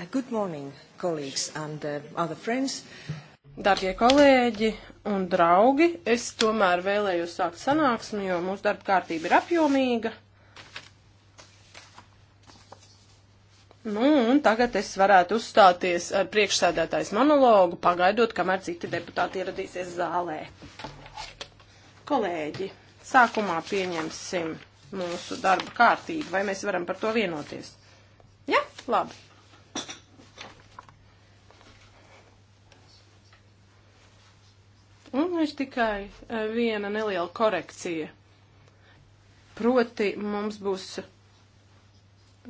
Uh, good morning, colleagues and uh, other friends. Darbie kolēģi un draugi, es tomēr vēlējos sākt sanāksmi, jo mūsu darba kārtība ir apjomīga. Nu, un tagad es varētu uzstāties ar priekšsēdētājs monologu, pagaidot, kamēr citi deputāti ieradīsies zālē. Kolēģi, sākumā pieņemsim mūsu darba kārtību, vai mēs varam par to vienoties? Ja? Labi. Un ir tikai e, viena neliela korekcija. Proti mums būs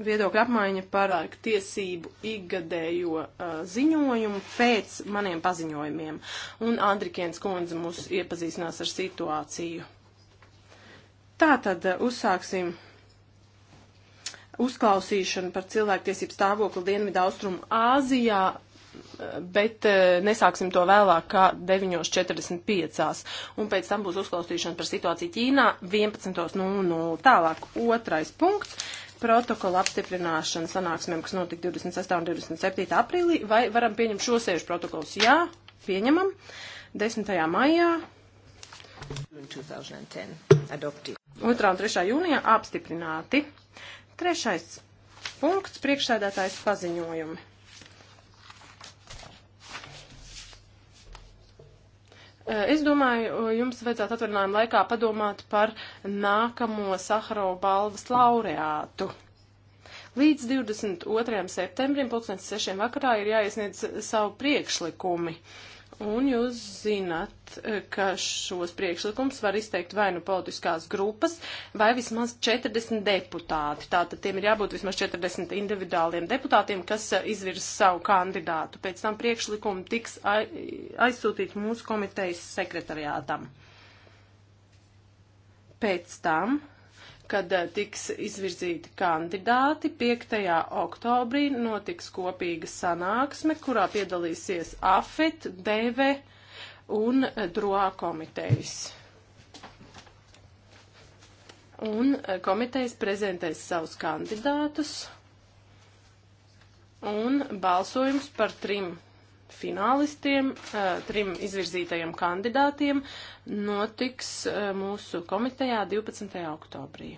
viedokļa apmaiņa par e, tiesību ikgadējo uh, ziņojumu pēc maniem paziņojumiem. Un Andrikiens kundze mūs iepazīstinās ar situāciju. Tātad uh, uzsāksim uzklausīšanu par cilvēktiesību stāvokli Dienvidu Austrumu Āzijā bet eh, nesāksim to vēlāk kā 9.45. Un pēc tam būs uzklausīšana par situāciju Ķīnā 11.00. Tālāk otrais punkts - protokola apstiprināšana sanāksmēm, kas notika 26. un 27. aprīlī. Vai varam pieņemt šo sēžu protokolus? Jā, pieņemam. 10. maijā. 2010. Adopted. 2. un 3. jūnijā apstiprināti. Trešais punkts - priekšsēdētājs paziņojumi. Eh, es domāju, eh, jums vajadzētu atvaļinājuma laikā padomāt par nākamo Saharova balvas laureātu. Līdz 22. septembrim, 2006. vakarā, ir jāiesniedz savu priekšlikumi. Uh, un jūs zinat, eh, ka šos priekšlikums var izteikt vai nu politiskās grupas, vai vismaz 40 deputāti. Tātad tiem ir jābūt vismaz 40 individuāliem deputātiem, kas eh, izvirs savu kandidātu. Pēc tam priekšlikumu tiks aizsūtīt mūsu komitejas sekretariātam. Pēc tam kad eh, tiks izvirzīti kandidāti. 5. oktobrī notiks kopīga sanāksme, kurā piedalīsies AFET, DV un eh, DROA komitejas. Un eh, komitejas prezentēs savus kandidātus un balsojums par trim finālistiem, eh, trim izvirzītajiem kandidātiem, notiks eh, mūsu komitejā 12. oktobrī.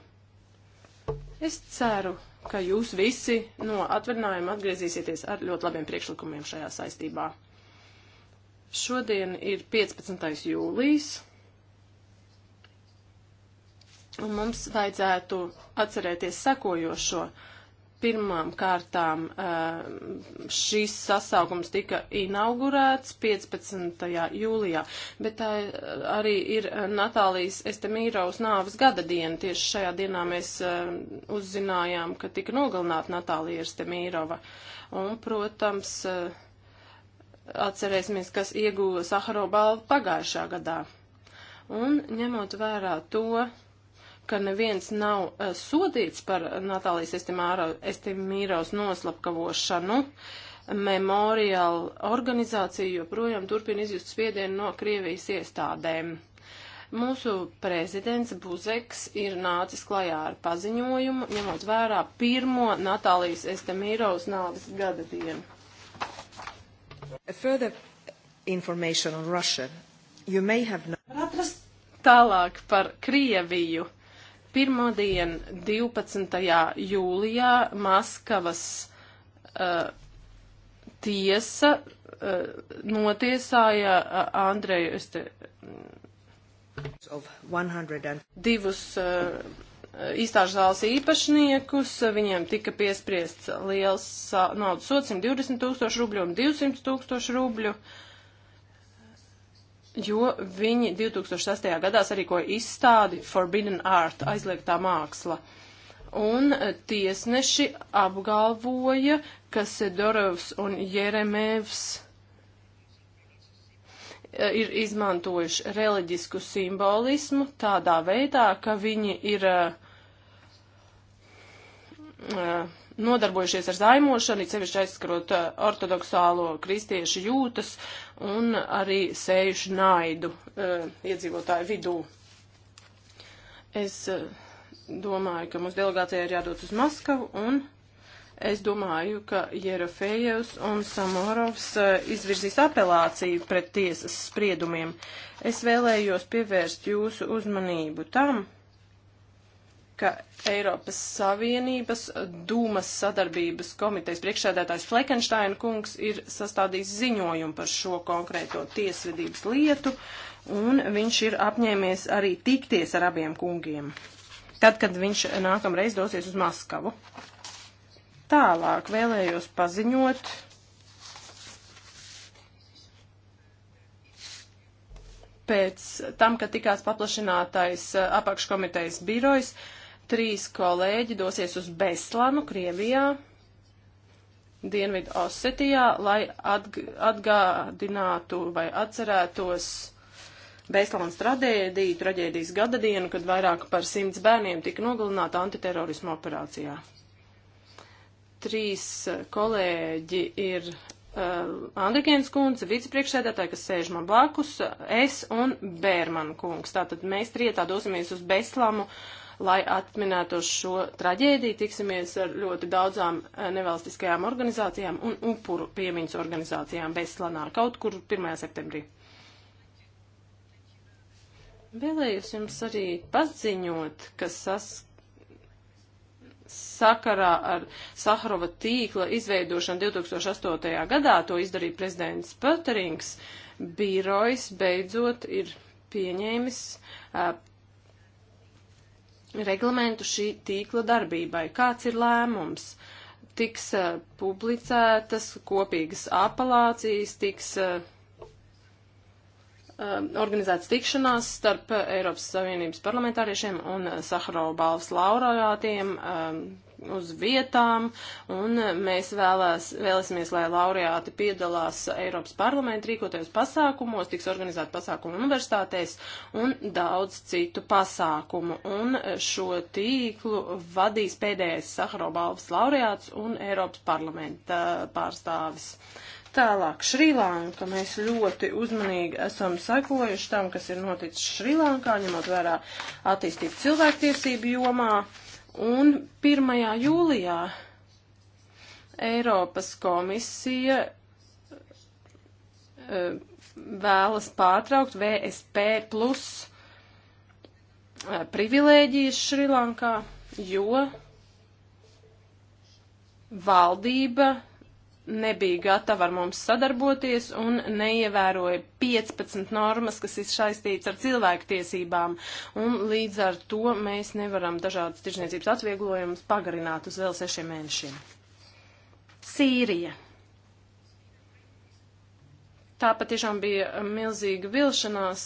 Es ceru, ka jūs visi no atvaļinājuma atgriezīsieties ar ļoti labiem priekšlikumiem šajā saistībā. Šodien ir 15. jūlijs, un mums vajadzētu atcerēties sekojošo. Uh, Pirmām kārtām eh, šīs sasaugums tika inaugurēts 15. jūlijā, bet tā eh, arī ir eh, Natālijas Estemīraus nāves gada diena. Tieši šajā dienā mēs uzzinājām, ka tika nogalināta Natālija Estemīrova. Un, protams, atcerēsimies, kas ieguva Saharo balvu pagājušā gadā. Un ņemot vērā to, ka neviens nav uh, sodīts par Natālijas Estimīros noslapkavošanu. Memorial organizācija joprojām turpina izjust spiedienu no Krievijas iestādēm. Mūsu prezidents Buzeks ir nācis klajā ar paziņojumu, ņemot vērā pirmo Natālijas Estemīros nāves gada dienu. Further information on Russia. You may have known. Tālāk par Krieviju. Pirmdien, 12. jūlijā, Maskavas uh, tiesa uh, notiesāja uh, Andreju este, and... divus uh, izstāžu zāles īpašniekus. Viņiem tika piespriests liels naudas sots 120 tūkstoši rubļu un 200 tūkstoši rubļu. Uh, jo viņi 2008. gadā sarīkoja izstādi Forbidden Art, aizliegtā māksla. Un e, tiesneši apgalvoja, ka Sedorovs un Jeremēvs e, ir izmantojuši reliģisku simbolismu tādā veidā, ka viņi ir uh, nodarbojušies ar zaimošanu, it sevišķi aizskarot ortodoksālo kristiešu jūtas un arī sējuši naidu uh, iedzīvotāju vidū. Es uh, domāju, ka mūsu delegācijai ir jādod uz Maskavu un es domāju, ka Jerofejevs un Samorovs e, izvirzīs apelāciju pret tiesas spriedumiem. Es vēlējos pievērst jūsu uzmanību tam, ka Eiropas Savienības Dūmas sadarbības komitejas priekšsēdētājs Fleckensteina kungs ir sastādījis ziņojumu par šo konkrēto tiesvedības lietu, un viņš ir apņēmies arī tikties ar abiem kungiem, tad, kad viņš nākamreiz dosies uz Maskavu. Tālāk vēlējos paziņot, pēc tam, kad tikās paplašinātais uh, apakškomitejas birojs, uh, trīs kolēģi dosies uz Beslanu, Krievijā, Dienvidu Osetijā, lai atgādinātu vai atcerētos Beslānas tragēdiju, traģēdijas gada dienu, kad vairāk par simts bērniem tika nogalināti antiterorismu operācijā. Trīs eh, kolēģi ir uh, Andrikēns kundze, vicepriekšsēdētāji, kas sēž man blakus, es un Bērmanu kungs. Tātad mēs trietā dosimies uz Beslamu, lai atminētu šo traģēdiju. Tiksimies ar ļoti daudzām eh, nevalstiskajām organizācijām un upuru piemiņas organizācijām Beslanā kaut kur 1. septembrī. Vēlējos jums arī paziņot, ka saskatīt sakarā ar Sahrova tīkla izveidošanu 2008. gadā, to izdarīja prezidents Pöterings, birojs beidzot ir pieņēmis uh, reglamentu šī tīkla darbībai. Kāds ir lēmums? Tiks uh, publicētas kopīgas apelācijas, tiks uh, organizētas tikšanās starp Eiropas Savienības parlamentāriešiem un Saharova balvas laurājātiem. Uh, uz vietām, un mēs vēlēs, vēlēsimies, lai laureāti piedalās Eiropas parlamenta rīkotajos pasākumos, tiks organizēti pasākumu universitātēs un daudz citu pasākumu. Un šo tīklu vadīs pēdējais Saharo balvas laureāts un Eiropas parlamenta pārstāvis. Tālāk, Šrilanka. Mēs ļoti uzmanīgi esam sekojuši tam, kas ir noticis Šrilankā, ņemot vērā attīstību cilvēktiesību jomā. Un 1. jūlijā Eiropas komisija e, vēlas pārtraukt VSP plus e, privilēģijas Šrilankā, jo valdība nebija gatava ar mums sadarboties un neievēroja 15 normas, kas ir saistīts ar cilvēktiesībām. Un līdz ar to mēs nevaram dažādas tirzniecības atvieglojumus pagarināt uz vēl sešiem mēnešiem. Sīrija. Tā patiešām bija milzīga vilšanās.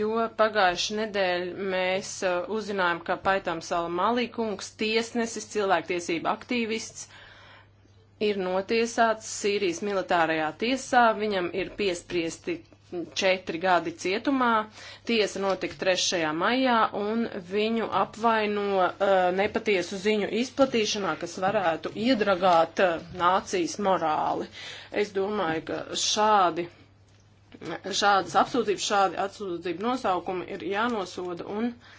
Jo pagājuši nedēļ mēs uh, uzzinājām, ka Paitam Salamalī kungs, tiesnesis, cilvēktiesība aktīvists, uh, ir notiesāts Sīrijas militārajā tiesā, viņam ir piespriesti četri gadi cietumā, tiesa notika 3. maijā, un viņu apvaino uh, nepatiesu ziņu izplatīšanā, kas varētu iedragāt uh, nācijas morāli. Es domāju, ka šādi, šādas apsūdzības, šādi atsūdzību nosaukumi ir jānosoda un uh,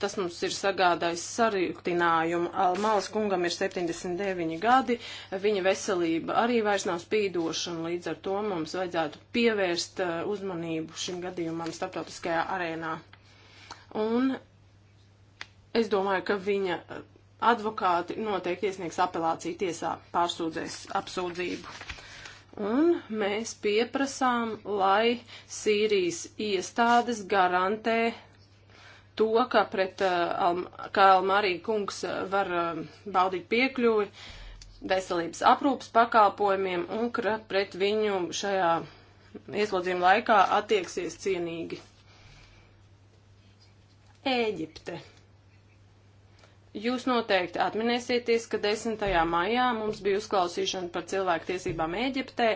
tas mums ir sagādājis sarūktinājumu. Almalas kungam ir 79 gadi, viņa veselība arī vairs nav spīdoša, un līdz ar to mums vajadzētu pievērst uzmanību šim gadījumam starptautiskajā arēnā. Un es domāju, ka viņa advokāti noteikti iesniegs apelāciju tiesā, pārsūdzēs apsūdzību. Un mēs pieprasām, lai Sīrijas iestādes garantē to, ka pret uh, kā Almarija kungs uh, var um, baudīt piekļuvi veselības aprūpas pakalpojumiem un ka pret viņu šajā ieslodzījuma laikā attieksies cienīgi. Ēģipte. Jūs noteikti atminēsieties, ka 10. maijā mums bija uzklausīšana par cilvēku tiesībām Ēģiptē,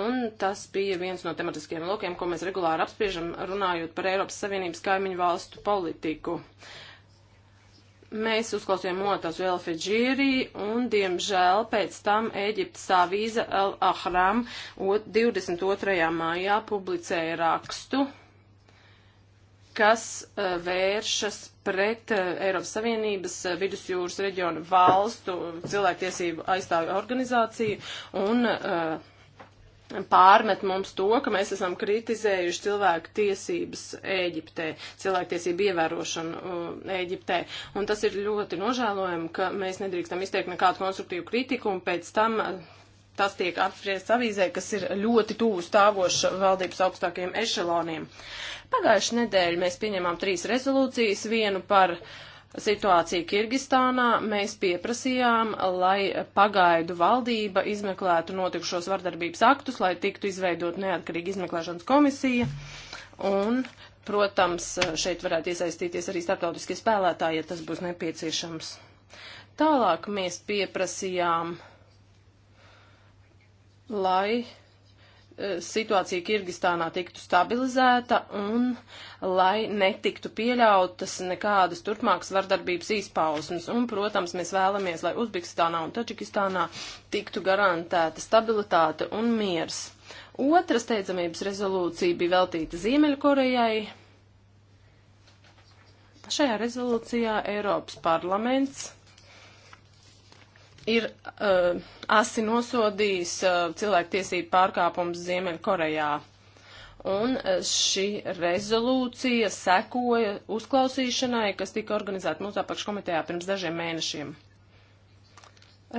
un tas bija viens no tematiskiem lokiem, ko mēs regulāri apspriežam, runājot par Eiropas Savienības kaimiņu valstu politiku. Mēs uzklausījām Motas Velfeģīrī, un, diemžēl, pēc tam Ēģiptes avīza El Ahram 22. maijā publicēja rakstu kas uh, vēršas pret uh, Eiropas Savienības uh, vidusjūras reģionu valstu cilvēktiesību aizstāvju organizāciju un pārmet mums to, ka mēs esam kritizējuši cilvēku tiesības Ēģiptē, cilvēktiesību ievērošanu Ēģiptē. Un tas ir ļoti nožēlojami, ka mēs nedrīkstam izteikt nekādu konstruktīvu kritiku un pēc tam Tas tiek apspriests avīzē, kas ir ļoti tuvu stāvoša valdības augstākiem ešeloniem. Pagājuši nedēļu mēs pieņemām trīs rezolūcijas, vienu par situāciju Kirgistānā. Mēs pieprasījām, lai pagaidu valdība izmeklētu notikušos vardarbības aktus, lai tiktu izveidot neatkarīga izmeklēšanas komisija. Un, protams, šeit varētu iesaistīties arī starptautiskie spēlētāji, ja tas būs nepieciešams. Tālāk mēs pieprasījām uh, lai eh, situācija Kirgistānā tiktu stabilizēta un lai netiktu pieļautas nekādas turpmākas vardarbības izpausmes. Un, protams, mēs vēlamies, lai Uzbekistānā un Tačikistānā tiktu garantēta stabilitāte un miers. Otra steidzamības rezolūcija bija veltīta Ziemeļkorejai. Šajā rezolūcijā Eiropas parlaments ir uh, asi nosodījis uh, cilvēktiesību pārkāpums Ziemeļkorejā. Un uh, šī rezolūcija sekoja uzklausīšanai, kas tika organizēta mūsu apakškomitejā pirms dažiem mēnešiem.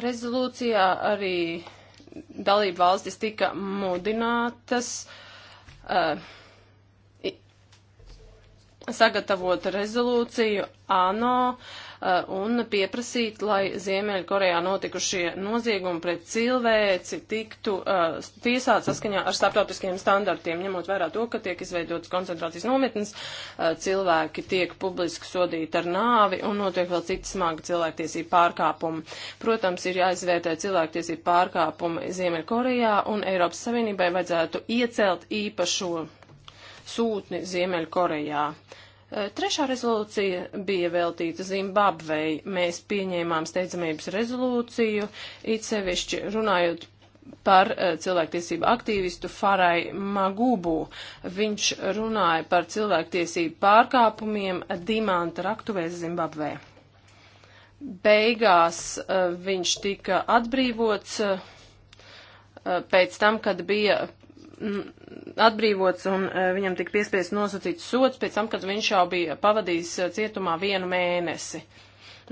Rezolūcijā arī dalību valstis tika mudinātas uh, sagatavot rezolūciju ANO uh, Uh, un pieprasīt, lai Ziemeļkorejā notikušie noziegumi pret cilvēci tiktu uh, tiesāt saskaņā ar starptautiskiem standartiem, ņemot vērā to, ka tiek izveidotas koncentrācijas nometnes, uh, cilvēki tiek publiski sodīti ar nāvi un notiek vēl citi smagi cilvēktiesību pārkāpumi. Protams, ir jāizvērtē cilvēktiesību pārkāpumi Ziemeļkorejā un Eiropas Savienībai vajadzētu iecelt īpašo sūtni Ziemeļkorejā. Eh, trešā rezolūcija bija veltīta Zimbabvei. Mēs pieņēmām steidzamības rezolūciju, it sevišķi runājot par eh, cilvēktiesību aktīvistu Farai Magubu. Viņš runāja par cilvēktiesību pārkāpumiem Dimanta raktuvēs Zimbabvē. Beigās eh, viņš tika atbrīvots pēc tam, kad bija mm, atbrīvots un e, viņam tika piespiests nosacīts sots pēc tam, kad viņš jau bija pavadījis e, cietumā vienu mēnesi.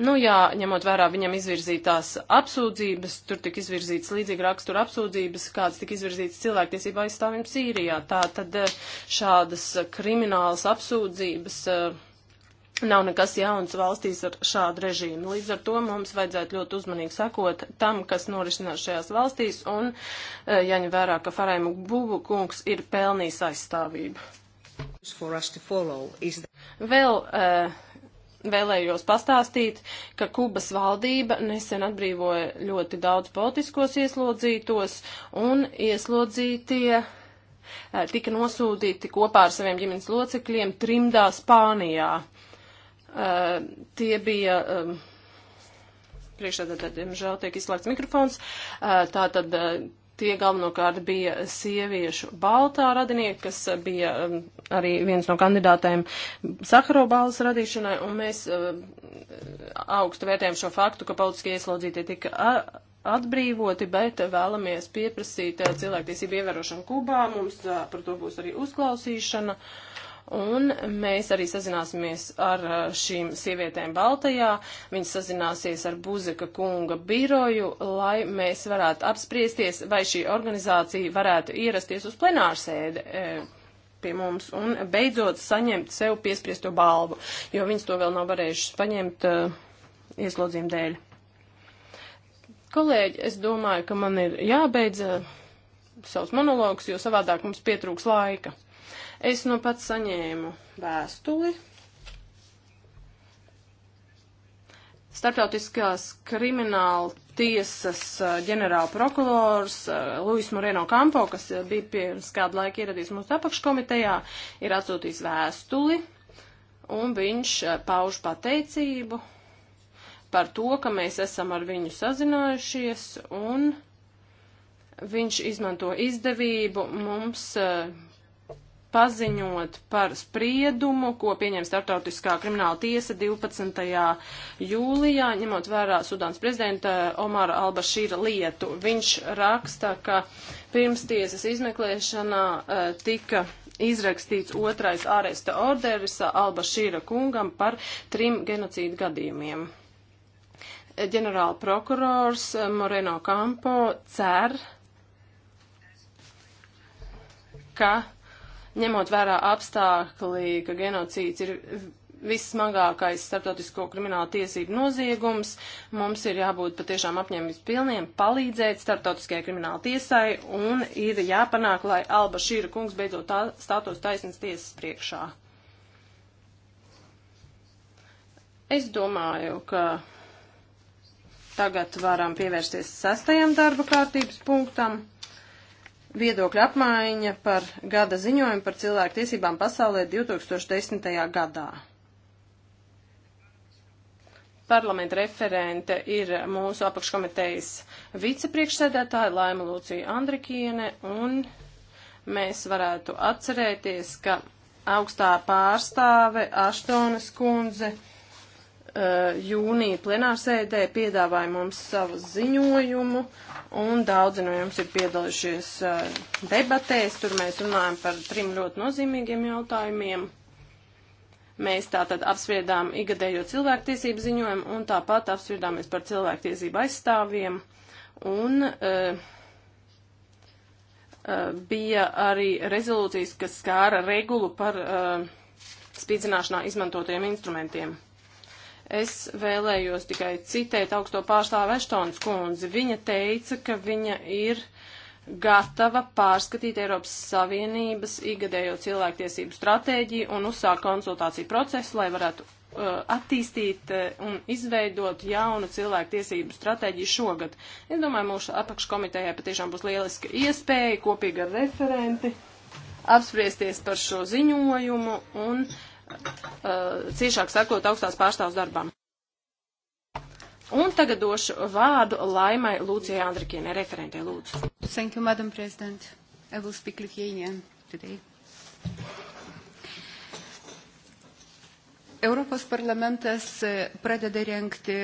Nu jā, ņemot vērā viņam izvirzītās apsūdzības, tur tika izvirzītas līdzīga rakstura apsūdzības, kāds tika izvirzītas cilvēktiesību aizstāvjiem Sīrijā. Tā tad e, šādas kriminālas apsūdzības uh, Nav nekas jauns valstīs ar šādu režīmu. Līdz ar to mums vajadzētu ļoti uzmanīgi sakot tam, kas norisinās šajās valstīs, un e, jaņem vērā, ka Farēmu Bubu kungs ir pelnījis aizstāvību. Vēl e, vēlējos pastāstīt, ka Kubas valdība nesen atbrīvoja ļoti daudz politiskos ieslodzītos un ieslodzītie eh, tika nosūtīti kopā ar saviem ģimenes locekļiem trimdā Spānijā. Uh, tie bija. Um, Priekšsēdētāji, diemžēl, tiek izslēgts mikrofons. Uh, tā tad uh, tie galvenokārt bija sieviešu baltā radinieki, kas bija um, arī viens no kandidātēm Sakaro balvas radīšanai, un mēs augstu vērtējam šo faktu, ka politiskie ieslodzītie tika atbrīvoti, bet vēlamies pieprasīt cilvēktiesību ievērošanu Kubā. Mums par to būs arī uzklausīšana. Uh, Un mēs arī sazināsimies ar uh, šīm sievietēm Baltajā. Viņas sazināsies ar Buzeka kunga biroju, lai mēs varētu apspriesties, vai šī organizācija varētu ierasties uz plenārsēdi uh, pie mums un beidzot saņemt sev piespriesto balvu, jo viņas to vēl nav varējušas paņemt uh, ieslodzījuma dēļ. Kolēģi, es domāju, ka man ir jābeidz uh, savs monologs, jo savādāk mums pietrūks laika. Es nu pat saņēmu vēstuli Startautiskās krimināla tiesas ģenerāla prokurors Luis Moreno Campo, kas bija pirms kādu laiku ieradies mūsu apakškomitejā, ir atsūtījis vēstuli, un viņš pauž pateicību par to, ka mēs esam ar viņu sazinājušies, un viņš izmanto izdevību mums paziņot par spriedumu, ko pieņem Startautiskā krimināla tiesa 12. jūlijā, ņemot vērā Sudāns prezidenta Omara Albašīra lietu. Viņš raksta, ka pirms tiesas izmeklēšanā e, tika izrakstīts otrais āresta orderis Albašīra kungam par trim genocīdu gadījumiem. Ģenerāla prokurors Moreno Campo cer, ka ņemot vērā apstākļi, ka genocīds ir vissmagākais starptautisko kriminālu tiesību noziegums. Mums ir jābūt patiešām apņēmības pilniem palīdzēt starptautiskajai krimināla tiesai un ir jāpanāk, lai Alba Šīra kungs beidzot tā, stātos taisnas tiesas priekšā. Es domāju, ka tagad varam pievērsties sastajam darba kārtības punktam viedokļa apmaiņa par gada ziņojumu par cilvēku tiesībām pasaulē 2010. gadā. Parlamenta referente ir mūsu apakškomitejas vicepriekšsēdētāja Laima Lūcija Andrikiene, un mēs varētu atcerēties, ka augstā pārstāve Aštonas kundze eh, jūnija plenārsēdē piedāvāja mums savu ziņojumu, uh, un daudzi no jums ir piedalījušies eh, debatēs. Tur mēs runājam par trim ļoti nozīmīgiem jautājumiem. Mēs tātad apspriedām igadējo cilvēktiesību ziņojumu un tāpat apspriedāmies par cilvēktiesību aizstāvjiem. Un uh, uh, bija arī rezolūcijas, kas skāra regulu par uh, spīdzināšanā izmantotajiem instrumentiem. Es vēlējos tikai citēt augsto pārstāvu Eštons kundzi. Viņa teica, ka viņa ir gatava pārskatīt Eiropas Savienības igadējo cilvēktiesību stratēģiju un uzsākt konsultāciju procesu, lai varētu uh, attīstīt uh, un izveidot jaunu cilvēktiesību stratēģiju šogad. Es domāju, mūsu apakškomitejai patiešām būs lieliska iespēja kopīgi ar referenti apspriesties par šo ziņojumu un uh, Eh, ciešāk sakot augstās pārstāvs darbam. Un tagad došu vārdu Laimai Lūcijai Andrikienai, referentē Lūdzu. Thank you, Madam President. I will speak Lithuanian today. Europos parlamentas eh, pradeda renkti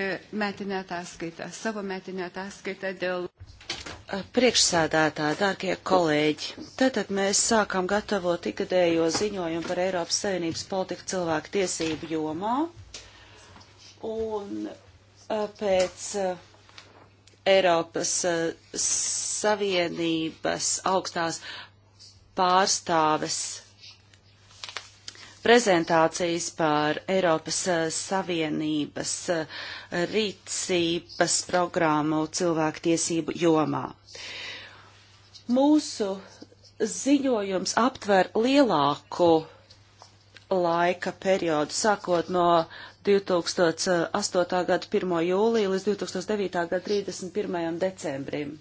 metinę ataskaitą, savo metinę ataskaitą dėl. Priekšsēdētā, dārgie kolēģi, tātad mēs sākam gatavot ikgadējo ziņojumu par Eiropas Savienības politiku cilvēku tiesību jomā. Un pēc Eiropas Savienības augstās pārstāves prezentācijas par Eiropas eh, Savienības eh, rīcības programmu cilvēktiesību jomā. Mūsu ziņojums aptver lielāku laika periodu, sākot no 2008. gada 1. jūlija līdz 2009. gada 31. decembrim.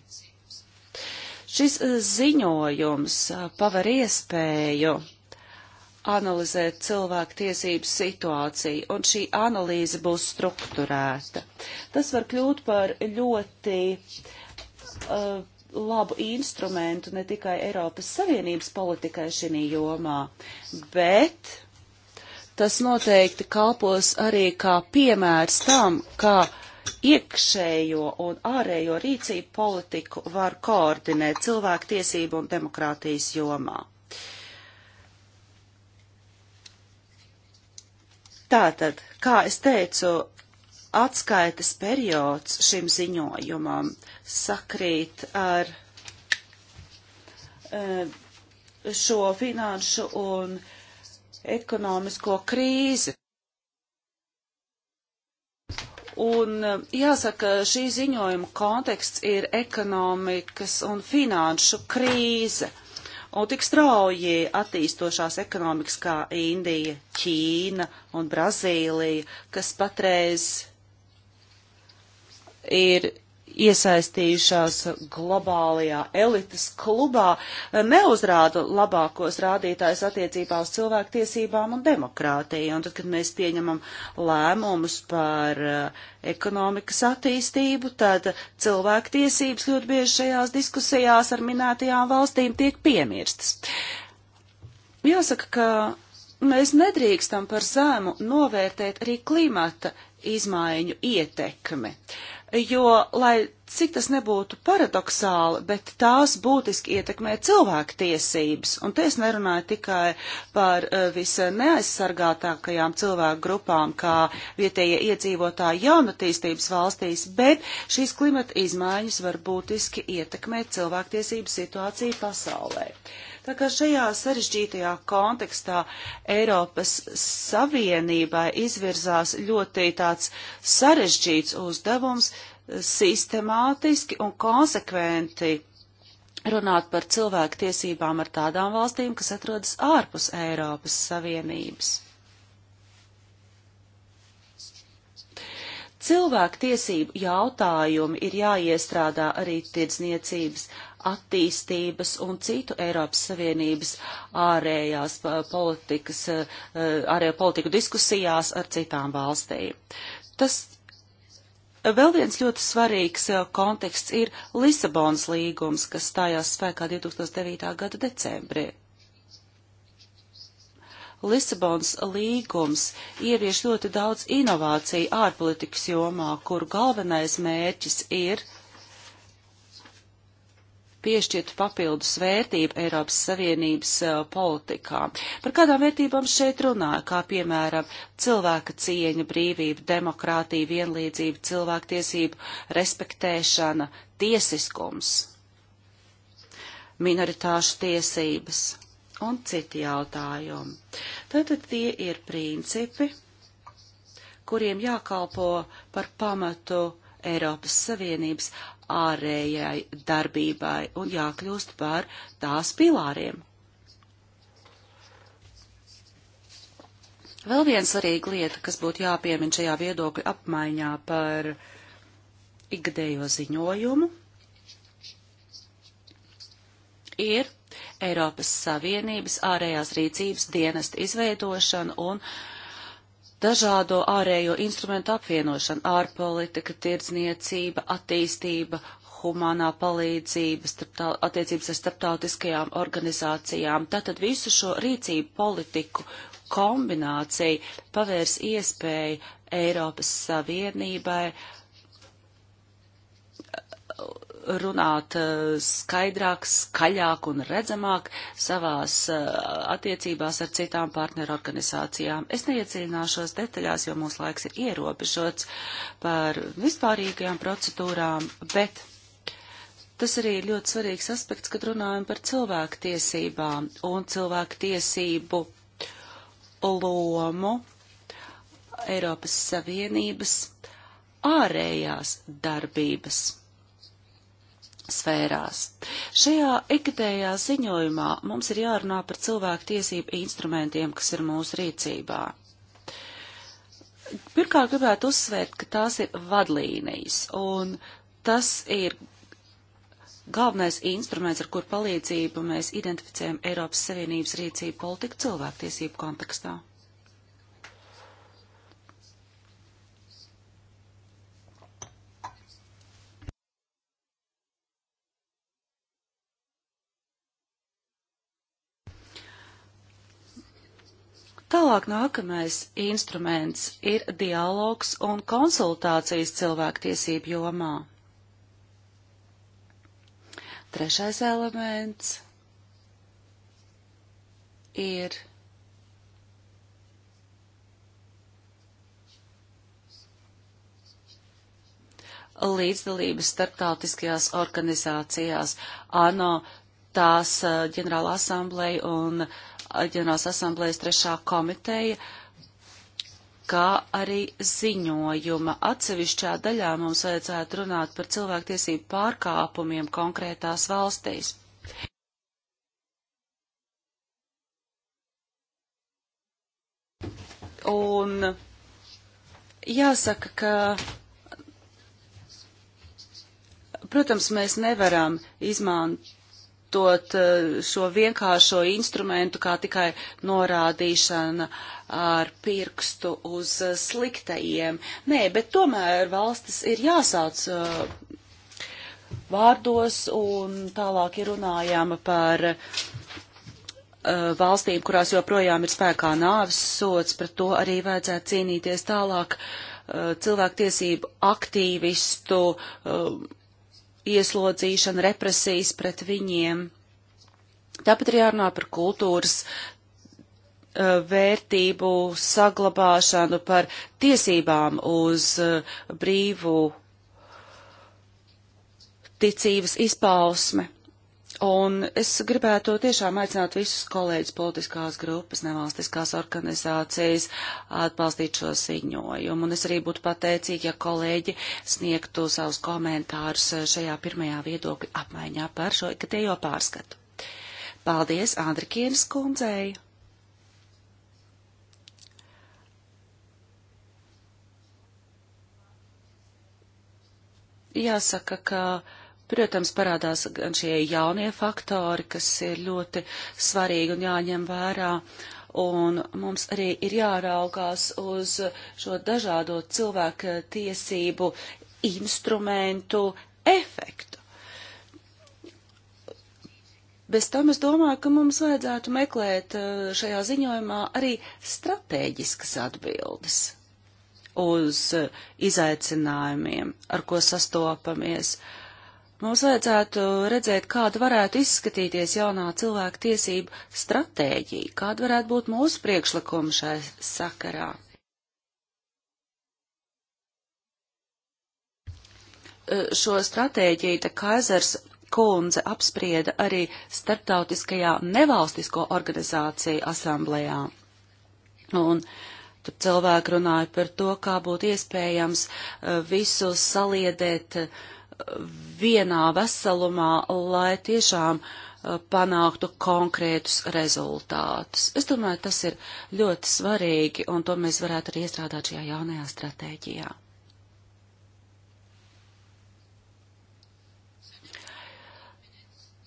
Šis eh, ziņojums paver iespēju analizēt cilvēku tiesību situāciju, un šī analīze būs strukturēta. Tas var kļūt par ļoti uh, labu instrumentu ne tikai Eiropas Savienības politikai šī jomā, bet tas noteikti kalpos arī kā piemērs tam, kā iekšējo un ārējo rīcību politiku var koordinēt cilvēku tiesību un demokrātijas jomā. Tātad, kā es teicu, atskaites periods šim ziņojumam sakrīt ar e, šo finanšu un ekonomisko krīzi. Un e, jāsaka, šī ziņojuma konteksts ir ekonomikas un finanšu krīze. Uh, Un tik strauji attīstošās ekonomikas kā Indija, Ķīna un Brazīlija, kas patreiz ir iesaistījušās globālajā elites klubā, eh, neuzrāda labākos rādītājus attiecībā uz cilvēktiesībām un demokrātiju. Un tad, kad mēs pieņemam lēmumus par eh, ekonomikas attīstību, tad cilvēktiesības ļoti bieži šajās diskusijās ar minētajām valstīm tiek piemirstas. Jāsaka, ka mēs nedrīkstam par zēmu novērtēt arī klimata izmaiņu ietekmi. Uh, jo, lai cik tas nebūtu paradoxāli, bet tās būtiski ietekmē cilvēku tiesības. Un te es nerunāju tikai par eh, visneaizsargātākajām cilvēku grupām, kā vietējie iedzīvotāji jaunatīstības valstīs, bet šīs klimata izmaiņas var būtiski ietekmēt cilvēku tiesību situāciju pasaulē. Uh, Tā kā šajā sarežģītajā kontekstā Eiropas Savienībai izvirzās ļoti tāds sarežģīts uzdevums sistemātiski un konsekventi runāt par cilvēku tiesībām ar tādām valstīm, kas atrodas ārpus Eiropas Savienības. Cilvēku tiesību jautājumi ir jāiestrādā arī tirdzniecības attīstības un citu Eiropas Savienības ārējās uh, politikas, uh, uh, ārējo politiku diskusijās ar citām valstīm. Tas vēl viens ļoti svarīgs konteksts ir Lisabonas līgums, kas stājās spēkā 2009. gada decembrī. Lisabons līgums ievieš ļoti daudz inovāciju ārpolitikas jomā, kur galvenais mērķis ir uh, piešķirtu papildus vērtību Eiropas Savienības uh, politikām. Par kādām vērtībām šeit runāja, kā piemēram cilvēka cieņa, brīvība, demokrātija, vienlīdzība, cilvēktiesību respektēšana, tiesiskums, minoritāšu tiesības un citi jautājumi. Tātad tie ir principi, kuriem jākalpo par pamatu Eiropas Savienības ārējai darbībai un jākļūst par tās pilāriem. Vēl viena svarīga lieta, kas būtu jāpiemina šajā viedokļa apmaiņā par ikgadējo ziņojumu, ir Eiropas Savienības ārējās rīcības dienesta izveidošana un uh, dažādo ārējo instrumentu apvienošana, ārpolitika, tirdzniecība, attīstība, humānā palīdzība, starptā, attiecības ar starptautiskajām organizācijām. Tātad visu šo rīcību politiku kombinācija pavērs iespēju Eiropas Savienībai runāt eh, skaidrāk, skaļāk un redzamāk savās eh, attiecībās ar citām partneru organizācijām. Es neiecīnāšos detaļās, jo mūsu laiks ir ierobežots par vispārīgajām procedūrām, bet tas arī ir ļoti svarīgs aspekts, kad runājam par cilvēku tiesībām un cilvēku tiesību lomu Eiropas Savienības ārējās darbības sfērās. Šajā ikgadējā ziņojumā mums ir jārunā par cilvēku tiesību instrumentiem, kas ir mūsu rīcībā. Pirmkārt, gribētu uzsvērt, ka tās ir vadlīnijas, un tas ir galvenais instruments, ar kur palīdzību mēs identificējam Eiropas Savienības rīcību politiku cilvēktiesību kontekstā. Tālāk nākamais instruments ir dialogs un konsultācijas cilvēktiesību jomā. Trešais elements ir līdzdalības starptautiskajās organizācijās ANO, tās ģenerāla asambleja un uh, ģenerālas asamblējas trešā komiteja, kā arī ziņojuma. Atsevišķā daļā mums vajadzētu runāt par cilvēktiesību pārkāpumiem konkrētās valstīs. Un jāsaka, ka protams, mēs nevaram izmantot izmantot eh, šo vienkāršo instrumentu, kā tikai norādīšana ar pirkstu uz eh, sliktajiem. Nē, bet tomēr valstis ir jāsauc eh, vārdos un tālāk ir runājama par valstīm, kurās joprojām ir spēkā nāves sots, pret to arī vajadzētu cīnīties tālāk cilvēktiesību aktīvistu ieslodzīšana, represijas pret viņiem. Tāpat ir jārunā par kultūras uh, vērtību saglabāšanu, par tiesībām uz uh, brīvu ticības izpausme. Un es gribētu tiešām aicināt visus kolēģus, politiskās grupas, nevalstiskās organizācijas atbalstīt šo ziņojumu. Un es arī būtu pateicīgi, ja kolēģi sniegtu savus komentārus šajā pirmajā viedokļa apmaiņā par šo ikatējo pārskatu. Paldies Andrikienas kundzei! Jāsaka, ka Protams, parādās gan šie jaunie faktori, kas ir ļoti svarīgi un jāņem vērā. Un mums arī ir jāraugās uz šo dažādo cilvēku tiesību instrumentu efektu. Bez tam es domāju, ka mums vajadzētu meklēt eh, šajā ziņojumā arī stratēģiskas atbildes uz eh, izaicinājumiem, ar ko sastopamies. Uh, Mums vajadzētu redzēt, kāda varētu izskatīties jaunā cilvēka tiesība stratēģija, kāda varētu būt mūsu priekšlikuma šai sakarā. E, šo stratēģiju te Kaisers kundze apsprieda arī starptautiskajā nevalstisko organizāciju asamblējā. Un tur cilvēki runāja par to, kā būtu iespējams e, visus saliedēt uh, vienā veselumā, lai tiešām uh, panāktu konkrētus rezultātus. Es domāju, tas ir ļoti svarīgi, un to mēs varētu arī iestrādāt šajā jaunajā stratēģijā.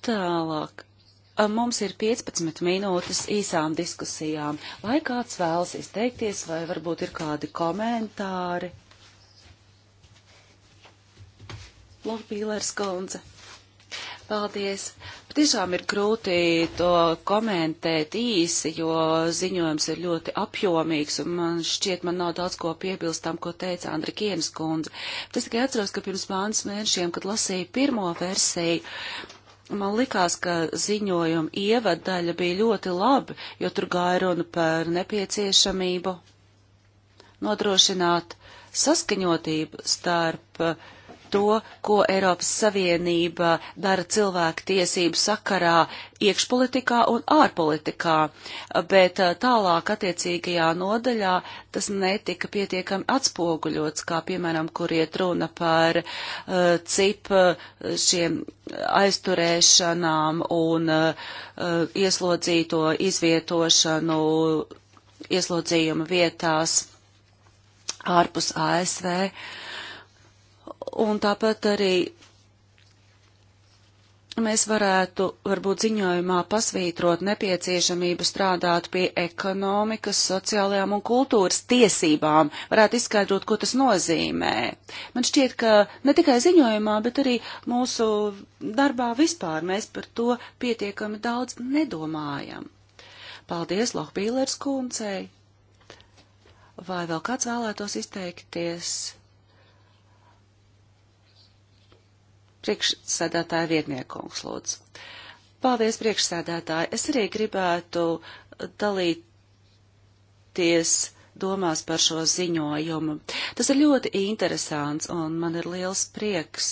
Tālāk. Mums ir 15 minūtes īsām diskusijām. Vai kāds vēlas izteikties, vai varbūt ir kādi komentāri? Lohbīlers kundze. Paldies. Patiešām ir grūti to komentēt īsi, jo ziņojums ir ļoti apjomīgs, un man šķiet, man nav daudz ko piebilst tam, ko teica Andra Kienas kundze. Tas tikai atceros, ka pirms pāris mēnešiem, kad lasīju pirmo versiju, Man likās, ka ziņojuma ievadaļa bija ļoti laba, jo tur gāja runa par nepieciešamību nodrošināt saskaņotību starp uh, to, ko Eiropas Savienība dara cilvēku tiesību sakarā iekšpolitikā un ārpolitikā, bet eh, tālāk attiecīgajā nodaļā tas netika pietiekami atspoguļots, kā piemēram, kur iet runa par uh, cip eh, šiem aizturēšanām un uh, ieslodzīto izvietošanu ieslodzījuma vietās ārpus ASV. Uh, Un tāpat arī mēs varētu varbūt ziņojumā pasvītrot nepieciešamību strādāt pie ekonomikas, sociālajām un kultūras tiesībām, varētu izskaidrot, ko tas nozīmē. Man šķiet, ka ne tikai ziņojumā, bet arī mūsu darbā vispār mēs par to pietiekami daudz nedomājam. Paldies Lohbīlers kundzei! Vai vēl kāds vēlētos izteikties? Priekšsēdētāja vietniekums lūdzu. Paldies, priekšsēdētāji. Es arī gribētu dalīties domās par šo ziņojumu. Tas ir ļoti interesants un man ir liels prieks,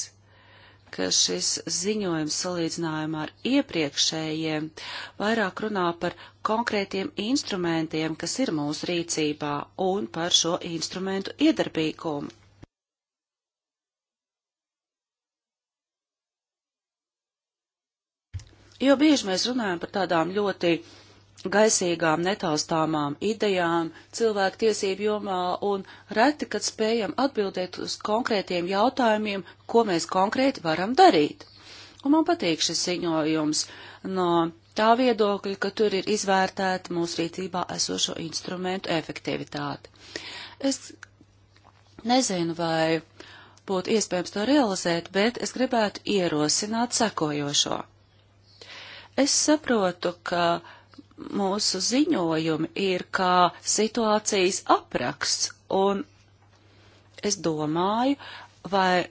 ka šis ziņojums salīdzinājumā ar iepriekšējiem vairāk runā par konkrētiem instrumentiem, kas ir mūsu rīcībā un par šo instrumentu iedarbīgumu. Jo bieži mēs runājam par tādām ļoti gaisīgām, netaustāmām idejām cilvēku tiesību jomā un reti, kad spējam atbildēt uz konkrētiem jautājumiem, ko mēs konkrēti varam darīt. Un man patīk šis ziņojums no tā viedokļa, ka tur ir izvērtēta mūsu rīcībā esošo instrumentu efektivitāte. Es nezinu, vai būtu iespējams to realizēt, bet es gribētu ierosināt sekojošo. Es saprotu, ka mūsu ziņojumi ir kā situācijas apraksts, un es domāju, vai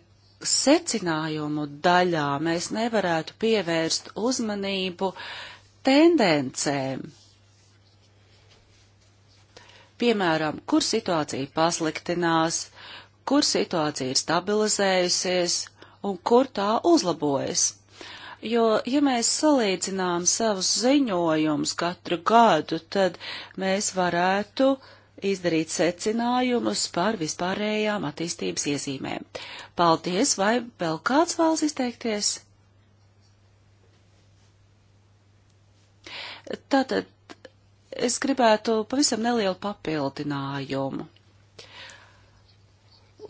secinājumu daļā mēs nevarētu pievērst uzmanību tendencēm. Piemēram, kur situācija pasliktinās, kur situācija ir stabilizējusies un kur tā uzlabojas jo, ja mēs salīdzinām savus ziņojumus katru gadu, tad mēs varētu izdarīt secinājumus par vispārējām attīstības iezīmēm. Paldies, vai vēl kāds vēlas izteikties? Tātad es gribētu pavisam nelielu papildinājumu.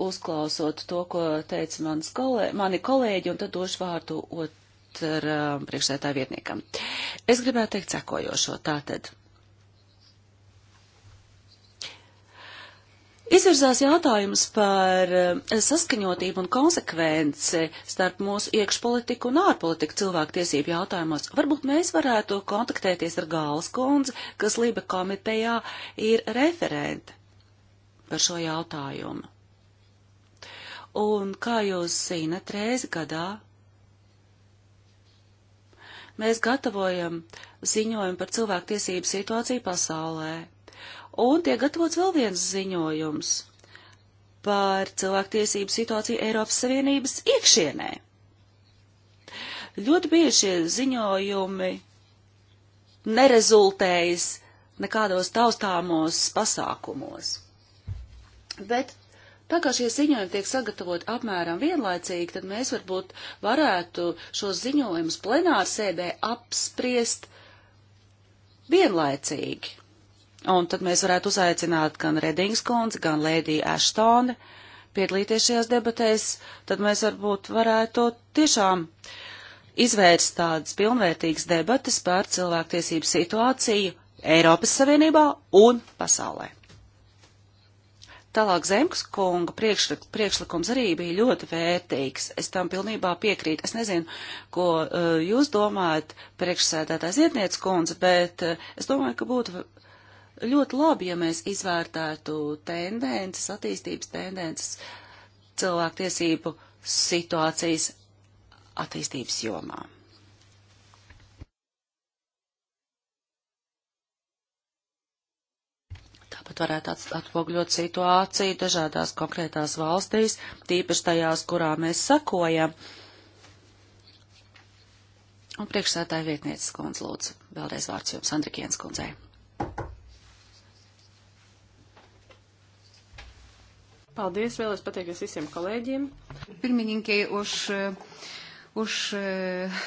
Uzklausot to, ko teica kolē, mani kolēģi, un tad došu vārdu ot, ministra um, priekšsētā vietniekam. Es gribētu teikt sekojošo tātad. Izvirzās jautājums par um, saskaņotību un konsekvenci starp mūsu iekšpolitiku un ārpolitiku cilvēktiesību jautājumos. Varbūt mēs varētu kontaktēties ar Gāles kundzi, kas Lība komitejā ir referente par šo jautājumu. Un kā jūs zinat, reizi gadā mēs gatavojam ziņojumu par cilvēktiesību situāciju pasaulē. Un tiek gatavots vēl viens ziņojums par cilvēktiesību situāciju Eiropas Savienības iekšienē. Ļoti bieži šie ziņojumi nerezultējas nekādos taustāmos pasākumos. Bet Tā kā šie ziņojumi tiek sagatavot apmēram vienlaicīgi, tad mēs varbūt varētu šos ziņojumus plenārsēdē apspriest vienlaicīgi. Un tad mēs varētu uzaicināt gan Redings kundzi, gan Lēdiju Ashtoni piedalīties šajās debatēs, tad mēs varbūt varētu tiešām izvērst tādas pilnvērtīgas debatas par cilvēktiesību situāciju Eiropas Savienībā un pasaulē. Tālāk Zemkas kunga priekšlik, priekšlikums arī bija ļoti vērtīgs. Es tam pilnībā piekrītu. Es nezinu, ko uh, jūs domājat, priekšsēdētājs ietniec kundze, bet uh, es domāju, ka būtu ļoti labi, ja mēs izvērtētu tendences, attīstības tendences cilvēktiesību situācijas attīstības jomā. pat varētu atspogļot situāciju dažādās konkrētās valstīs, tīpaši tajās, kurā mēs sakojam. Un priekšsētāja vietnieces kundze lūdzu, vēlreiz vārds jums, Andrikienas kundzei. Paldies, vēlreiz pateikties visiem kolēģiem. Pirmininkai už, už. Eh,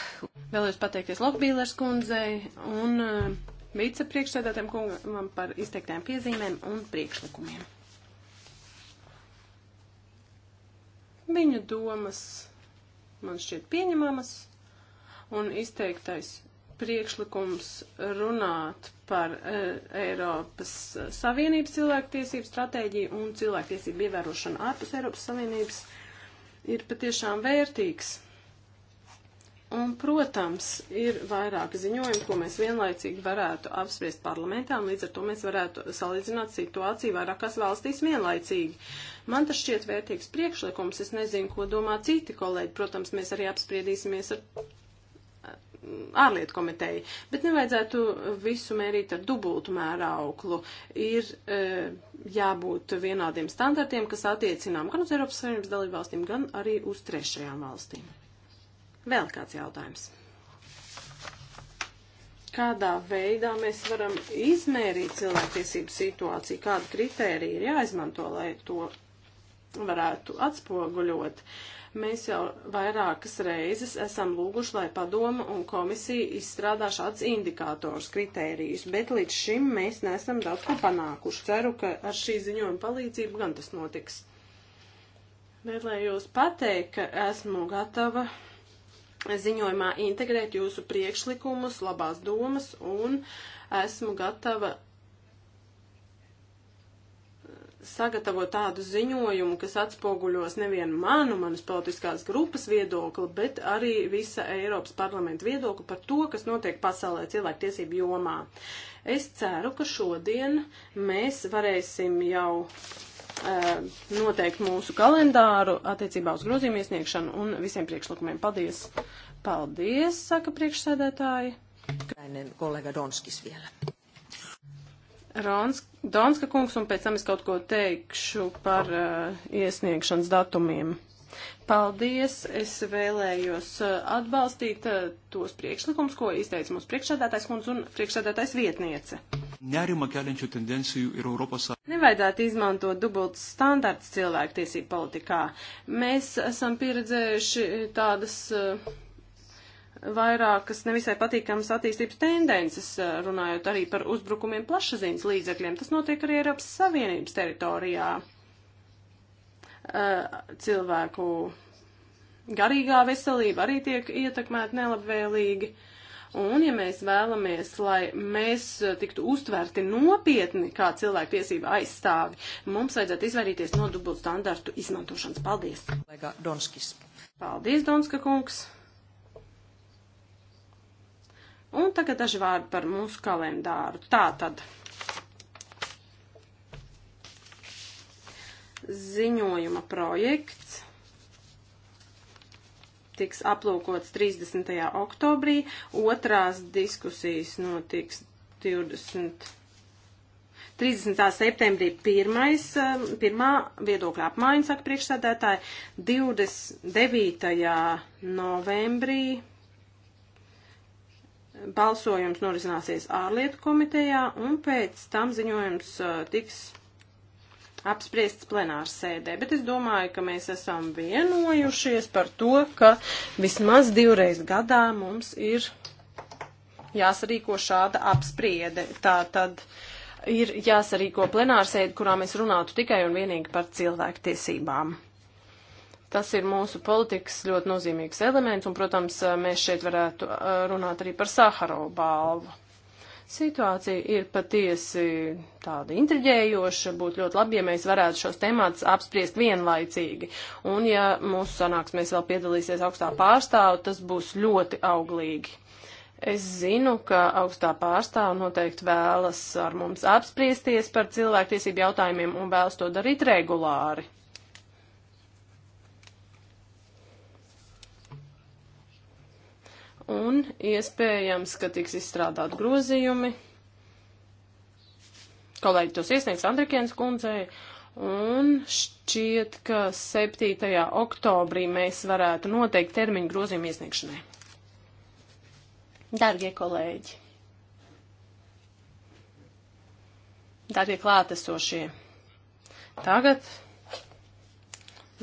vēlreiz pateikties Lokbīlers kundzei un eh, vicepriekšsēdētājiem kungam par izteiktām piezīmēm un priekšlikumiem. Viņa domas man šķiet pieņemamas un izteiktais priekšlikums runāt par e, Eiropas Savienības cilvēktiesību stratēģiju un cilvēktiesību ievērošanu ārpus Eiropas Savienības ir patiešām vērtīgs. Un, protams, ir vairāki ziņojumi, ko mēs vienlaicīgi varētu apspriest parlamentā, un līdz ar to mēs varētu salīdzināt situāciju vairākās valstīs vienlaicīgi. Man tas šķiet vērtīgs priekšlikums, es nezinu, ko domā citi kolēģi, protams, mēs arī apspriedīsimies ar mm, ārlietu komiteju, bet nevajadzētu visu mērīt ar dubultu mērauklu. Ir e, jābūt vienādiem standartiem, kas attiecinām gan uz Eiropas Savienības dalībvalstīm, gan arī uz trešajām valstīm. Vēl kāds jautājums. Kādā veidā mēs varam izmērīt cilvēktiesību situāciju, kāda kritērija ir jāizmanto, lai to varētu atspoguļot. Mēs jau vairākas reizes esam lūguši, lai padoma un komisija izstrādā šāds indikātors kritērijus, bet līdz šim mēs nesam daudz ko panākuši. Ceru, ka ar šī ziņojuma palīdzību gan tas notiks. Vēlējos pateikt, ka esmu gatava ziņojumā integrēt jūsu priekšlikumus, labās domas un esmu gatava sagatavot tādu ziņojumu, kas atspoguļos nevienu manu, manas politiskās grupas viedokli, bet arī visa Eiropas parlamenta viedokli par to, kas notiek pasaulē cilvēktiesību jomā. Es ceru, ka šodien mēs varēsim jau Um, noteikt mūsu kalendāru attiecībā uz grozījumu iesniegšanu un visiem priekšlikumiem. Paldies! Paldies, saka priekšsēdētāji. Kolēga Donskis vēl. Rons, Donska kungs, un pēc tam es kaut ko teikšu par uh, iesniegšanas datumiem. Paldies! Es vēlējos uh, atbalstīt uh, tos priekšlikums, ko izteica mūsu priekšsēdētājs kundze un priekšsēdētājs vietniece. Nerima keliančių tendencijų ir Europos Sąjungos. Nevajadzētu izmantot dubultus standartus cilvēktiesību politikā. Mēs esam pieredzējuši tādas uh, vairākas nevisai patīkamas attīstības tendences, runājot arī par uzbrukumiem plašsaziņas līdzekļiem. Tas notiek arī Eiropas Savienības teritorijā. Eh, cilvēku garīgā veselība arī tiek ietekmēta nelabvēlīgi. Un, ja mēs vēlamies, lai mēs tiktu uztverti nopietni kā cilvēktiesība aizstāvi, mums vajadzētu izvairīties no dubult standartu izmantošanas. Paldies! Donskis. Paldies, Donska kungs! Un tagad daži vārdi par mūsu kalendāru. Tā tad. Ziņojuma projekts tiks aplūkots 30. oktobrī, otrās diskusijas notiks 20. 30. septembrī pirmais, um, pirmā viedokļa apmaiņa, saka priekšsādētāji, 29. novembrī balsojums norisināsies ārlietu komitejā un pēc tam ziņojums uh, tiks apspriests plenārs sēdē, bet es domāju, ka mēs esam vienojušies par to, ka vismaz divreiz gadā mums ir jāsarīko šāda apspriede. Tā tad ir jāsarīko plenārsēde, kurā mēs runātu tikai un vienīgi par cilvēktiesībām. Tas ir mūsu politikas ļoti nozīmīgs elements, un, protams, mēs šeit varētu runāt arī par Saharovu balvu. Situācija ir patiesi tāda intriģējoša, būtu ļoti labi, ja mēs varētu šos temātus apspriest vienlaicīgi. Un ja mūsu sanāksmēs vēl piedalīsies augstā pārstāva, tas būs ļoti auglīgi. Es zinu, ka augstā pārstāva noteikti vēlas ar mums apspriesties par cilvēktiesību jautājumiem un vēlas to darīt regulāri. un iespējams, ka tiks izstrādāt grozījumi. Kolēģi tos iesniegs Andrikienas kundzei, un šķiet, ka 7. oktobrī mēs varētu noteikt termiņu grozījumu iesniegšanai. Dargie kolēģi, dargie klātesošie, tagad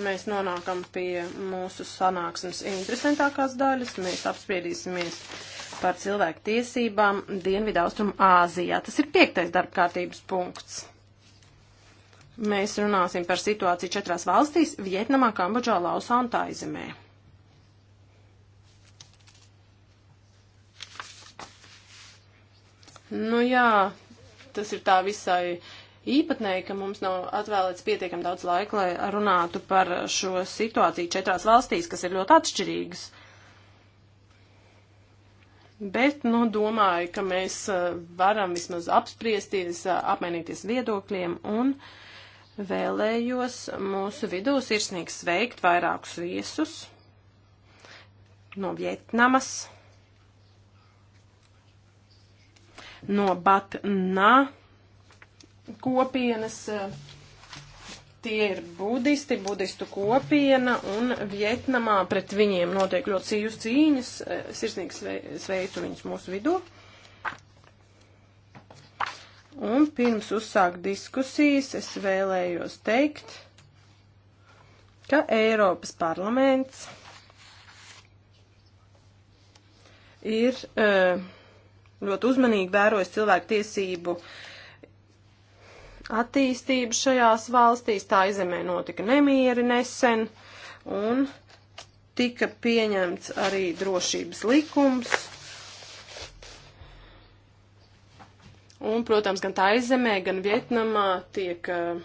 mēs nonākam pie mūsu sanāksmes interesantākās daļas. Mēs apspriedīsimies par cilvēku tiesībām Dienvidu Austrumu Āzijā. Tas ir piektais darba kārtības punkts. Mēs runāsim par situāciju četrās valstīs - Vietnamā, Kambodžā, Lausā un Taizemē. Nu jā, tas ir tā visai uh, īpatnēji, ka mums nav atvēlēts pietiekam daudz laika, lai runātu par šo situāciju četrās valstīs, kas ir ļoti atšķirīgas. Bet, nu, domāju, ka mēs uh, varam vismaz apspriesties, uh, apmainīties viedokļiem un vēlējos mūsu vidū sirsnīgi sveikt vairākus viesus no Vietnamas, no Batnā kopienas. Eh, tie ir budisti, budistu kopiena, un Vietnamā pret viņiem notiek ļoti cīņas cīņas. Eh, sirsnīgi sveicu viņus mūsu vidū. Un pirms uzsākt diskusijas, es vēlējos teikt, ka Eiropas parlaments ir eh, ļoti uzmanīgi vērojis cilvēku tiesību uh, attīstību šajās valstīs, tā izemē notika nemieri nesen, un tika pieņemts arī drošības likums. Un, protams, gan Taizemē, gan Vietnamā tiek uh,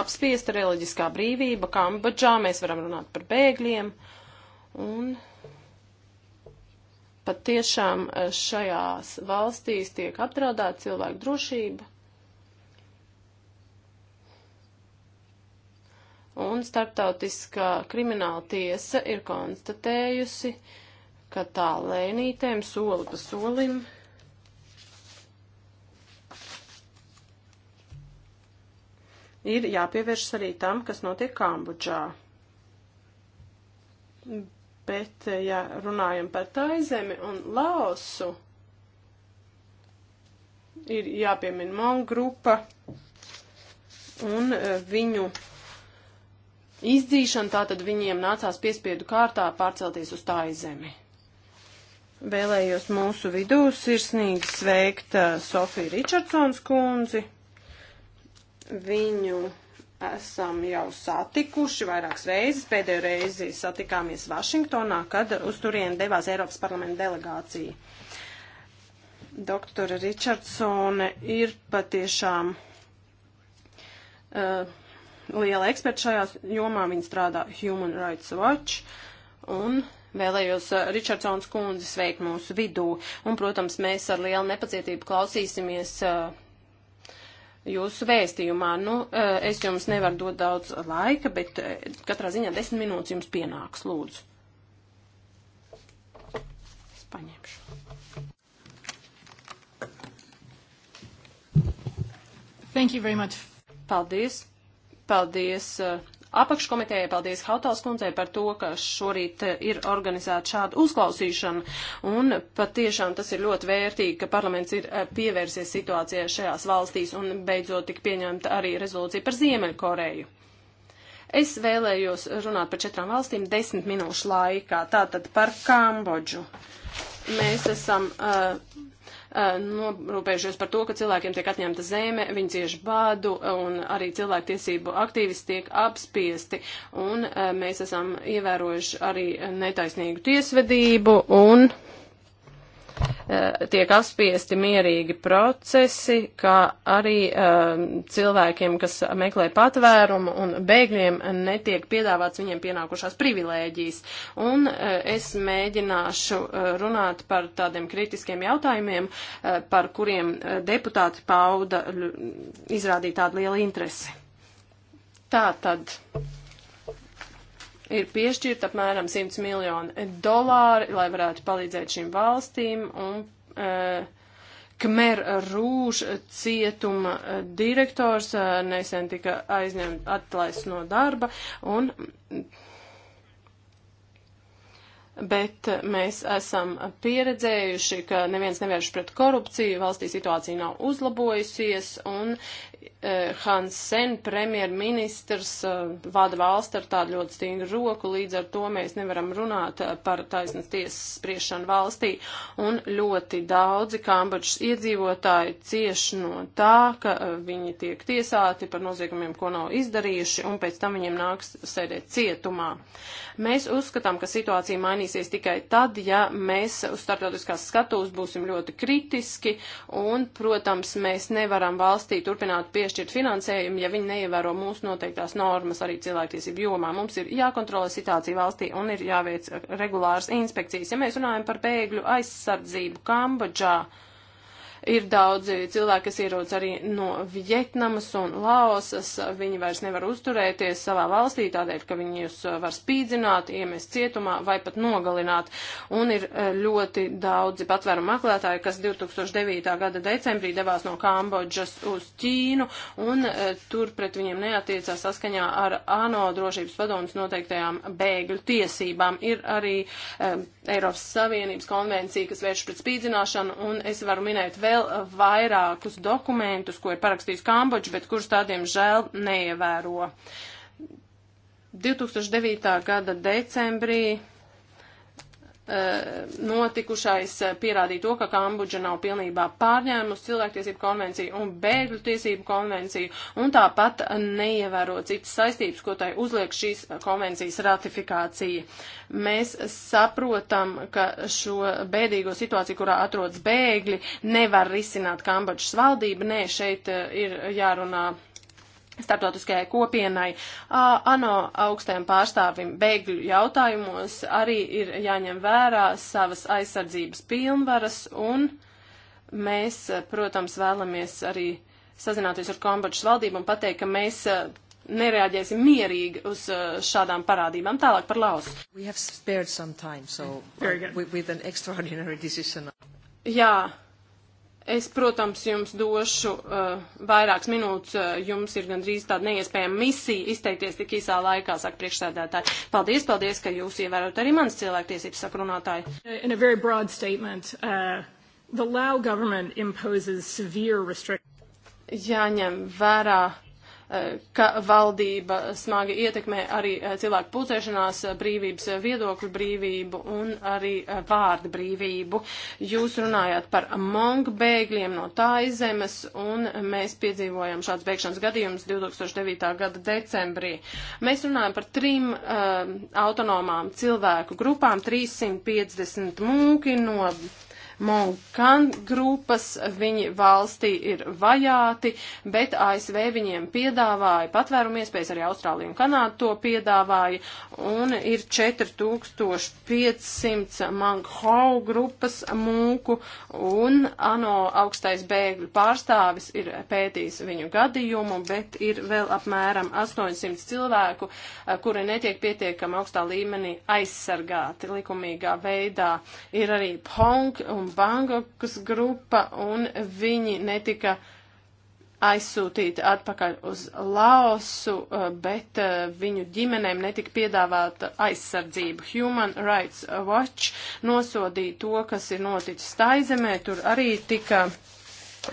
apspiesta reliģiskā brīvība, Kambodžā mēs varam runāt par bēgļiem. Un pat tiešām uh, šajās valstīs tiek apdraudēta cilvēku drošība. un starptautiskā krimināla tiesa ir konstatējusi, ka tā lēnītēm soli pa solim ir jāpievēršas arī tam, kas notiek Kambodžā. Bet, ja runājam par Taizemi un Laosu, ir jāpiemina Mong grupa un eh, viņu izdzīšanu, tātad viņiem nācās piespiedu kārtā pārcelties uz tā izemi. Vēlējos mūsu vidū sirsnīgi sveikt uh, Sofiju Ričardsons kundzi. Viņu esam jau satikuši vairākas reizes. Pēdējo reizi satikāmies Vašingtonā, kad uz turieni devās Eiropas parlamenta delegācija. Doktora Ričardsone ir patiešām uh, liela eksperta šajās jomā, viņa strādā Human Rights Watch, un vēlējos eh, Richardsons kundzi sveikt mūsu vidū, un, protams, mēs ar lielu nepacietību klausīsimies eh, jūsu vēstījumā. Nu, eh, es jums nevaru dot daudz laika, bet katrā ziņā desmit minūtes jums pienāks, lūdzu. Es paņemšu. Thank you very much. Paldies. Paldies uh, apakškomitējai, paldies Hautals kundzei par to, ka šorīt uh, ir organizēta šāda uzklausīšana. Un patiešām tas ir ļoti vērtīgi, ka parlaments ir uh, pievērsies situācijai šajās valstīs un beidzot tik pieņemta arī rezolūcija par Ziemeļkoreju. Es vēlējos runāt par četrām valstīm desmit minūšu laikā, tātad par Kambodžu. Mēs esam uh, norūpējušies par to, ka cilvēkiem tiek atņemta zeme, viņi cieši bādu un arī cilvēktiesību aktīvisti tiek apspiesti. Un mēs esam ievērojuši arī netaisnīgu tiesvedību un. Eh, tiek apspiesti mierīgi procesi, kā arī eh, cilvēkiem, kas meklē patvērumu un bēgļiem, netiek piedāvāts viņiem pienākušās privilēģijas. Un eh, es mēģināšu runāt par tādiem kritiskiem jautājumiem, par kuriem deputāti pauda izrādīt tādu lielu interesi. Tā tad ir piešķirt apmēram 100 miljoni dolāri, lai varētu palīdzēt šīm valstīm un uh, e, Kmer Rūž cietuma e, direktors uh, nesen tika aizņemt atlaists no darba un bet mēs esam pieredzējuši, ka neviens nevērš pret korupciju, valstī situācija nav uzlabojusies un Eh, Hansen, premjerministrs, eh, vada valsts ar tādu ļoti stingru roku, līdz ar to mēs nevaram runāt eh, par taisnas tiesas spriešanu valstī, un ļoti daudzi Kambodžas iedzīvotāji cieš no tā, ka viņi tiek tiesāti par noziegumiem, ko nav izdarījuši, un pēc tam viņiem nāks sēdēt cietumā. Mēs uzskatām, ka situācija mainīsies tikai tad, ja mēs uz starptautiskās skatūs būsim ļoti kritiski, un, protams, mēs nevaram valstī turpināt pie piešķirt finansējumu, ja viņi neievēro mūsu noteiktās normas arī cilvēktiesību jomā. Mums ir jākontrolē situācija valstī un ir jāveic regulāras inspekcijas. Ja mēs runājam par bēgļu aizsardzību Kambodžā, uh, Ir daudzi cilvēki, kas ierodas arī no Vietnamas un Laosas. Viņi vairs nevar uzturēties savā valstī tādēļ, ka viņus var spīdzināt, iemest cietumā vai pat nogalināt. Un ir eh, ļoti daudzi patvērumu meklētāji, kas 2009. gada decembrī devās no Kambodžas uz Ķīnu un eh, tur pret viņiem neatiecās saskaņā ar ANO drošības padomus noteiktajām bēgļu tiesībām. Ir arī eh, Eiropas Savienības konvencija, kas vērš pret spīdzināšanu, un es varu minēt vēl vairākus dokumentus, ko ir parakstījis Kambodža, bet kurus tādiem žēl neievēro. 2009. gada decembrī Eh, notikušais eh, pierādīja to, ka Kambodža nav pilnībā pārņēmusi cilvēktiesību konvenciju un bēgļu tiesību konvenciju, un tāpat neievēro citas saistības, ko tai uzliek šīs konvencijas ratifikācija. Mēs saprotam, ka šo bēdīgo situāciju, kurā atrodas bēgļi, nevar risināt Kambodžas valdība. Nē, šeit eh, ir jārunā starptautiskajai kopienai, ANO augstajam pārstāvim bēgļu jautājumos arī ir jāņem vērā savas aizsardzības pilnvaras un mēs, protams, vēlamies arī sazināties ar Kambodžas valdību un pateikt, ka mēs nereaģēsim mierīgi uz šādām parādībām. Tālāk par Lausu. So Jā, Es, protams, jums došu uh, vairākas minūtes. Uh, jums ir gandrīz tāda neiespējama misija izteikties tik īsā laikā, saka priekšsēdētāji. Paldies, paldies, ka jūs ievērot arī manas cilvēktiesības sakrunātāju. In a very broad statement, uh, the Lao government imposes severe restrictions. Jāņem vērā ka valdība smagi ietekmē arī eh, cilvēku pulcēšanās eh, brīvības, eh, viedokļu brīvību un arī vārdu brīvību. Jūs runājāt par mongu bēgļiem no Taizemes un mēs piedzīvojam šāds bēgšanas gadījums 2009. gada decembrī. Mēs runājam par trim uh, autonomām cilvēku grupām - 350 mūki no Monkan grupas, viņi valstī ir vajāti, bet ASV viņiem piedāvāja patvērumu iespējas, arī Austrālija un Kanāda to piedāvāja, un ir 4500 Mankhau grupas mūku, un ANO augstais bēgļu pārstāvis ir pētījis viņu gadījumu, bet ir vēl apmēram 800 cilvēku, kuri netiek pietiekami augstā līmenī aizsargāti likumīgā veidā. Ir arī Pong un Bangokas grupa, un viņi netika aizsūtīti atpakaļ uz Laosu, eh, bet eh, viņu ģimenēm netika piedāvāta aizsardzība. Human Rights Watch nosodīja to, kas ir noticis Taizemē, tur arī tika uh,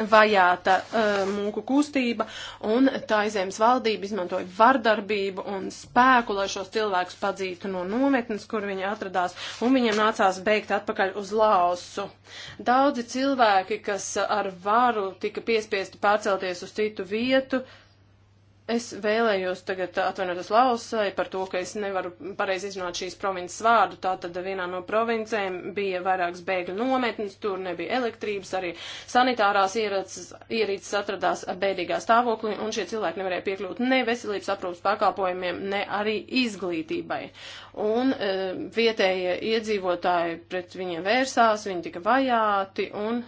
vajāta uh, mūku kustība, un Taizēmas valdība izmantoja vardarbību un spēku, lai šos cilvēkus padzītu no nometnes, kur viņi atradās, un viņiem nācās beigt atpakaļ uz Laosu. Daudzi cilvēki, kas ar varu tika piespiesti pārcelties uz citu vietu, uh, Es vēlējos tagad atvainoties Lausai par to, ka es nevaru pareizi izrunāt šīs provinces vārdu. Tātad vienā no provincēm bija vairākas bēgļu nometnes, tur nebija elektrības, arī sanitārās ierīces atradās bēdīgā stāvoklī, un šie cilvēki nevarēja piekļūt ne veselības aprūpas pakalpojumiem, ne arī izglītībai. Un e, vietējie iedzīvotāji pret viņiem vērsās, viņi tika vajāti un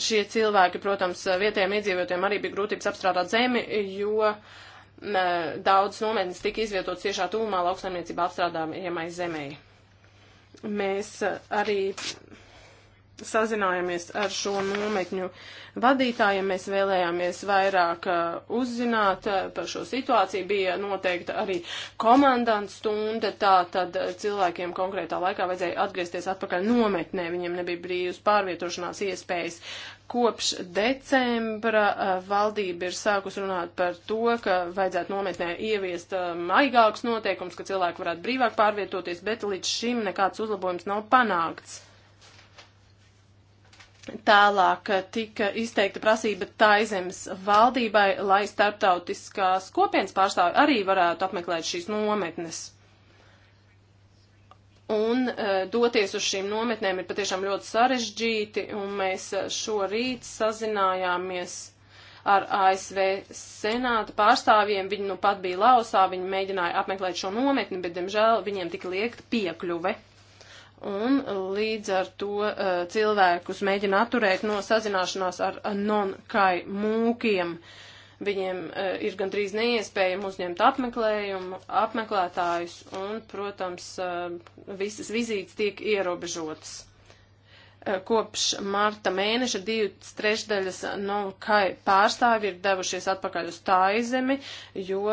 šie cilvēki, protams, vietējiem iedzīvotiem arī bija grūtības apstrādāt zemi, jo daudz nometnes tika izvietotas tiešā tūmā lauksaimniecībā apstrādājamai zemei. Mēs arī sazinājāmies ar šo nometņu vadītājiem, mēs vēlējāmies vairāk uh, uzzināt uh, par šo situāciju, bija noteikta arī komandants stunda, tā tad uh, cilvēkiem konkrētā laikā vajadzēja atgriezties atpakaļ nometnē, viņiem nebija brīvas pārvietošanās iespējas. Kopš decembra uh, valdība ir sākus runāt par to, ka vajadzētu nometnē ieviest uh, maigāks noteikums, ka cilvēki varētu brīvāk pārvietoties, bet līdz šim nekāds uzlabojums nav panākts. Tālāk eh, tika izteikta prasība Taizemes valdībai, lai starptautiskās kopienas pārstāvi arī varētu apmeklēt šīs nometnes. Un uh, doties uz šīm nometnēm ir patiešām ļoti sarežģīti, un mēs eh, šorīt sazinājāmies ar ASV senāta pārstāvjiem. Viņi nu pat bija lausā, viņi mēģināja apmeklēt šo nometni, bet, diemžēl, viņiem tika liekta piekļuve un uh, līdz ar to uh, cilvēkus mēģina atturēt no sazināšanās ar non-kai mūkiem. Viņiem uh, ir gandrīz neiespējami uzņemt apmeklējumu, apmeklētājus, un, protams, visas vizītes tiek ierobežotas kopš marta mēneša divas trešdaļas non-kai pārstāvi ir devušies atpakaļ uz tā izemi, jo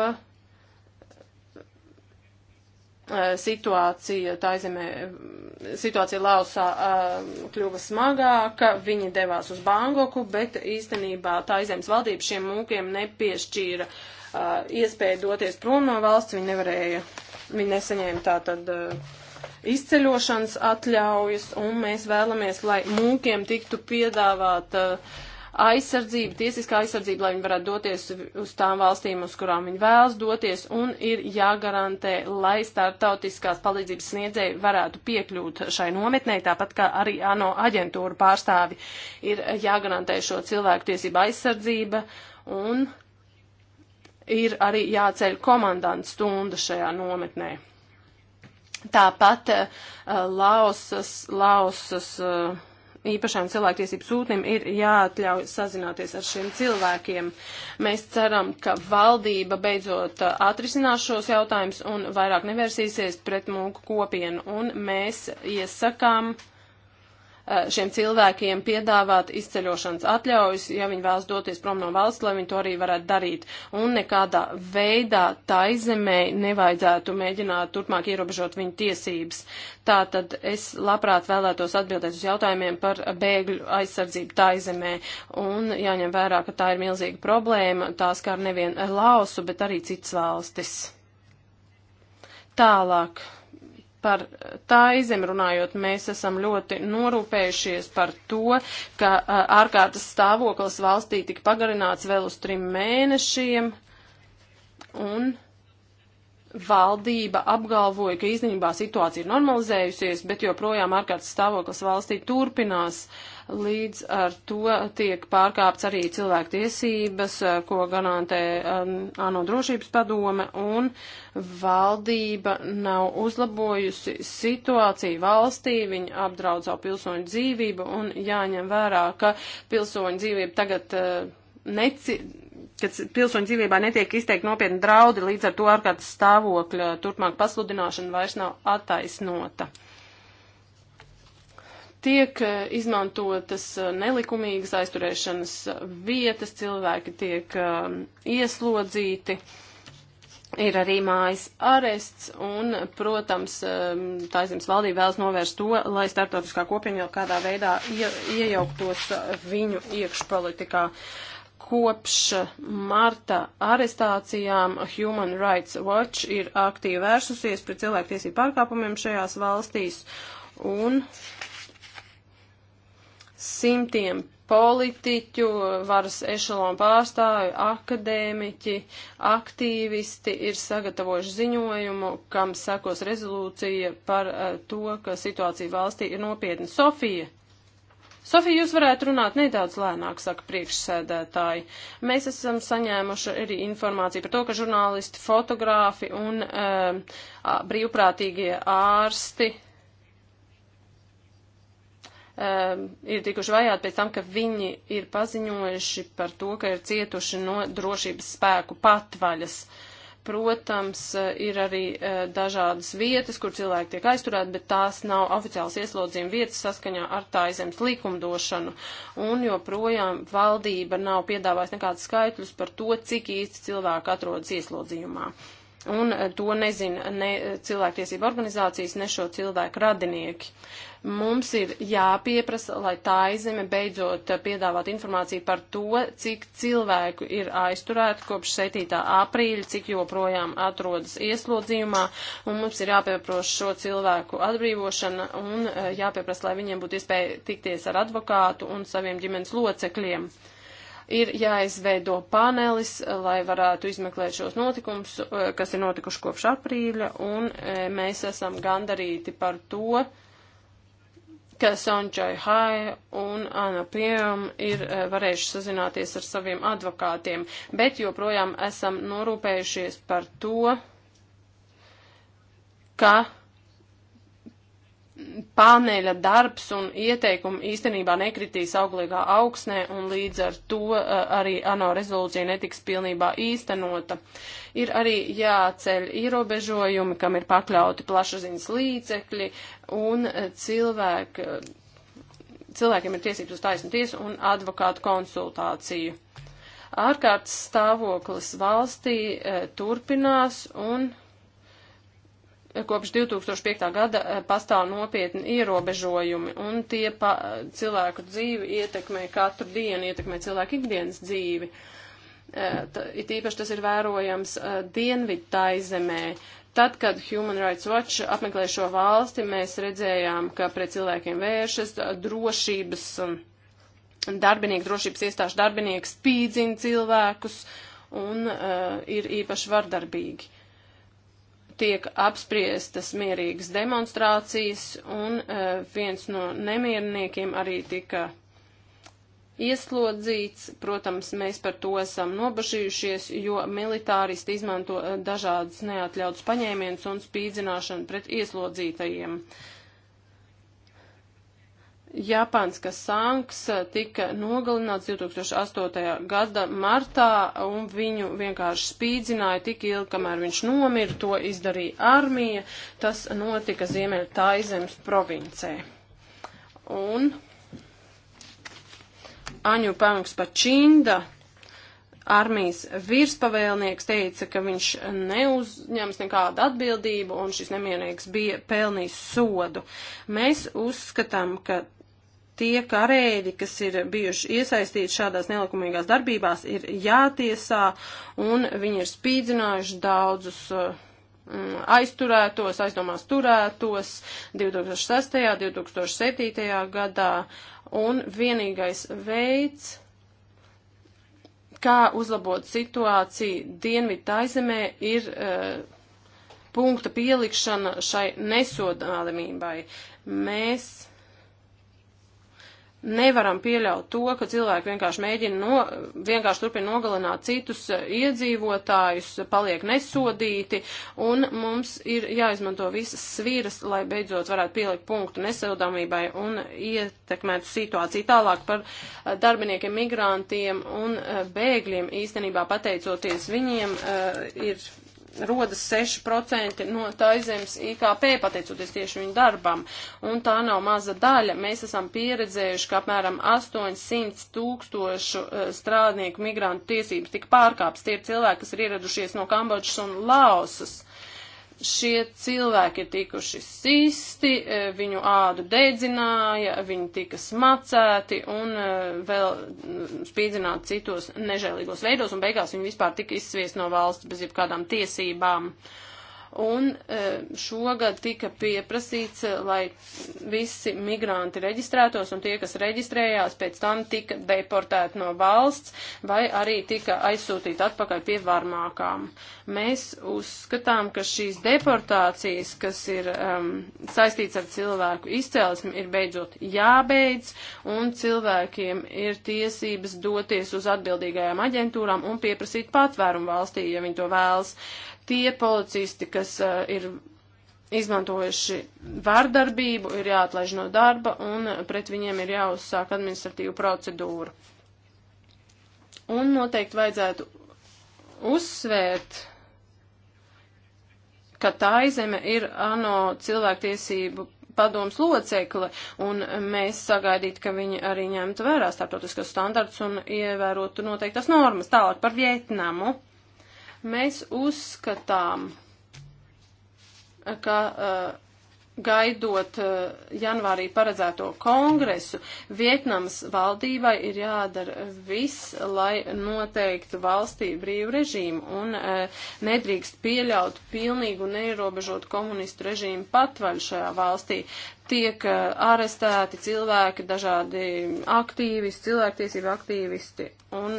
Eh, situācija taizemē, situācija Lausā eh, kļuva smagāka, viņi devās uz Bangoku, bet īstenībā taizemes valdība šiem mūkiem nepiešķīra eh, iespēju doties prom no valsts, viņi nevarēja, viņi nesaņēma tātad izceļošanas atļaujas, un mēs vēlamies, lai mūkiem tiktu piedāvāt uh, aizsardzība, tiesiskā aizsardzība, lai viņi varētu doties uz tām valstīm, uz kurām viņi vēlas doties, un ir jāgarantē, lai starptautiskās palīdzības sniedzēji varētu piekļūt šai nometnē, tāpat kā arī ANO aģentūra pārstāvi ir jāgarantē šo cilvēku tiesību aizsardzība, un ir arī jāceļ komandants stunda šajā nometnē. Tāpat uh, eh, Lausas, Lausas uh, eh, īpašām cilvēktiesību sūtnim ir jāatļauj sazināties ar šiem cilvēkiem. Mēs ceram, ka valdība beidzot uh, atrisinās šos jautājumus un vairāk nevērsīsies pret mūku kopienu. Un mēs iesakām. Ja Eh, šiem cilvēkiem piedāvāt izceļošanas atļaujas, ja viņi vēlas doties prom no valsts, lai viņi to arī varētu darīt. Un nekādā veidā taizemē nevajadzētu mēģināt turpmāk ierobežot viņu tiesības. Tātad es labprāt vēlētos atbildēt uz jautājumiem par bēgļu aizsardzību taizemē. Un jāņem vērā, ka tā ir milzīga problēma, tās kā nevien Laosu, bet arī citas valstis. Tālāk Par taizem runājot, mēs esam ļoti norūpējušies par to, ka ārkārtas stāvoklis valstī tika pagarināts vēl uz trim mēnešiem, un valdība apgalvoja, ka īstenībā situācija ir normalizējusies, bet joprojām ārkārtas stāvoklis valstī turpinās. Uh, Līdz ar to tiek pārkāpts arī cilvēktiesības, ko garantē um, ANO drošības padome, un valdība nav uzlabojusi situāciju valstī, viņa apdraud savu pilsoņu dzīvību, un jāņem vērā, ka pilsoņu dzīvība tagad uh, neci, kad pilsoņu dzīvībā netiek izteikti nopietni draudi, līdz ar to ārkārtas stāvokļa turpmāk pasludināšana vairs nav attaisnota tiek eh, izmantotas eh, nelikumīgas aizturēšanas eh, vietas, cilvēki tiek um, ieslodzīti, ir arī mājas arests un, protams, Taizemes valdība vēlas novērst to, lai starptautiskā kopiena jau kādā veidā ie, iejauktos viņu iekšpolitikā. Kopš marta arestācijām Human Rights Watch ir aktīvi vērsusies pret cilvēktiesību pārkāpumiem šajās valstīs un uh, simtiem politiķu, varas ešalonu pārstāvi, akadēmiķi, aktīvisti ir sagatavojuši ziņojumu, kam sekos rezolūcija par uh, to, ka situācija valstī ir nopietna. Sofija! Sofija, jūs varētu runāt nedaudz lēnāk, saka priekšsēdētāji. Mēs esam saņēmuši arī informāciju par to, ka žurnālisti, fotogrāfi un uh, brīvprātīgie ārsti um, ir tikuši vajāti pēc tam, ka viņi ir paziņojuši par to, ka ir cietuši no drošības spēku patvaļas. Protams, uh, ir arī uh, dažādas vietas, kur cilvēki tiek aizturēti, bet tās nav oficiāls ieslodzījuma vietas saskaņā ar tā zemes likumdošanu. Un joprojām valdība nav piedāvājusi nekādas skaitļus par to, cik īsti cilvēki atrodas ieslodzījumā. Uh, Un eh, to nezina ne cilvēktiesība organizācijas, ne šo cilvēku radinieki. Mums ir jāpieprasa, lai tā izeme beidzot eh, piedāvāt informāciju par to, cik cilvēku ir aizturēti kopš 7. aprīļa, cik joprojām atrodas ieslodzījumā, un mums ir jāpieprasa šo cilvēku atbrīvošana un eh, jāpieprasa, lai viņiem būtu iespēja tikties ar advokātu un saviem ģimenes locekļiem. Uh, ir jāizveido panelis, lai varētu izmeklēt šos notikumus, eh, kas ir notikuši kopš aprīļa, un eh, mēs esam gandarīti par to, ka Sončai Hai un Anna Piem ir eh, varējuši sazināties ar saviem advokātiem, bet joprojām esam norūpējušies par to, ka pāneļa darbs un ieteikumi īstenībā nekritīs auglīgā augsnē un līdz ar to eh, arī ANO rezolūcija netiks pilnībā īstenota. Ir arī jāceļ ierobežojumi, kam ir pakļauti plašaziņas līdzekļi un eh, cilvēki, eh, cilvēkiem ir tiesības uz taisnu tiesu un advokātu konsultāciju. Ārkārtas stāvoklis valstī e, turpinās un kopš 2005. gada eh, pastāv nopietni ierobežojumi, un tie pa, cilvēku dzīvi ietekmē katru dienu, ietekmē cilvēku ikdienas dzīvi. Eh, it īpaši tas ir vērojams eh, dienvidu taizemē. Tad, kad Human Rights Watch apmeklē šo valsti, mēs redzējām, ka pret cilvēkiem vēršas drošības, um, darbinieku drošības iestāžu darbinieki spīdzina cilvēkus un uh, ir īpaši vardarbīgi tiek apspriestas mierīgas demonstrācijas, un e, viens no nemierniekiem arī tika ieslodzīts. Protams, mēs par to esam nobažījušies, jo militāristi izmanto e, dažādus neatļautus paņēmienus un spīdzināšanu pret ieslodzītajiem. Uh, Japāns Kasanks eh, tika nogalināts 2008. gada martā, un viņu vienkārši spīdzināja tik ilgi, kamēr viņš nomira, to izdarīja armija. Tas notika Ziemeļa Taizemes provincē. Un Aņu Pangs Pačinda, armijas virspavēlnieks teica, ka viņš neuzņems nekādu atbildību un šis nemiernieks bija pelnījis sodu. Mēs uzskatām, ka tie karēļi, kas ir bijuši iesaistīti šādās nelikumīgās darbībās, ir jātiesā, un viņi ir spīdzinājuši daudzus mm, aizturētos, aizdomās turētos 2006. 2007. gadā, un vienīgais veids, kā uzlabot situāciju Dienvidu aizemē, ir uh, punkta pielikšana šai nesodāmībai. Mēs nevaram pieļaut to, ka cilvēki vienkārši mēģina no, vienkārši turpina nogalināt citus eh, iedzīvotājus, paliek nesodīti, un mums ir jāizmanto visas sviras, lai beidzot varētu pielikt punktu nesaudāmībai un ietekmētu situāciju tālāk par eh, darbiniekiem, migrantiem un eh, bēgļiem. Īstenībā pateicoties viņiem ir rodas 6% no taizemes IKP, pateicoties tieši viņu darbam. Un tā nav maza daļa. Mēs esam pieredzējuši, ka apmēram 800 tūkstošu eh, strādnieku migrantu tiesības tika pārkāptas. Tie ir cilvēki, kas ir ieradušies no Kambodžas un Laosas. Šie cilvēki ir tikuši sisti, e, viņu ādu dēdzināja, viņi tika smacēti un e, vēl spīdzināti citos nežēlīgos veidos, un beigās viņi vispār tika izsviest no valsts bez jebkādām tiesībām. Uh, un e, šogad tika pieprasīts, e, lai visi migranti reģistrētos, un tie, kas reģistrējās, pēc tam tika deportēti no valsts, vai arī tika aizsūtīti atpakaļ pie varmākām. Mēs uzskatām, ka šīs deportācijas, kas ir um, saistīts ar cilvēku izcēlesmi, ir beidzot jābeidz, un cilvēkiem ir tiesības doties uz atbildīgajām aģentūrām un pieprasīt patvērumu valstī, ja viņi to vēlas. Tie policisti, kas uh, ir izmantojuši vārdarbību, ir jāatlaiž no darba un pret viņiem ir jāuzsāk administratīva procedūra. Un noteikti vajadzētu uzsvērt, ka tā izeme ir ANO cilvēktiesību padoms locekli, un mēs sagaidītu, ka viņi arī ņemtu vērā starptautiskos standarts un ievērotu noteiktas normas. Tālāk par Vietnamu. Uh, Mēs uzskatām, ka uh, gaidot uh, janvārī paredzēto kongresu, Vietnamas valdībai ir jādara viss, lai noteiktu valstī brīvu režīmu un uh, nedrīkst pieļaut pilnīgu neierobežotu komunistu režīmu patvaļu šajā valstī. Tiek uh, arestēti cilvēki, dažādi aktīvisti, cilvēktiesība aktīvisti un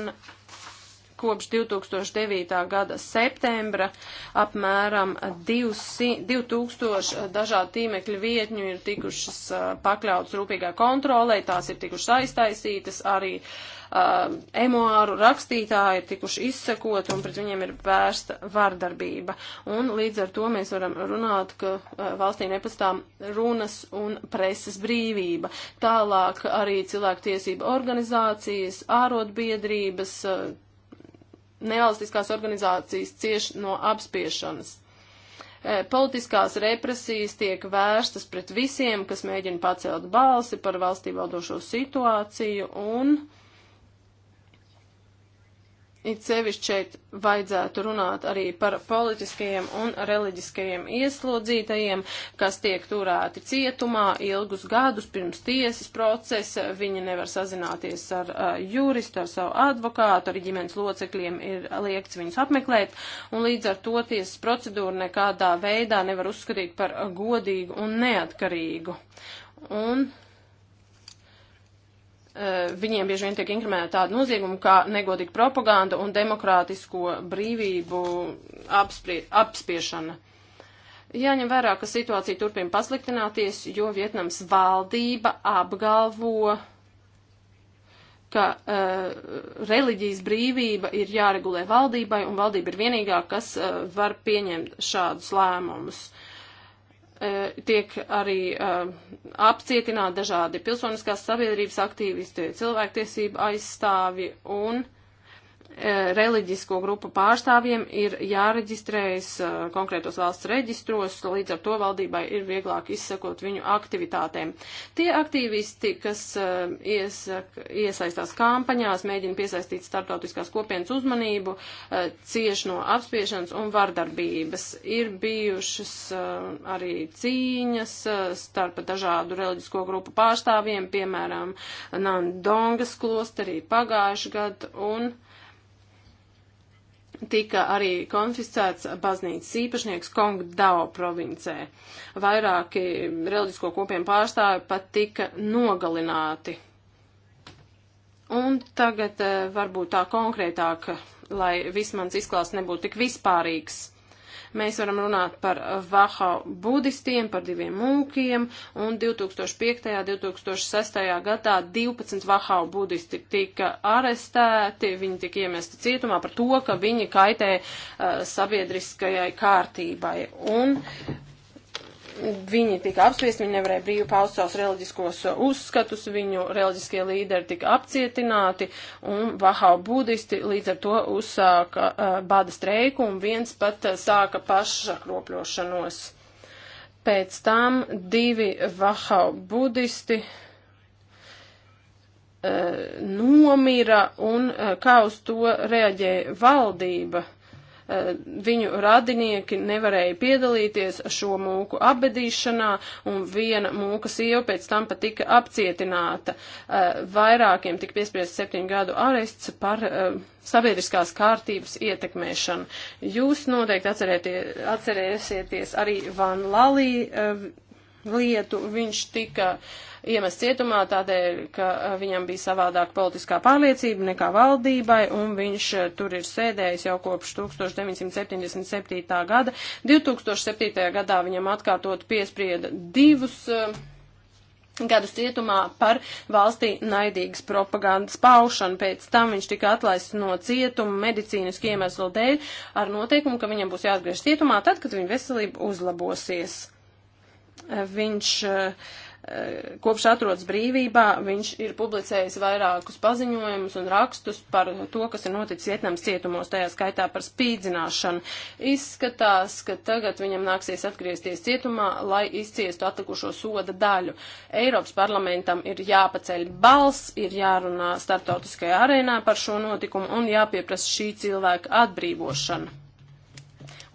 kopš 2009. gada septembra apmēram 200, 2000 eh, dažādu tīmekļu vietņu ir tikušas eh, pakļautas rūpīgā kontrolē, tās ir tikušas aiztaisītas, arī uh, emuāru rakstītāji ir tikuši izsekot un pret viņiem ir vērsta vardarbība. Un līdz ar to mēs varam runāt, ka uh, valstī nepastāv runas un preses brīvība. Tālāk arī cilvēktiesība organizācijas, ārotbiedrības, uh, nevalstiskās organizācijas cieši no apspiešanas. E, politiskās represijas tiek vērstas pret visiem, kas mēģina pacelt balsi par valstī valdošo situāciju un uh, It sevišķi šeit vajadzētu runāt arī par politiskajiem un reliģiskajiem ieslodzītajiem, kas tiek turēti cietumā ilgus gadus pirms tiesas procesa. Viņi nevar sazināties ar uh, juristu, ar savu advokātu, arī ģimenes locekļiem ir liekts viņus apmeklēt, un līdz ar to tiesas procedūru nekādā veidā nevar uzskatīt par godīgu un neatkarīgu. Un Eh, viņiem bieži vien tiek inkriminēta tāda nozieguma kā negodīga propaganda un demokrātisko brīvību apsprie, apspiešana. Jāņem vērā, ka situācija turpina pasliktināties, jo Vietnams valdība apgalvo, ka uh, reliģijas brīvība ir jāregulē valdībai, un valdība ir vienīgā, kas uh, var pieņemt šādus lēmumus. Uh, E, tiek arī uh, apcietināti dažādi pilsoniskās sabiedrības aktīvisti, cilvēktiesība aizstāvi un E, reliģisko grupu pārstāvjiem ir jāreģistrējas e, konkrētos valsts reģistros, līdz ar to valdībai ir vieglāk izsakot viņu aktivitātēm. Tie aktīvisti, kas e, iesak, iesaistās kampaņās, mēģina piesaistīt starptautiskās kopienas uzmanību, cieši no apspiešanas un vardarbības. Ir bijušas arī cīņas starp dažādu reliģisko grupu pārstāvjiem, piemēram, Nandongas klosterī pagājuši gadu un tika arī konfiscēts baznīcas īpašnieks Kongdao provincē. Vairāki reliģisko kopienu pārstāvi pat tika nogalināti. Un tagad eh, varbūt tā konkrētāk, lai viss mans izklāsts nebūtu tik vispārīgs. Mēs varam runāt par vaha budistiem, par diviem mūkiem, un 2005. un 2006. gadā 12 vaha budisti tika arestēti, viņi tika iemesti cietumā par to, ka viņi kaitē uh, sabiedriskajai kārtībai. Un, uh, Viņi tika apspiesti, viņi nevarēja brīvi paust savus reliģiskos uzskatus, viņu reliģiskie līderi tika apcietināti, un Vahau budisti līdz ar to uzsāka uh, bada streiku, un viens pat uh, sāka pašakropļošanos. Pēc tam divi Vahau budisti uh, nomira un uh, kā uz to reaģēja valdība. Eh, viņu radinieki nevarēja piedalīties šo mūku apbedīšanā, un viena mūka sieva pēc tam pat tika apcietināta. Eh, vairākiem tika piespriezt septiņu gadu arests par eh, sabiedriskās kārtības ietekmēšanu. Jūs noteikti atcerēsieties arī Van Lalī lietu. Viņš tika uh, iemest cietumā tādēļ, ka eh, viņam bija savādāk politiskā pārliecība nekā valdībai, un viņš eh, tur ir sēdējis jau kopš 1977. gada. 2007. gadā viņam atkārtot piesprieda divus eh, gadus cietumā par valstī naidīgas propagandas paušanu. Pēc tam viņš tika atlaists no cietuma medicīnisku iemeslu dēļ ar noteikumu, ka viņam būs jāatgriežas cietumā tad, kad viņa veselība uzlabosies. Viņš uh, kopš atrodas brīvībā, viņš ir publicējis vairākus paziņojumus un rakstus par to, kas ir noticis Vietnams cietumos, tajā skaitā par spīdzināšanu. Izskatās, ka tagad viņam nāksies atgriezties cietumā, lai izciestu atlikušo soda daļu. Eiropas parlamentam ir jāpaceļ balss, ir jārunā starptautiskajā arēnā par šo notikumu un jāpieprasa šī cilvēka atbrīvošana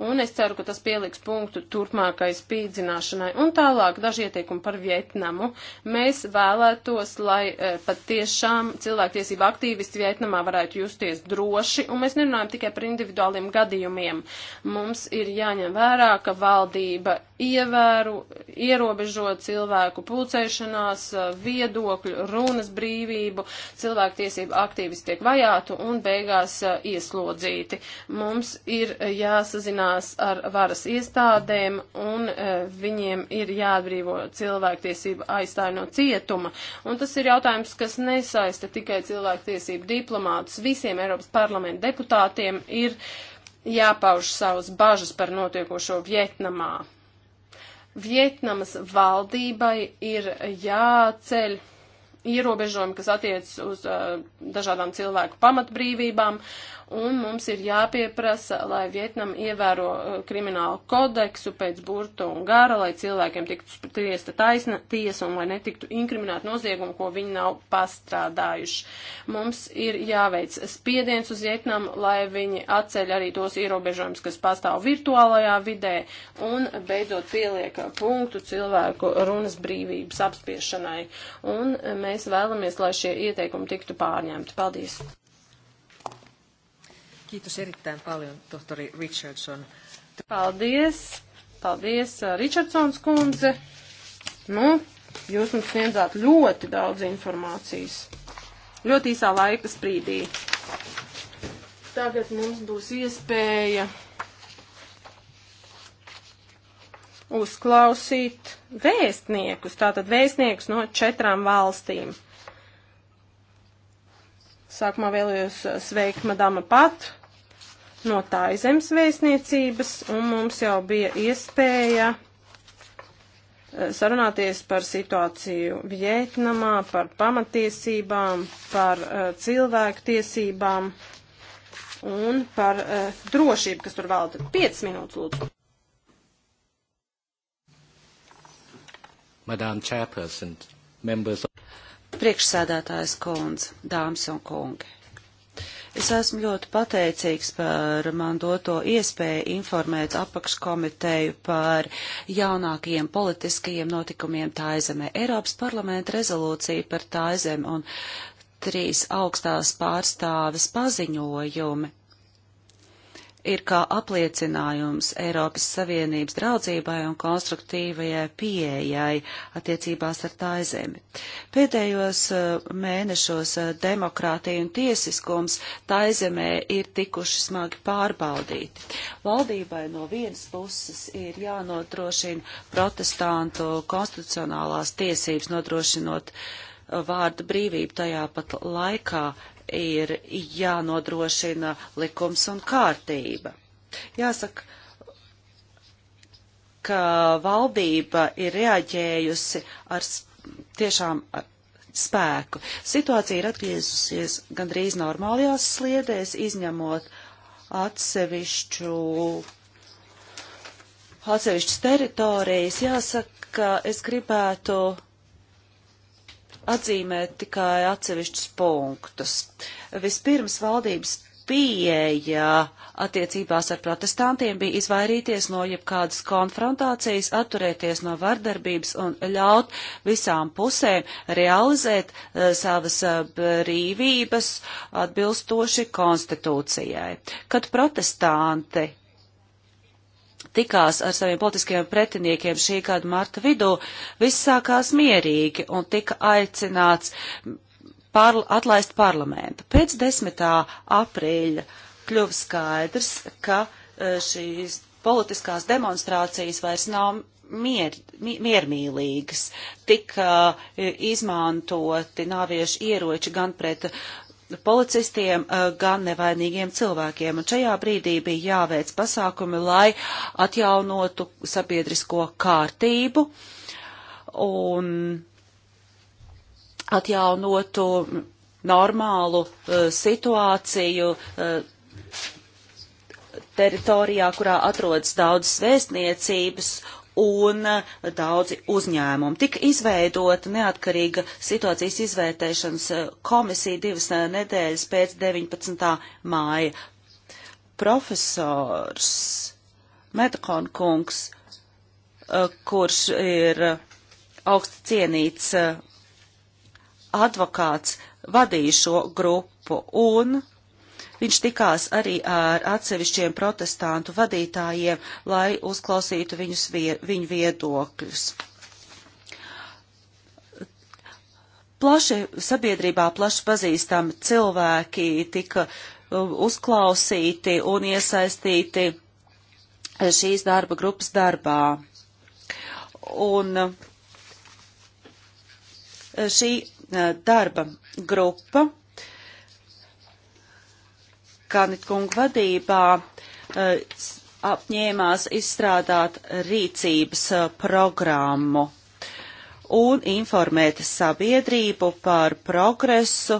un es ceru, ka tas pieliks punktu turpmākai spīdzināšanai. Un tālāk daži ieteikumi par Vietnamu. Mēs vēlētos, lai e, pat tiešām cilvēktiesība aktīvisti Vietnamā varētu justies droši, un mēs nerunājam tikai par individuāliem gadījumiem. Mums ir jāņem vērā, ka valdība ievēru, ierobežo cilvēku pulcēšanās, e, viedokļu, runas brīvību, cilvēktiesību aktīvisti tiek vajātu un beigās e, ieslodzīti. Mums ir e, jāsazinās sarunās ar varas iestādēm un e, viņiem ir jāatbrīvo cilvēktiesība aizstāju no cietuma. Un tas ir jautājums, kas nesaista tikai cilvēktiesību diplomātus. Visiem Eiropas parlamenta deputātiem ir jāpauž savas bažas par notiekošo Vietnamā. Vietnamas valdībai ir jāceļ ierobežojumi, kas attiecas uz uh, dažādām cilvēku pamatbrīvībām, un mums ir jāpieprasa, lai Vietnam ievēro uh, kriminālu kodeksu pēc burtu un gara, lai cilvēkiem tiktu spriesta taisna tiesa un lai netiktu inkriminēt noziegumu, ko viņi nav pastrādājuši. Mums ir jāveic spiediens uz Vietnam, lai viņi atceļ arī tos ierobežojumus, kas pastāv virtuālajā vidē un beidzot pieliek punktu cilvēku runas brīvības apspiešanai. Un mēs vēlamies, lai šie ieteikumi tiktu pārņemti. Paldies! Kiitos erittäin paljon, tohtori Richardson. Paldies, paldies, Richardsons kundze. Nu, jūs mums sniedzāt ļoti daudz informācijas. Ļoti īsā laika sprīdī. Tagad mums būs iespēja uzklausīt vēstniekus, tātad vēstniekus no četrām valstīm. Sākumā vēlējos sveikt madama Patu no Taizemes vēstniecības, un mums jau bija iespēja eh, sarunāties par situāciju Vietnamā, par pamatiesībām, par uh, cilvēku tiesībām un par uh, drošību, kas tur valda. 5 minūtes, lūdzu. Madam Chairperson, members of... Priekšsēdētājs kundze, dāmas un kungi. Es esmu ļoti pateicīgs par man doto iespēju informēt apakškomiteju par jaunākajiem politiskajiem notikumiem Taizemē. Eiropas parlamenta rezolūcija par Taizemi un trīs augstās pārstāves paziņojumi ir kā apliecinājums Eiropas Savienības draudzībai un konstruktīvajai pieejai attiecībās ar tā zemi. Pēdējos eh, mēnešos eh, demokrātija un tiesiskums tā zemē ir tikuši smagi pārbaudīti. Valdībai no vienas puses ir jānodrošina protestantu konstitucionālās tiesības, nodrošinot eh, vārda brīvību tajā pat laikā ir jānodrošina likums un kārtība. Jāsaka, ka valdība ir reaģējusi ar tiešām spēku. Situācija ir atgriezusies gandrīz normālajās sliedēs, izņemot atsevišķu, atsevišķas teritorijas. Jāsaka, ka es gribētu atzīmēt tikai atsevišķus punktus. Vispirms valdības pieeja attiecībās ar protestantiem bija izvairīties no jebkādas konfrontācijas, atturēties no vardarbības un ļaut visām pusēm realizēt uh, savas eh, brīvības atbilstoši konstitūcijai. Kad protestanti tikās ar saviem politiskajiem pretiniekiem šī gada marta vidū, viss sākās mierīgi un tika aicināts pār, atlaist parlamentu. Pēc 10. aprīļa kļuva skaidrs, ka e, šīs politiskās demonstrācijas vairs nav mier, miermīlīgas, tika e, izmantoti naviešu ieroči gan pret policistiem, eh, gan nevainīgiem cilvēkiem. Un šajā brīdī bija jāveic pasākumi, lai atjaunotu sabiedrisko kārtību un atjaunotu normālu eh, situāciju eh, teritorijā, kurā atrodas daudzas vēstniecības un eh, daudzi uzņēmumi. Tik izveidota neatkarīga situācijas izvērtēšanas eh, komisija divas eh, nedēļas pēc 19. māja. Profesors Metakon kungs, kurš ir augsti cienīts advokāts, vadīja šo grupu un Viņš tikās arī ar atsevišķiem protestantu vadītājiem, lai uzklausītu viņus, vie, viņu viedokļus. Plaši sabiedrībā plaši pazīstami cilvēki tika uh, uzklausīti un iesaistīti šīs darba grupas darbā. Un uh, šī uh, darba grupa Kanitkungu vadībā eh, apņēmās izstrādāt rīcības eh, programmu un informēt sabiedrību par progresu.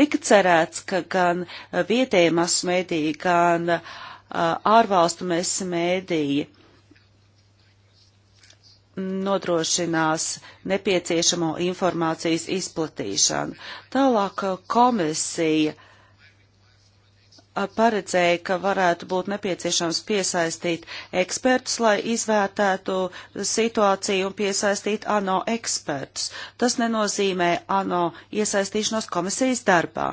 Tika cerēts, ka gan vietējie masmediji, gan eh, ārvalstu mēs mēdīji nodrošinās nepieciešamo informācijas izplatīšanu. Tālāk uh, komisija uh, paredzēja, ka varētu būt nepieciešams piesaistīt ekspertus, lai izvērtētu situāciju un piesaistīt ANO ekspertus. Tas nenozīmē ANO iesaistīšanos komisijas darbā.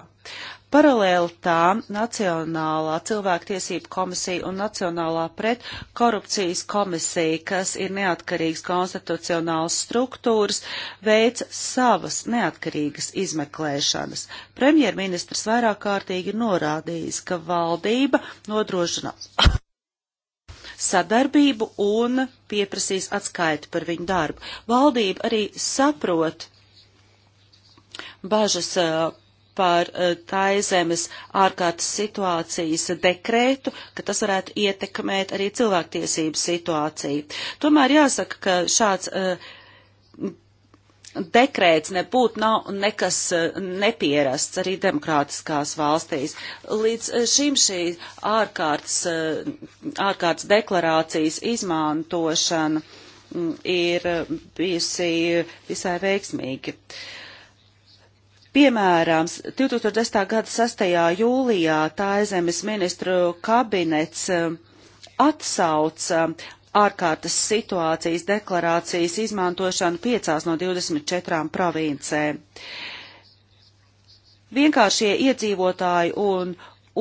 Paralēli tām Nacionālā cilvēktiesība komisija un Nacionālā pretkorupcijas komisija, kas ir neatkarīgs konstitucionāls struktūras, veic savas neatkarīgas izmeklēšanas. Premjerministrs vairāk kārtīgi norādījis, ka valdība nodrošina sadarbību un pieprasīs atskaiti par viņu darbu. Valdība arī saprot bažas par e, taizemes ārkārtas situācijas dekrētu, ka tas varētu ietekmēt arī cilvēktiesību situāciju. Tomēr jāsaka, ka šāds e, dekrēts nebūtu nav nekas e, nepierasts arī demokrātiskās valstīs. Līdz šim šī ārkārtas, ārkārtas deklarācijas izmantošana mm, ir bijusi visai veiksmīga. Uh, Piemēram, 2010. gada 6. jūlijā Taizemes ministru kabinets um, atsauca ārkārtas situācijas deklarācijas izmantošanu piecās no 24 provincēm. Vienkāršie iedzīvotāji un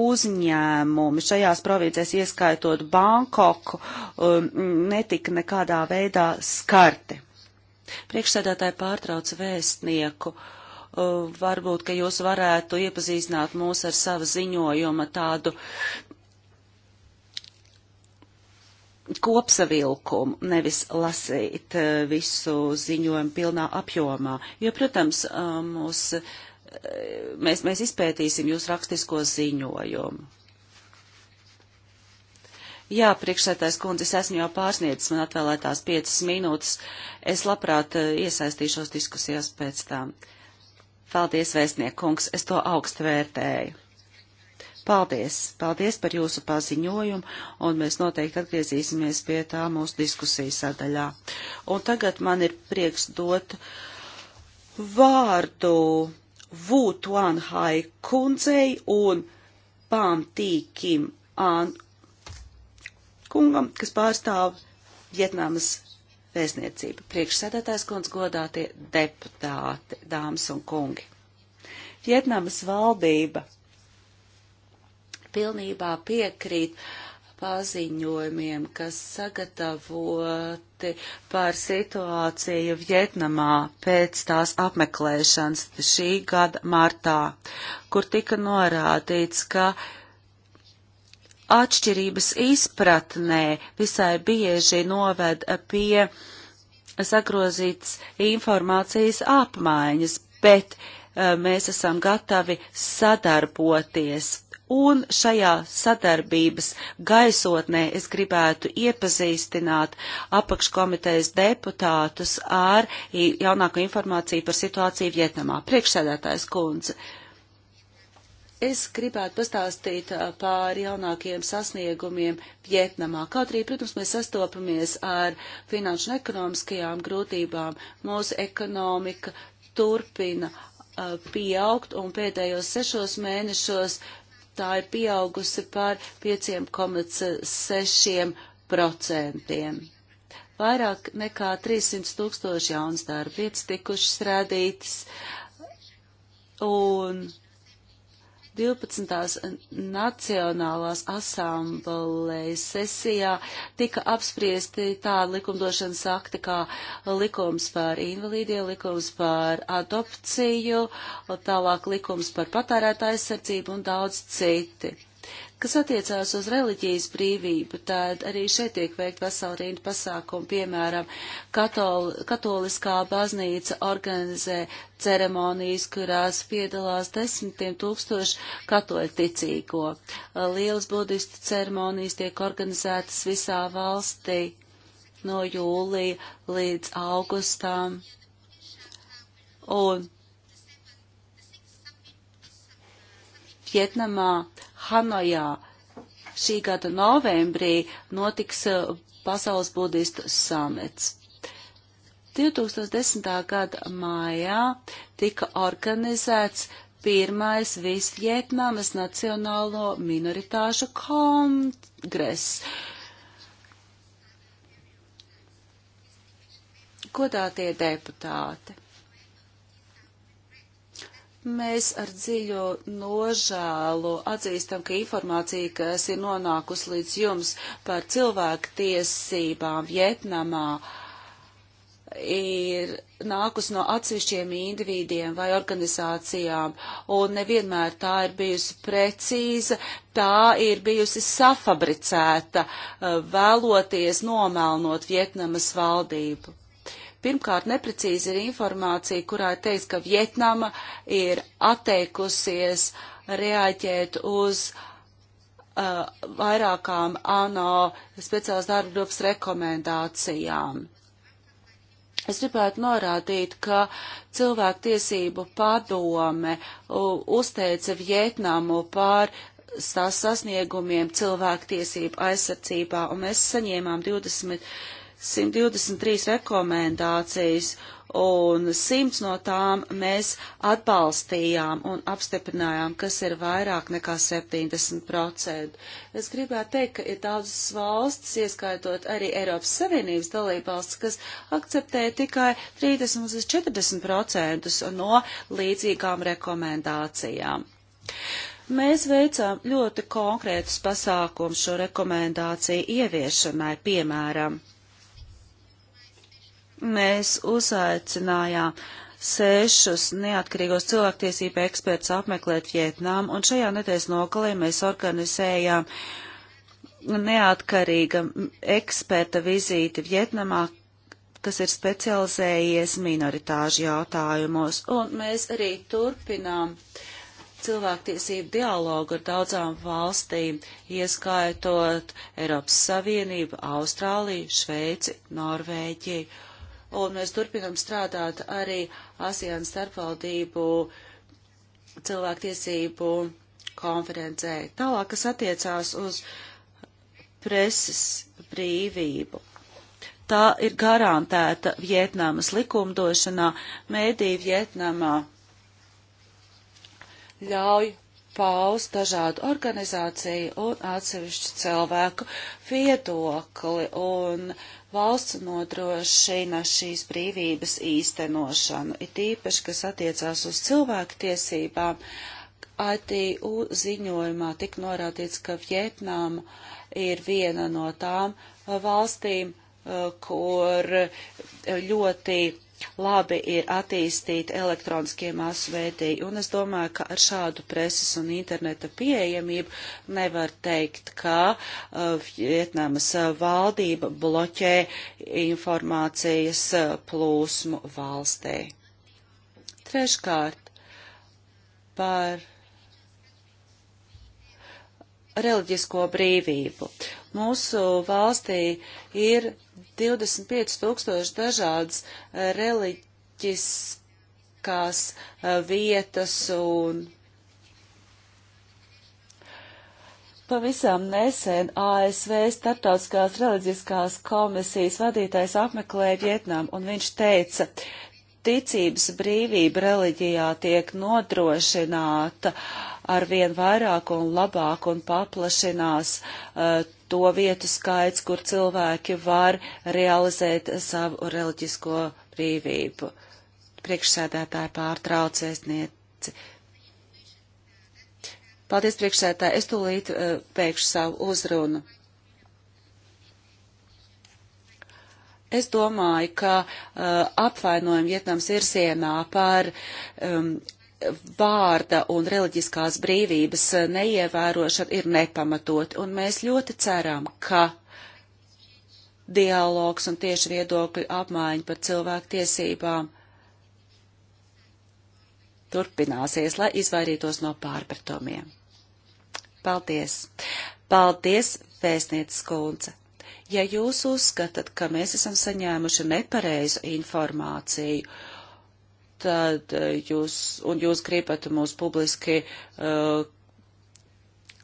uzņēmumi šajās provincēs, ieskaitot Bankoku, um, netika nekādā veidā skarti. Priekšsēdētāji pārtrauca vēstnieku. Uh, Eh, varbūt, ka jūs varētu iepazīstināt mūs ar savu ziņojumu tādu kopsavilkumu, nevis lasīt eh, visu ziņojumu pilnā apjomā. Jo, protams, eh, mūs, mēs, mēs izpētīsim jūs rakstisko ziņojumu. Jā, priekšsētājs kundze, es esmu jau pārsniedzis man atvēlētās piecas minūtes. Es labprāt iesaistīšos diskusijās pēc tām. Uh, Paldies, vēstniekungs, es to augstu vērtēju. Paldies, paldies par jūsu paziņojumu, un mēs noteikti atgriezīsimies pie tā mūsu diskusijas sadaļā. Un tagad man ir prieks dot vārdu Vu Tuanhai kundzei un Pām Tīkim An kungam, kas pārstāv Vietnamas vēstniecība. Priekšsēdētājs kundz godātie deputāti, dāmas un kungi. Vietnamas valdība pilnībā piekrīt paziņojumiem, kas sagatavoti par situāciju Vietnamā pēc tās apmeklēšanas šī gada martā, kur tika norādīts, ka uh, atšķirības izpratnē visai bieži noved pie sagrozītas informācijas apmaiņas, bet e, mēs esam gatavi sadarboties. Un šajā sadarbības gaisotnē es gribētu iepazīstināt apakškomitejas deputātus ar jaunāko informāciju par situāciju Vietnamā. Priekšsēdētājs kundze. Uh, Es gribētu pastāstīt uh, par jaunākiem sasniegumiem Vietnamā. Kaut arī, protams, mēs sastopamies ar finanšu un ekonomiskajām grūtībām. Mūsu ekonomika turpina uh, pieaugt, un pēdējos sešos mēnešos tā ir pieaugusi par 5,6%. Vairāk nekā 300 tūkstoši jaunas darba vietas tikušas radītas, un 12. Nacionālās asamblējas sesijā tika apspriesti tādi likumdošanas akti kā likums par invalīdiem, likums par adopciju, tālāk likums par patērētāju aizsardzību un daudz citi. Kas attiecās uz reliģijas brīvību, tad arī šeit tiek veikt vesela rinda pasākumu. Piemēram, katol, katoliskā baznīca organizē ceremonijas, kurās piedalās desmitiem tūkstoši katoļu ticīgo. Lielas budistu ceremonijas tiek organizētas visā valstī no jūlija līdz augustām. Un Vietnamā Hanojā šī gada novembrī notiks uh, Pasaules budistu samets. 2010. gada mājā tika organizēts pirmais Visvietnamas Nacionālo minoritāšu kongress. Godātie deputāti! Mēs ar dziļu nožēlu atzīstam, ka informācija, kas ir nonākusi līdz jums par cilvēku tiesībām Vietnamā, ir nākus no atsevišķiem individiem vai organizācijām, un nevienmēr tā ir bijusi precīza, tā ir bijusi safabricēta, uh, vēloties nomelnot Vietnamas valdību. Pirmkārt, neprecīzi ir informācija, kurā ir teiks, ka Vietnama ir atteikusies reaģēt uz uh, vairākām ANO speciālas darba grupas rekomendācijām. Es gribētu norādīt, ka cilvēktiesību padome uzteica Vietnamu par sasniegumiem cilvēktiesību aizsardzībā, un mēs saņēmām 20 123 rekomendācijas, un 100 no tām mēs atbalstījām un apstiprinājām, kas ir vairāk nekā 70%. Es gribētu teikt, ka ir daudzas valstis, ieskaitot arī Eiropas Savienības dalībvalstis, kas akceptē tikai 30 līdz 40% no līdzīgām rekomendācijām. Mēs veicām ļoti konkrētus pasākums šo rekomendāciju ieviešanai, piemēram, mēs uzaicinājām sešus neatkarīgos cilvēktiesību ekspertus apmeklēt Vietnām, un šajā nedēļas nogalē mēs organizējām neatkarīga eksperta vizīti Vietnamā, kas ir specializējies minoritāžu jautājumos, un mēs arī turpinām cilvēktiesību dialogu ar daudzām valstīm, ieskaitot Eiropas Savienību, Austrāliju, Šveici, Norvēģiju un mēs turpinam strādāt arī ASEAN starpvaldību cilvēktiesību konferencē. Tālāk, kas attiecās uz preses brīvību. Tā ir garantēta Vietnamas likumdošanā. Mēdī Vietnamā ļauj paust dažādu organizāciju un atsevišķu cilvēku viedokli, un valsts nodrošina šīs brīvības īstenošanu, it īpaši, kas attiecās uz cilvēku tiesībām. ITU ziņojumā tik norādīts, ka Vietnama ir viena no tām valstīm, eh, kur ļoti labi ir attīstīti elektroniskie masveidīgi, un es domāju, ka ar šādu preses un interneta pieejamību nevar teikt, ka uh, Vietnamas uh, valdība bloķē informācijas uh, plūsmu valstī. Treškārt, par reliģisko brīvību. Mūsu valstī ir 25 tūkstoši dažādas eh, reliģiskās eh, vietas un Pavisam nesen ASV Startautiskās reliģiskās komisijas vadītājs apmeklēja Vietnamu, un viņš teica, ticības brīvība reliģijā tiek nodrošināta ar vien vairāk un labāk un paplašinās uh, to vietu skaits, kur cilvēki var realizēt savu reliģisko brīvību. Priekšsēdētāji pārtrauc iesniedz. Paldies, priekšsēdētāji. Es tūlīt uh, eh, pēkšu savu uzrunu. Es domāju, ka uh, apvainojumi Vietnams ir sienā par um, vārda un reliģiskās brīvības neievērošana ir nepamatot, un mēs ļoti ceram, ka dialogs un tieši viedokļu apmaiņa par cilvēktiesībām turpināsies, lai izvairītos no pārpratumiem. Paldies! Paldies, vēstniecis Kunce! Ja jūs uzskatāt, ka mēs esam saņēmuši nepareizu informāciju, tad eh, jūs, un jūs gribat mūs publiski uh,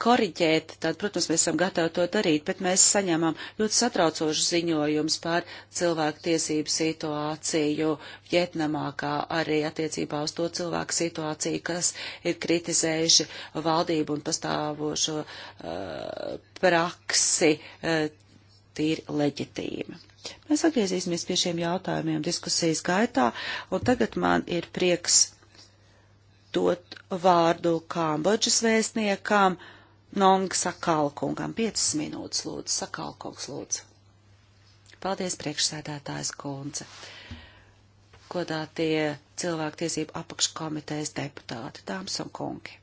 koriģēt, tad, protams, mēs esam gatavi to darīt, bet mēs saņemam ļoti satraucošu ziņojumus par cilvēku tiesību situāciju Vietnamā, kā arī attiecībā uz to cilvēku situāciju, kas ir kritizējuši valdību un pastāvošo uh, praksi uh, tīri leģitīmi. Mēs atgriezīsimies pie šiem jautājumiem diskusijas gaitā, un tagad man ir prieks dot vārdu Kambodžas vēstniekam Nong Sakalkungam. 5 minūtes lūdzu, Sakalkungs lūdzu. Paldies, priekšsēdētājs kundze. Godātie cilvēktiesību apakškomitejas deputāti, dāmas un kungi.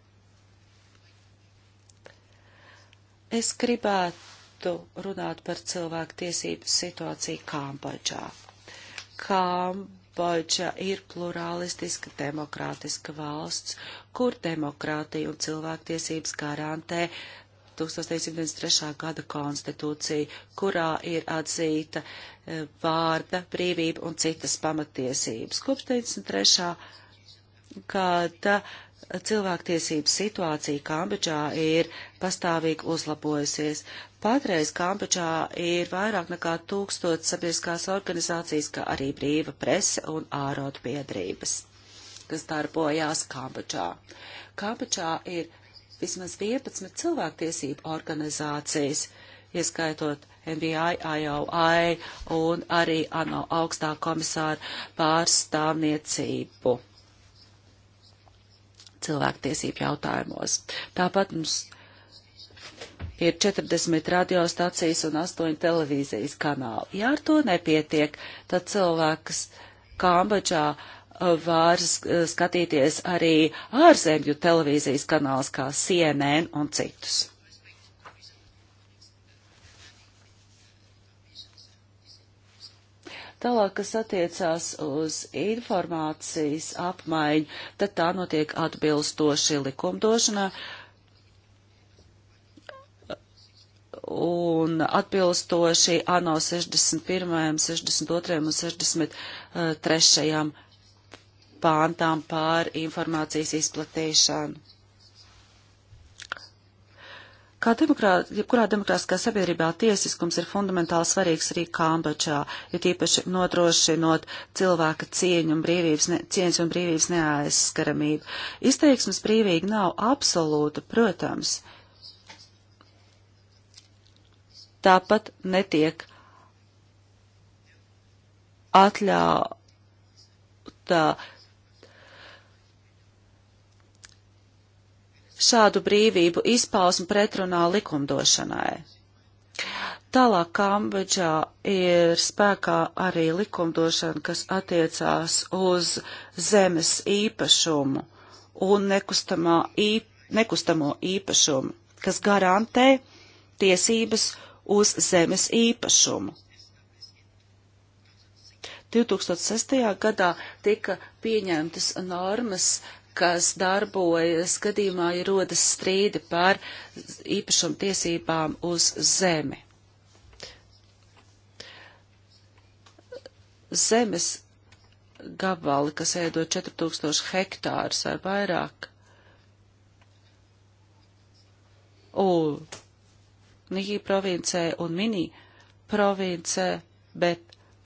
Es gribētu gribētu runāt par cilvēku tiesības situāciju Kambodžā. Kambodža ir pluralistiska demokrātiska valsts, kur demokrātija un cilvēktiesības garantē 1993. gada konstitūcija, kurā ir atzīta e, vārda, brīvība un citas pamatiesības. Kopš 93. gada cilvēktiesības situācija Kambodžā ir pastāvīgi uzlabojusies. Patreiz Kambodžā ir vairāk nekā tūkstots sabiedriskās organizācijas, kā arī brīva prese un ārotu biedrības, kas darbojās Kambodžā. Kambodžā ir vismaz 11 cilvēktiesību organizācijas, ieskaitot NBI, IOI un arī ANO augstā komisāra pārstāvniecību cilvēktiesību jautājumos. Tāpat mums ir 40 radiostacijas un 8 televīzijas kanāli. Ja ar to nepietiek, tad cilvēks Kambodžā uh, var uh, skatīties arī ārzemju televīzijas kanāls kā CNN un citus. Tālāk, kas attiecās uz informācijas apmaiņu, tad tā notiek atbilstoši likumdošanā, un atbilstoši ANO 61., 62. un 63. pāntām pār informācijas izplatīšanu. Kā demokrāt, jebkurā demokrātiskā sabiedrībā tiesiskums ir fundamentāli svarīgs arī Kambodžā, jo tīpaši nodrošinot cilvēka cieņu un brīvības, ne, cieņas un brīvības neaizskaramību. Izteiksmes brīvīgi nav absolūta, protams, uh, tāpat netiek atļautā šādu brīvību izpausmu pretrunā likumdošanai. Tālāk Kambodžā ir spēkā arī likumdošana, kas attiecās uz zemes īpašumu un nekustamā īp, nekustamo īpašumu, kas garantē tiesības uz zemes īpašumu. 2006. gadā tika pieņemtas normas, kas darbojas gadījumā, ja rodas strīdi par īpašumu tiesībām uz zemi. Zemes gabali, kas ēdo 4000 hektārus ar vairāk. Un Nihī provincē un Minī provincē, bet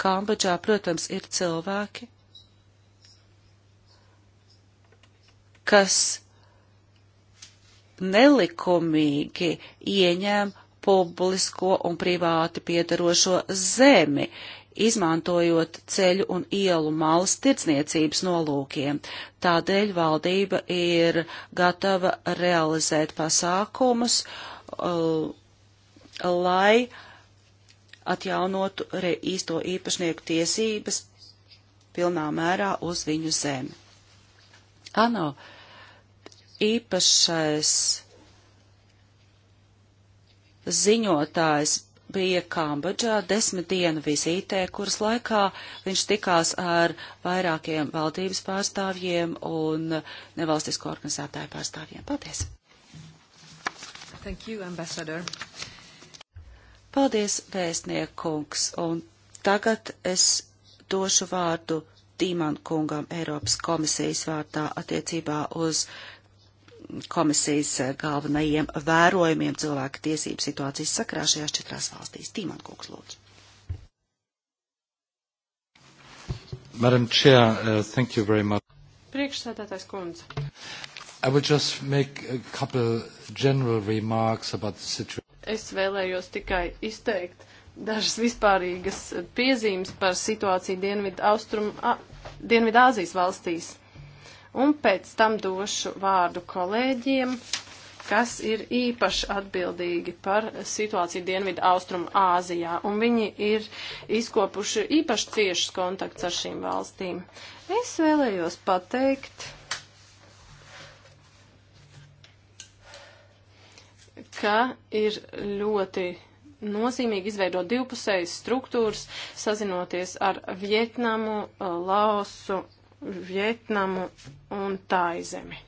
Kambodžā, protams, ir cilvēki, kas nelikumīgi ieņem publisko un privāti piedarošo zemi, izmantojot ceļu un ielu malas tirdzniecības nolūkiem. Tādēļ valdība ir gatava realizēt pasākumus, uh, lai atjaunotu re, īsto īpašnieku tiesības pilnā mērā uz viņu zemi. Ano, īpašais ziņotājs bija Kambodžā desmit dienu vizītē, kuras laikā viņš tikās ar vairākiem valdības pārstāvjiem un nevalstisko organizētāju pārstāvjiem. Paldies! Thank you, ambassador. Paldies, vēstniekungs, un tagad es došu vārdu Tīman kungam Eiropas komisijas vārtā attiecībā uz komisijas eh, galvenajiem vērojumiem cilvēka tiesību situācijas sakrā šajās četrās valstīs. Tīman kungs, lūdzu. Madam Chair, uh, thank you very much. Priekšsēdētājs kundze. I would just make a couple general remarks about the situation. Es vēlējos tikai izteikt dažas vispārīgas piezīmes par situāciju Dienvidu Austrum, Dienvidāzijas valstīs. Un pēc tam došu vārdu kolēģiem, kas ir īpaši atbildīgi par situāciju Dienvidu Austrumu Āzijā, un viņi ir izkopuši īpaši ciešas kontakts ar šīm valstīm. Es vēlējos pateikt, ka ir ļoti nozīmīgi izveidot divpusējas struktūras, sazinoties ar Vietnamu, eh, Laosu, Vietnamu un Taizemi.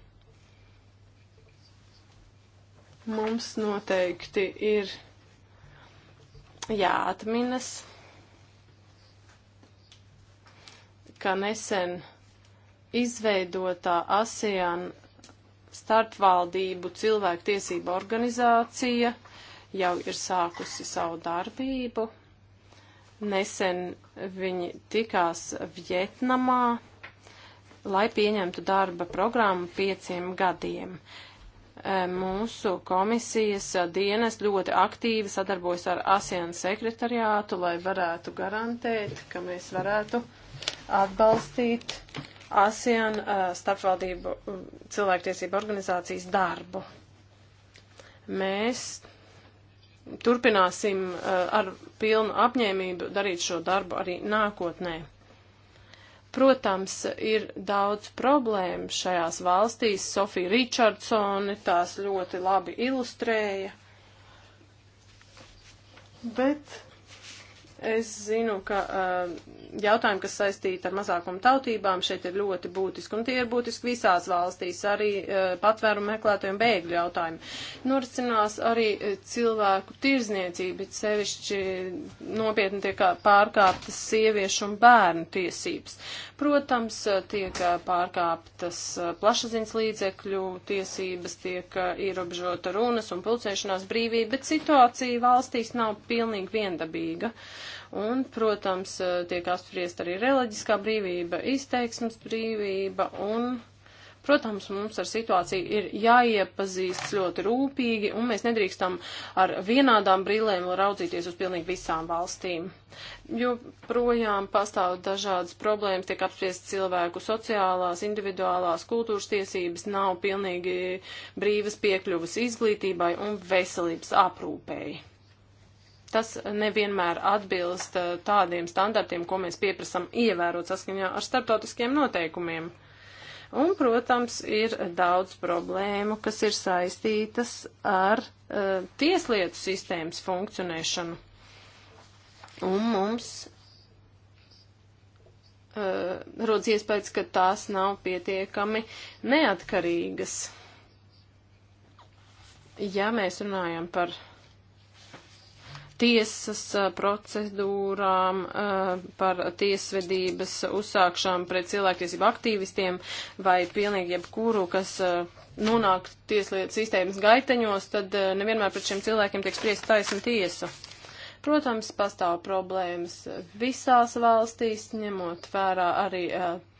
Mums noteikti ir jāatminas, ka nesen izveidotā ASEAN starpvaldību cilvēku tiesību organizācija jau ir sākusi savu darbību. Nesen viņi tikās Vietnamā, lai pieņemtu darba programmu pieciem gadiem e, mūsu komisijas dienas ļoti aktīvi sadarbojas ar ASEAN sekretariātu, lai varētu garantēt, ka mēs varētu atbalstīt ASEAN uh, starpvaldību um, cilvēktiesību organizācijas darbu. Mēs turpināsim uh, ar pilnu apņēmību darīt šo darbu arī nākotnē. Protams, ir daudz problēmu šajās valstīs. Sofija Richardsone tās ļoti labi ilustrēja. Bet Es zinu, ka uh, jautājumi, kas saistīti ar mazākumu tautībām, šeit ir ļoti būtiski, un tie ir būtiski visās valstīs, arī uh, patvērumu meklētoju un bēgļu jautājumi. Norisinās arī eh, cilvēku tirzniecība, bet sevišķi nopietni tiek pārkāptas sieviešu un bērnu tiesības. Protams, tiek pārkāptas plašsaziņas līdzekļu tiesības, tiek ierobežota runas un pulcēšanās brīvība, bet situācija valstīs nav pilnīgi viendabīga. Uh, Un, protams, eh, tiek apspriest arī reliģiskā brīvība, izteiksmes brīvība un. Protams, mums ar situāciju ir jāiepazīstas ļoti rūpīgi, un mēs nedrīkstam ar vienādām brīlēm raudzīties uz pilnīgi visām valstīm. Jo projām pastāv dažādas problēmas, tiek apspriest cilvēku sociālās, individuālās kultūras tiesības, nav pilnīgi brīvas piekļuvas izglītībai un veselības aprūpēji tas nevienmēr atbilst eh, tādiem standartiem, ko mēs pieprasam ievērot saskaņā ar starptautiskiem noteikumiem. Un, protams, ir daudz problēmu, kas ir saistītas ar uh, tieslietu sistēmas funkcionēšanu. Un mums uh, rodas iespējas, ka tās nav pietiekami neatkarīgas. Ja mēs runājam par tiesas procedūrām, par tiesvedības uzsākšām pret cilvēktiesību aktīvistiem vai pilnīgi jebkuru, kas nonāk tieslietu sistēmas gaiteņos, tad nevienmēr pret šiem cilvēkiem tiek spriest taisna tiesa. Protams, pastāv problēmas visās valstīs, ņemot vērā arī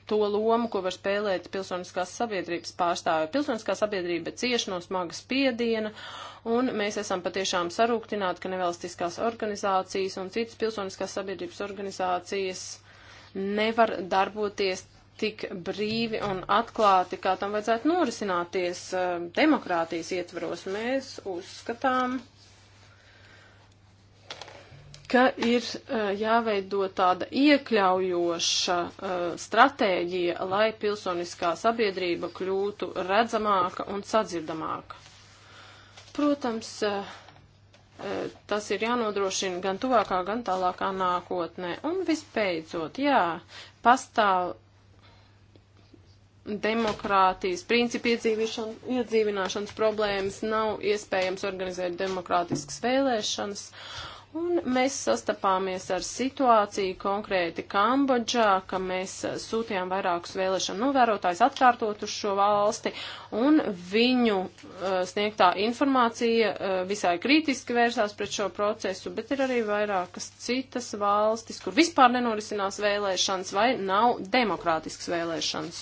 to lomu, ko var spēlēt pilsoniskās sabiedrības pārstāve. Pilsoniskā sabiedrība cieš no smaga spiediena, un mēs esam patiešām sarūktināti, ka nevalstiskās organizācijas un citas pilsoniskās sabiedrības organizācijas nevar darboties tik brīvi un atklāti, kā tam vajadzētu norisināties eh, demokrātijas ietvaros. Mēs uzskatām, ka ir uh, jāveido tāda iekļaujoša uh, stratēģija, lai pilsoniskā sabiedrība kļūtu redzamāka un sadzirdamāka. Protams, uh, tas ir jānodrošina gan tuvākā, gan tālākā nākotnē. Un vispēcot, jā, pastāv demokrātijas principu iedzīvināšanas problēmas, nav iespējams organizēt demokrātiskas vēlēšanas. Uh, Un mēs sastapāmies ar situāciju konkrēti Kambodžā, ka mēs sūtījām vairākus vēlēšanu novērotājus atkārtot uz šo valsti, un viņu uh, sniegtā informācija uh, visai kritiski vērsās pret šo procesu, bet ir arī vairākas citas valstis, kur vispār nenorisinās vēlēšanas vai nav demokrātisks vēlēšanas.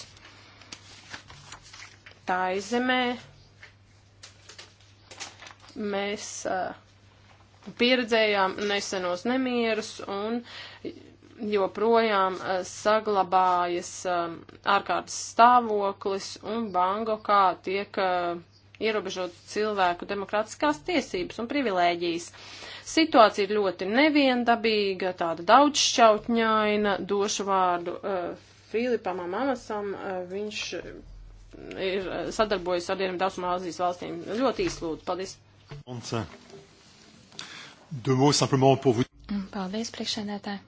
Tā izemē mēs. Uh, pieredzējām nesenos nemierus un joprojām eh, saglabājas eh, ārkārtas stāvoklis un Bangokā tiek eh, ierobežot cilvēku demokrātiskās tiesības un privilēģijas. Situācija ir ļoti neviendabīga, tāda daudzšķautņaina, došu vārdu uh, Filipam Amasam, uh, viņš ir sadarbojas ar Dienvidu Austrumāzijas valstīm. Ļoti īslūdzu, paldies. Un, Deux mots simplement pour vous. Mm, paldies, priekšsēdētāji.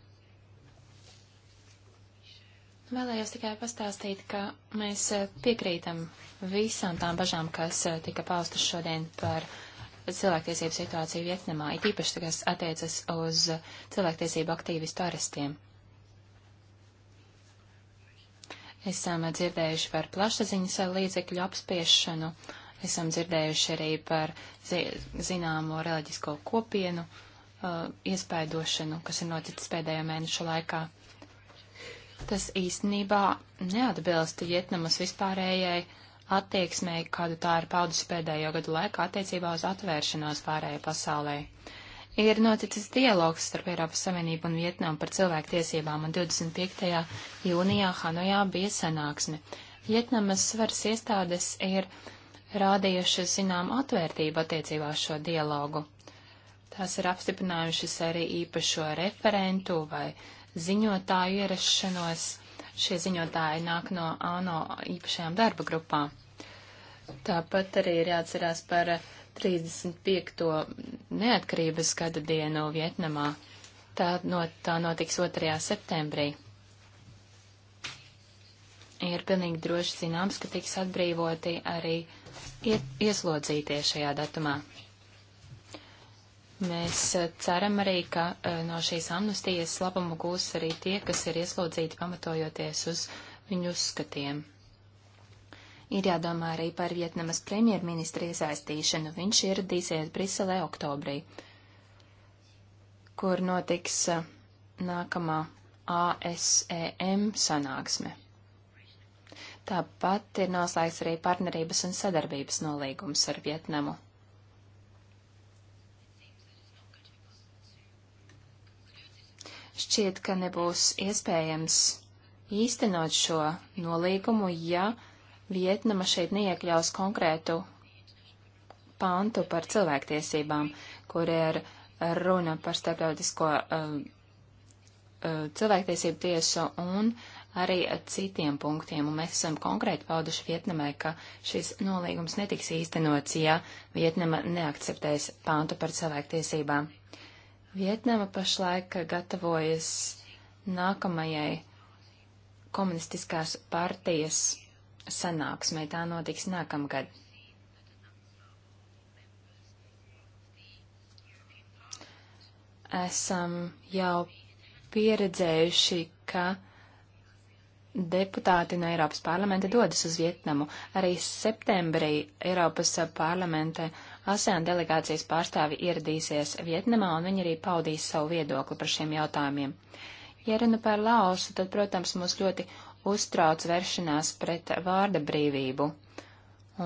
Vēlējos tikai pastāstīt, ka mēs eh, piekrītam visām tām bažām, kas eh, tika paustas šodien par cilvēktiesību situāciju Vietnamā, it īpaši, kas attiecas uz cilvēktiesību aktīvistu arestiem. Esam eh, dzirdējuši par plašsaziņas līdzekļu apspiešanu Esam dzirdējuši arī par zi zināmo reliģisko kopienu uh, iespaidošanu, kas ir noticis pēdējā mēneša laikā. Tas īstenībā neatbilst Vietnamas vispārējai attieksmei, kādu tā ir paudusi pēdējo gadu laikā attiecībā uz atvēršanos pārējai pasaulē. Ir noticis dialogs starp Eiropas Savienību un Vietnamu par cilvēktiesībām, un 25. jūnijā Hanojā bija sanāksme. Vietnamas svaras iestādes ir uh, rādījuši zinām atvērtību attiecībā uz šo dialogu. Tās ir apstiprinājušas arī īpašo referentu vai ziņotāju ierašanos. Šie ziņotāji nāk no ANO īpašajām darba grupām. Tāpat arī ir jāatcerās par 35. neatkarības gada dienu Vietnamā. Tā, no, tā notiks 2. septembrī. Ir pilnīgi droši zināms, ka tiks atbrīvoti arī iet, ieslodzīties šajā datumā. Mēs eh, ceram arī, ka eh, no šīs amnestijas labumu gūs arī tie, kas ir ieslodzīti pamatojoties uz viņu uzskatiem. Ir jādomā arī par Vietnamas premjerministra iesaistīšanu. Viņš ieradīsies Briselē oktobrī, kur notiks eh, nākamā ASEM sanāksme. Tāpat ir noslēgts arī partnerības un sadarbības nolīgums ar Vietnamu. Šķiet, ka nebūs iespējams īstenot šo nolīgumu, ja Vietnama šeit neiekļaus konkrētu pantu par cilvēktiesībām, kur ir runa par starptautisko uh, uh, cilvēktiesību tiesu un uh, arī citiem punktiem, un mēs esam konkrēti pauduši Vietnamai, ka šis nolīgums netiks īstenots, ja Vietnama neakceptēs pāntu par cilvēktiesībām. Vietnama pašlaik gatavojas nākamajai komunistiskās partijas sanāksmē, tā notiks nākamgad. esam jau pieredzējuši, ka deputāti no Eiropas parlamenta dodas uz Vietnamu. Arī septembrī Eiropas parlamenta ASEAN delegācijas pārstāvi ieradīsies Vietnamā, un viņi arī paudīs savu viedokli par šiem jautājumiem. Ja runa par Laosu, tad, protams, mūs ļoti uztrauc vēršanās pret vārda brīvību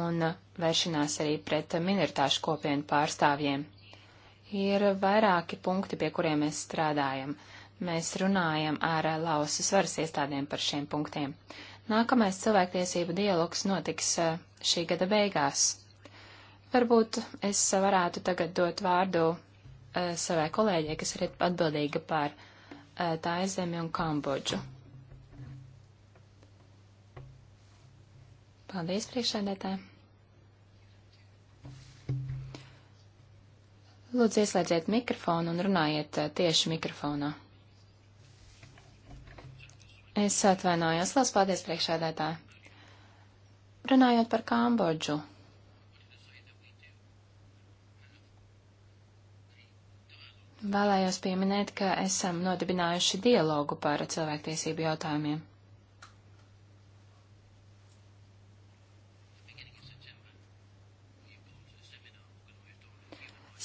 un vēršanās arī pret minoritāšu kopienu pārstāvjiem. Ir vairāki punkti, pie kuriem mēs strādājam. Mēs runājam ar Lausas varas iestādēm par šiem punktiem. Nākamais cilvēktiesību dialogs notiks eh, šī gada beigās. Varbūt es varētu tagad dot vārdu eh, savai kolēģei, kas ir atbildīga par eh, tā aizemi un Kambodžu. Paldies, priekšsēdētāji! Lūdzu, ieslēdziet mikrofonu un runājiet tieši mikrofonā. Es atvainojos, liels paldies priekšēdētāji. Runājot par Kambodžu. Vēlējos pieminēt, ka esam nodibinājuši dialogu par cilvēktiesību jautājumiem.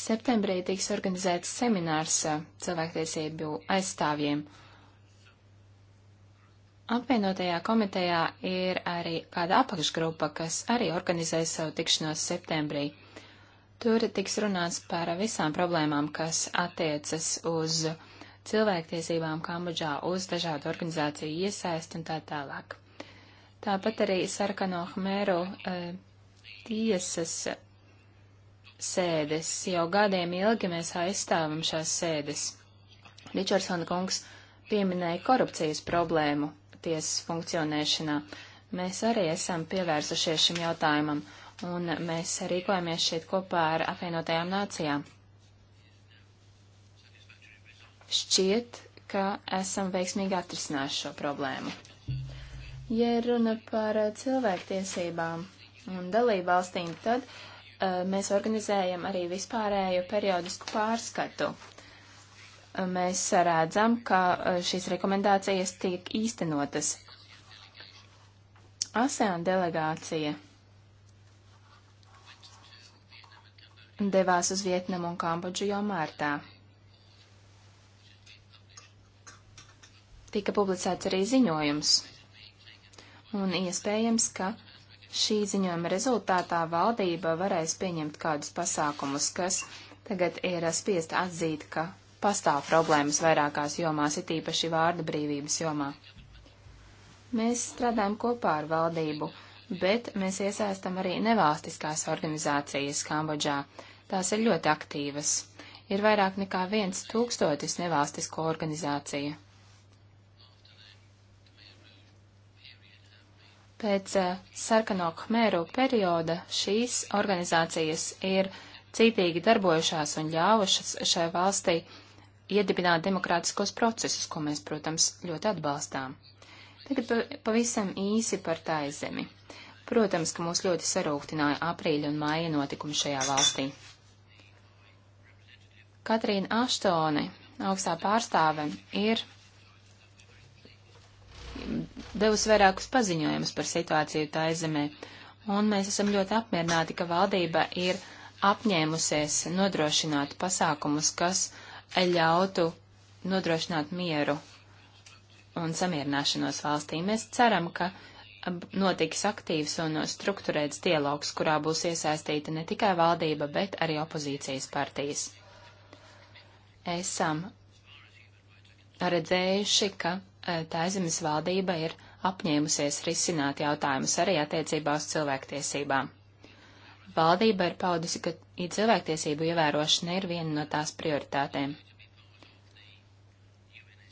Septembrī tiks organizēts seminārs cilvēktiesību aizstāvjiem Apvienotajā komitejā ir arī kāda apakšgrupa, kas arī organizē savu tikšanos septembrī. Tur tiks runāts par visām problēmām, kas attiecas uz cilvēktiesībām Kambodžā, uz dažādu organizāciju iesaisti un tā tālāk. Tāpat arī Sarkano Khmeru e, tiesas sēdes. Jau gadiem ilgi mēs aizstāvam šās sēdes. Ričardsona kungs pieminēja korupcijas problēmu tiesas funkcionēšanā. Mēs arī esam pievērsušies šim jautājumam, un mēs rīkojamies šeit kopā ar apvienotajām nācijām. Šķiet, ka esam veiksmīgi atrisinājuši šo problēmu. Ja runa par cilvēktiesībām un dalību valstīm, tad uh, mēs organizējam arī vispārēju periodisku pārskatu mēs redzam, ka eh, šīs rekomendācijas tiek īstenotas. ASEAN delegācija devās uz Vietnamu un Kambodžu jau martā. Tika publicēts arī ziņojums, un iespējams, ka šī ziņojuma rezultātā valdība varēs pieņemt kādus pasākumus, kas tagad ir spiest atzīt, ka pastāv problēmas vairākās jomās, it īpaši vārda brīvības jomā. Mēs strādājam kopā ar valdību, bet mēs iesaistam arī nevalstiskās organizācijas Kambodžā. Tās ir ļoti aktīvas. Ir vairāk nekā viens tūkstotis nevalstisko organizāciju. Pēc eh, sarkano khmēru perioda šīs organizācijas ir cītīgi darbojušās un ļāvušas šai valstī iedibināt demokrātiskos procesus, ko mēs, protams, ļoti atbalstām. Tagad pavisam īsi par taizemi. Protams, ka mūs ļoti sarūktināja aprīļa un māja notikumi šajā valstī. Katrīna Aštone, augstā pārstāve, ir devusi vairākus paziņojumus par situāciju taizemē, un mēs esam ļoti apmierināti, ka valdība ir apņēmusies nodrošināt pasākumus, kas uh, ļautu nodrošināt mieru un samierināšanos valstī. Mēs ceram, ka notiks aktīvs un strukturēts dialogs, kurā būs iesaistīta ne tikai valdība, bet arī opozīcijas partijas. Esam redzējuši, ka e, Taizemes valdība ir apņēmusies risināt jautājumus arī attiecībā uz cilvēktiesībām. Valdība ir paudusi, ka cilvēktiesību ievērošana ir viena no tās prioritātēm.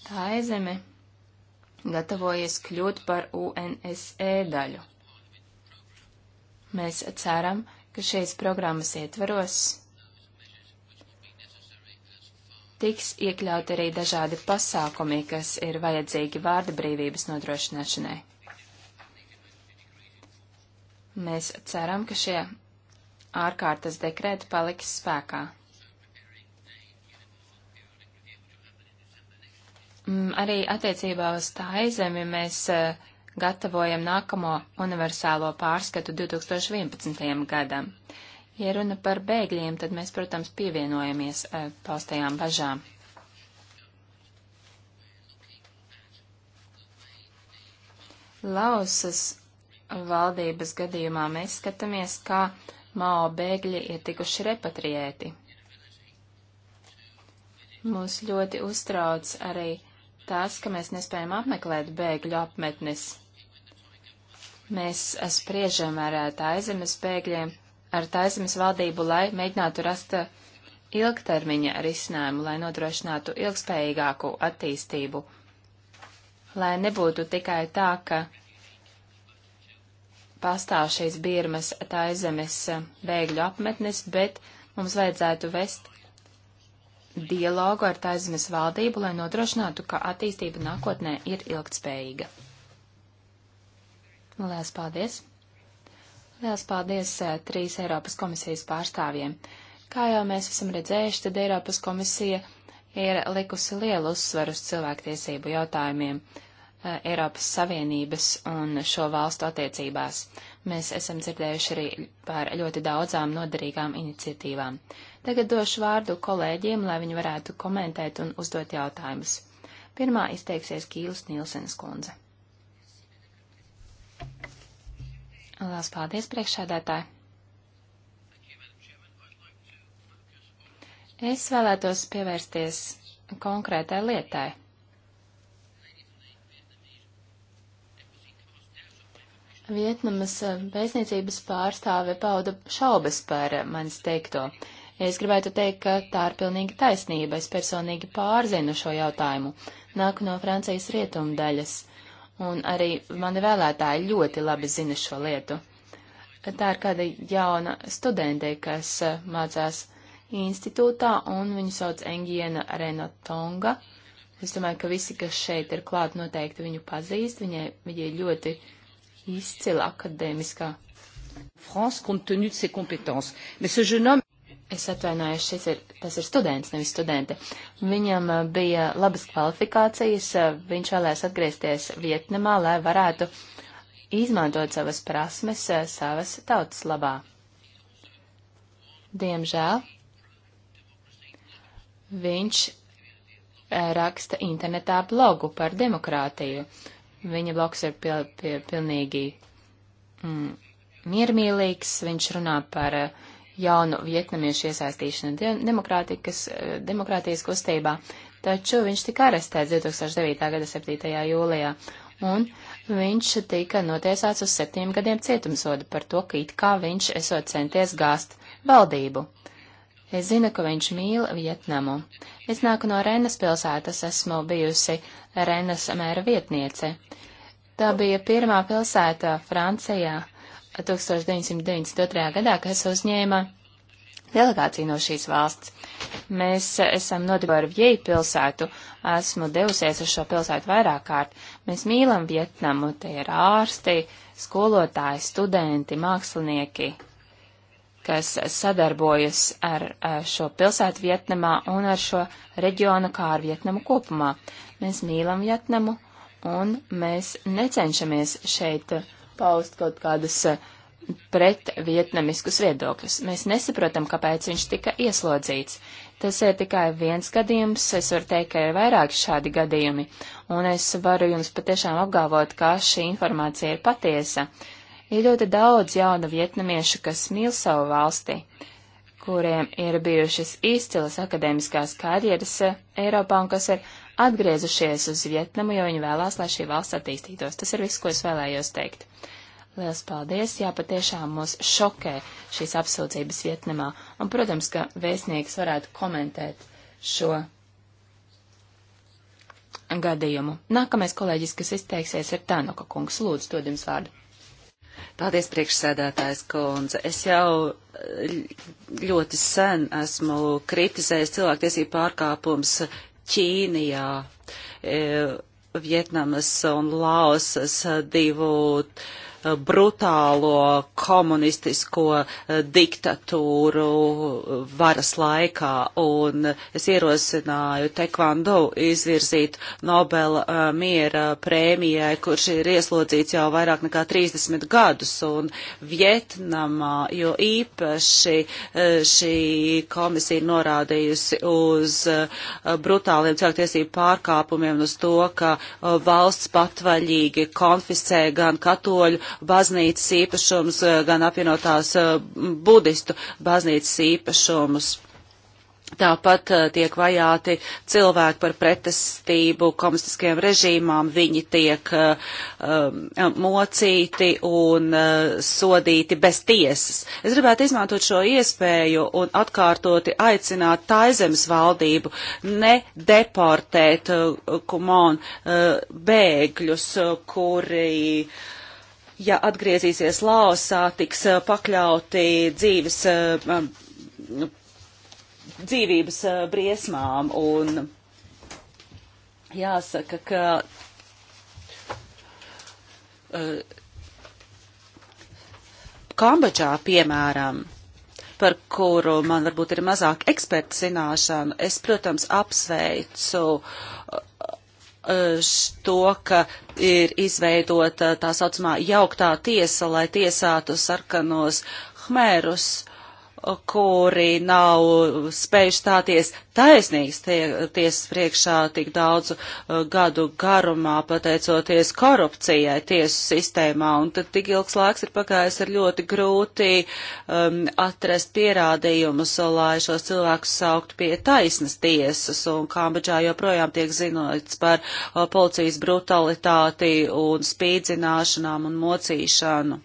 Tā aizeme gatavojas kļūt par UNSE daļu. Mēs ceram, ka šīs programmas ietvaros tiks iekļaut arī dažādi pasākumi, kas ir vajadzīgi vārda brīvības nodrošināšanai. Mēs ceram, ka šie ārkārtas dekrēta paliks spēkā. Mm, arī attiecībā uz tā izemi mēs e, gatavojam nākamo universālo pārskatu 2011. gadam. Ja runa par bēgļiem, tad mēs, protams, pievienojamies e, paustajām bažām. Lausas valdības gadījumā mēs skatāmies, kā Mao bēgļi ir tikuši repatriēti. Mūs ļoti uztrauc arī tas, ka mēs nespējam apmeklēt bēgļu apmetnes. Mēs spriežam ar taizemes bēgļiem, ar taizemes valdību, lai mēģinātu rast ilgtermiņa risinājumu, lai nodrošinātu ilgspējīgāku attīstību, lai nebūtu tikai tā, ka pastāv šīs Birmas taizemes eh, bēgļu apmetnes, bet mums vajadzētu vest dialogu ar taizemes valdību, lai nodrošinātu, ka attīstība nākotnē ir ilgtspējīga. Lielas paldies! Lielas paldies eh, trīs Eiropas komisijas pārstāvjiem. Kā jau mēs esam redzējuši, tad Eiropas komisija ir likusi lielu uzsvaru uz cilvēktiesību jautājumiem Eh, Eiropas Savienības un šo valstu attiecībās. Mēs esam dzirdējuši arī par ļoti daudzām noderīgām iniciatīvām. Tagad došu vārdu kolēģiem, lai viņi varētu komentēt un uzdot jautājumus. Pirmā izteiksies Kīls Nilsens kundze. Lielas paldies, priekšsēdētāji! Es vēlētos pievērsties konkrētai lietai Vietnamas eh, vēstniecības pārstāve pauda šaubas par eh, manis teikto. Es gribētu teikt, ka tā ir pilnīga taisnība. Es personīgi pārzinu šo jautājumu. Nāku no Francijas rietumdaļas, un arī mani vēlētāji ļoti labi zina šo lietu. Tā ir kāda jauna studente, kas eh, mācās institūtā, un viņu sauc Engiena Renotonga. Es domāju, ka visi, kas šeit ir klāt, noteikti viņu pazīst. Viņai, viņai ļoti izcila akadēmiskā. France, compte tenu de ses compétences. Mais ce jeune homme Es atvainojos, šis ir, tas ir students, nevis studente. Viņam uh, bija labas kvalifikācijas, uh, viņš vēlēs atgriezties Vietnamā, lai varētu izmantot savas prasmes uh, savas tautas labā. Diemžēl viņš raksta internetā blogu par demokrātiju. Viņa bloks ir pil, pil, pilnīgi mm, miermīlīgs. Viņš runā par eh, jaunu vietnamiešu iesaistīšanu de eh, demokrātijas kustībā, taču viņš tika arestēts 2009. gada 7. jūlijā. Un viņš tika notiesāts uz septiņiem gadiem cietumsodu par to, ka it kā viņš esot centies gāzt valdību. Es zinu, ka viņš mīl Vietnamu. Es nāku no Renas pilsētas, esmu bijusi Renas mēra vietniece. Tā bija pirmā pilsēta Francijā 1992. gadā, kas uzņēma delegāciju no šīs valsts. Mēs esam nodibā ar Vieju pilsētu, esmu devusies uz šo pilsētu vairāk kārt. Mēs mīlam Vietnamu, tie ir ārsti, skolotāji, studenti, mākslinieki, kas sadarbojas ar, ar šo pilsētu Vietnamā un ar šo reģionu kā ar Vietnamu kopumā. Mēs mīlam Vietnamu un mēs necenšamies šeit paust kaut kādas eh, pret vietnamiskus viedokļus. Mēs nesaprotam, kāpēc viņš tika ieslodzīts. Tas ir tikai viens gadījums, es varu teikt, ka ir vairāki šādi gadījumi, un es varu jums patiešām apgalvot, ka šī informācija ir patiesa. Uh, Ir ļoti daudz jaunu vietnamiešu, kas mīl savu valsti, kuriem ir bijušas izcilas akadēmiskās karjeras eh, Eiropā un kas ir atgriezušies uz Vietnamu, jo viņi vēlās, lai šī valsts attīstītos. Tas ir viss, ko es vēlējos teikt. Liels paldies! Jā, patiešām mūs šokē šīs apsūdzības Vietnamā. Un, protams, ka vēstnieks varētu komentēt šo gadījumu. Nākamais kolēģis, kas izteiksies, ir Tanuka kungs. Lūdzu, dod jums vārdu. Paldies, priekšsēdētājs kundze. Es jau eh, ļoti sen esmu kritizējis cilvēktiesību pārkāpums Ķīnijā, eh, Vietnamas un Laosas divu uh, Eh, brutālo komunistisko eh, diktatūru eh, varas laikā, un es ierosināju Tekvandu izvirzīt Nobela miera prēmijai, kurš ir ieslodzīts jau vairāk nekā 30 gadus, un Vietnamā, jo īpaši šī komisija norādījusi uz brutāliem cilvēktiesību pārkāpumiem un uz to, ka valsts patvaļīgi konfiscē gan katoļu baznīcas īpašumus, eh, gan apvienotās eh, budistu baznīcas īpašumus. Tāpat eh, tiek vajāti cilvēki par pretestību komunistiskiem režīmām, viņi tiek um, mocīti un uh, sodīti bez tiesas. Es gribētu izmantot šo iespēju un atkārtoti aicināt Taizemes valdību nedeportēt uh, kumon uh, bēgļus, kuri uh, ja atgriezīsies Laosā, tiks eh, pakļauti dzīves, eh, dzīvības eh, briesmām. Un jāsaka, ka Kambodžā, piemēram, par kuru man varbūt ir mazāk eksperta zināšanu, es, protams, apsveicu Eh, to, ka ir izveidota tā saucamā jauktā tiesa, lai tiesātu sarkanos hmērus kuri nav spējuši stāties taisnīgas tie, tiesas priekšā tik daudzu uh, gadu garumā, pateicoties korupcijai tiesu sistēmā, un tad tik ilgs laiks ir pagājis, ir ļoti grūti um, atrast pierādījumus, lai šos cilvēkus saukt pie taisnas tiesas, un Kambodžā joprojām tiek zinots par uh, policijas brutalitāti un spīdzināšanām un mocīšanu.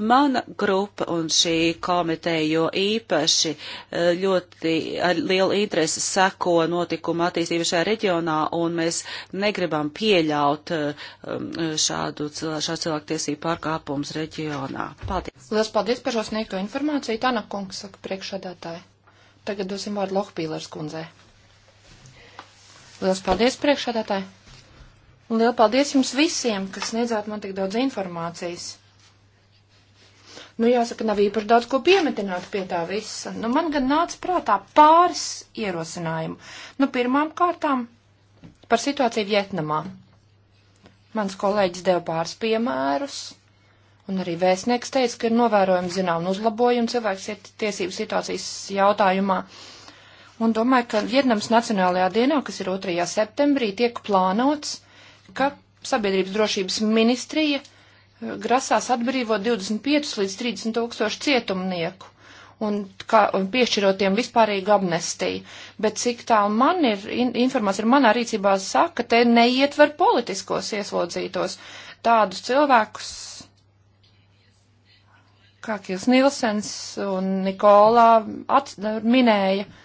Mana grupa un šī komiteja jo īpaši e, ļoti ar e, lielu interesi seko notikumu attīstību šajā reģionā, un mēs negribam pieļaut e, šādu, šādu cilvēku tiesību pārkāpumus reģionā. Paldies! Lielas paldies par šo sniegto informāciju. Tāna kungs saka priekšādātāji. Tagad dosim vārdu Lohpīlers kundzei. Lielas paldies priekšādātāji! Un liela paldies jums visiem, kas sniedzāt man tik daudz informācijas. Nu, jāsaka, nav īpaši daudz ko piemetināt pie tā visa. Nu, man gan nāca prātā pāris ierosinājumu. Nu, pirmām kārtām par situāciju Vietnamā. Mans kolēģis deva pāris piemērus, un arī vēstnieks teica, ka ir novērojami zinām uzlabojumi cilvēks tiesību situācijas jautājumā. Un domāju, ka Vietnams Nacionālajā dienā, kas ir 2. septembrī, tiek plānots, ka sabiedrības drošības ministrija uh, grasās atbrīvot 25 līdz 30 tūkstošu cietumnieku un, kā, un piešķirot tiem vispārīgu amnestiju. Bet cik tālu man ir in, informācija, manā rīcībā saka, te neietver politiskos ieslodzītos tādus cilvēkus, kā Kils Nilsens un Nikolā at, minēja. Uh,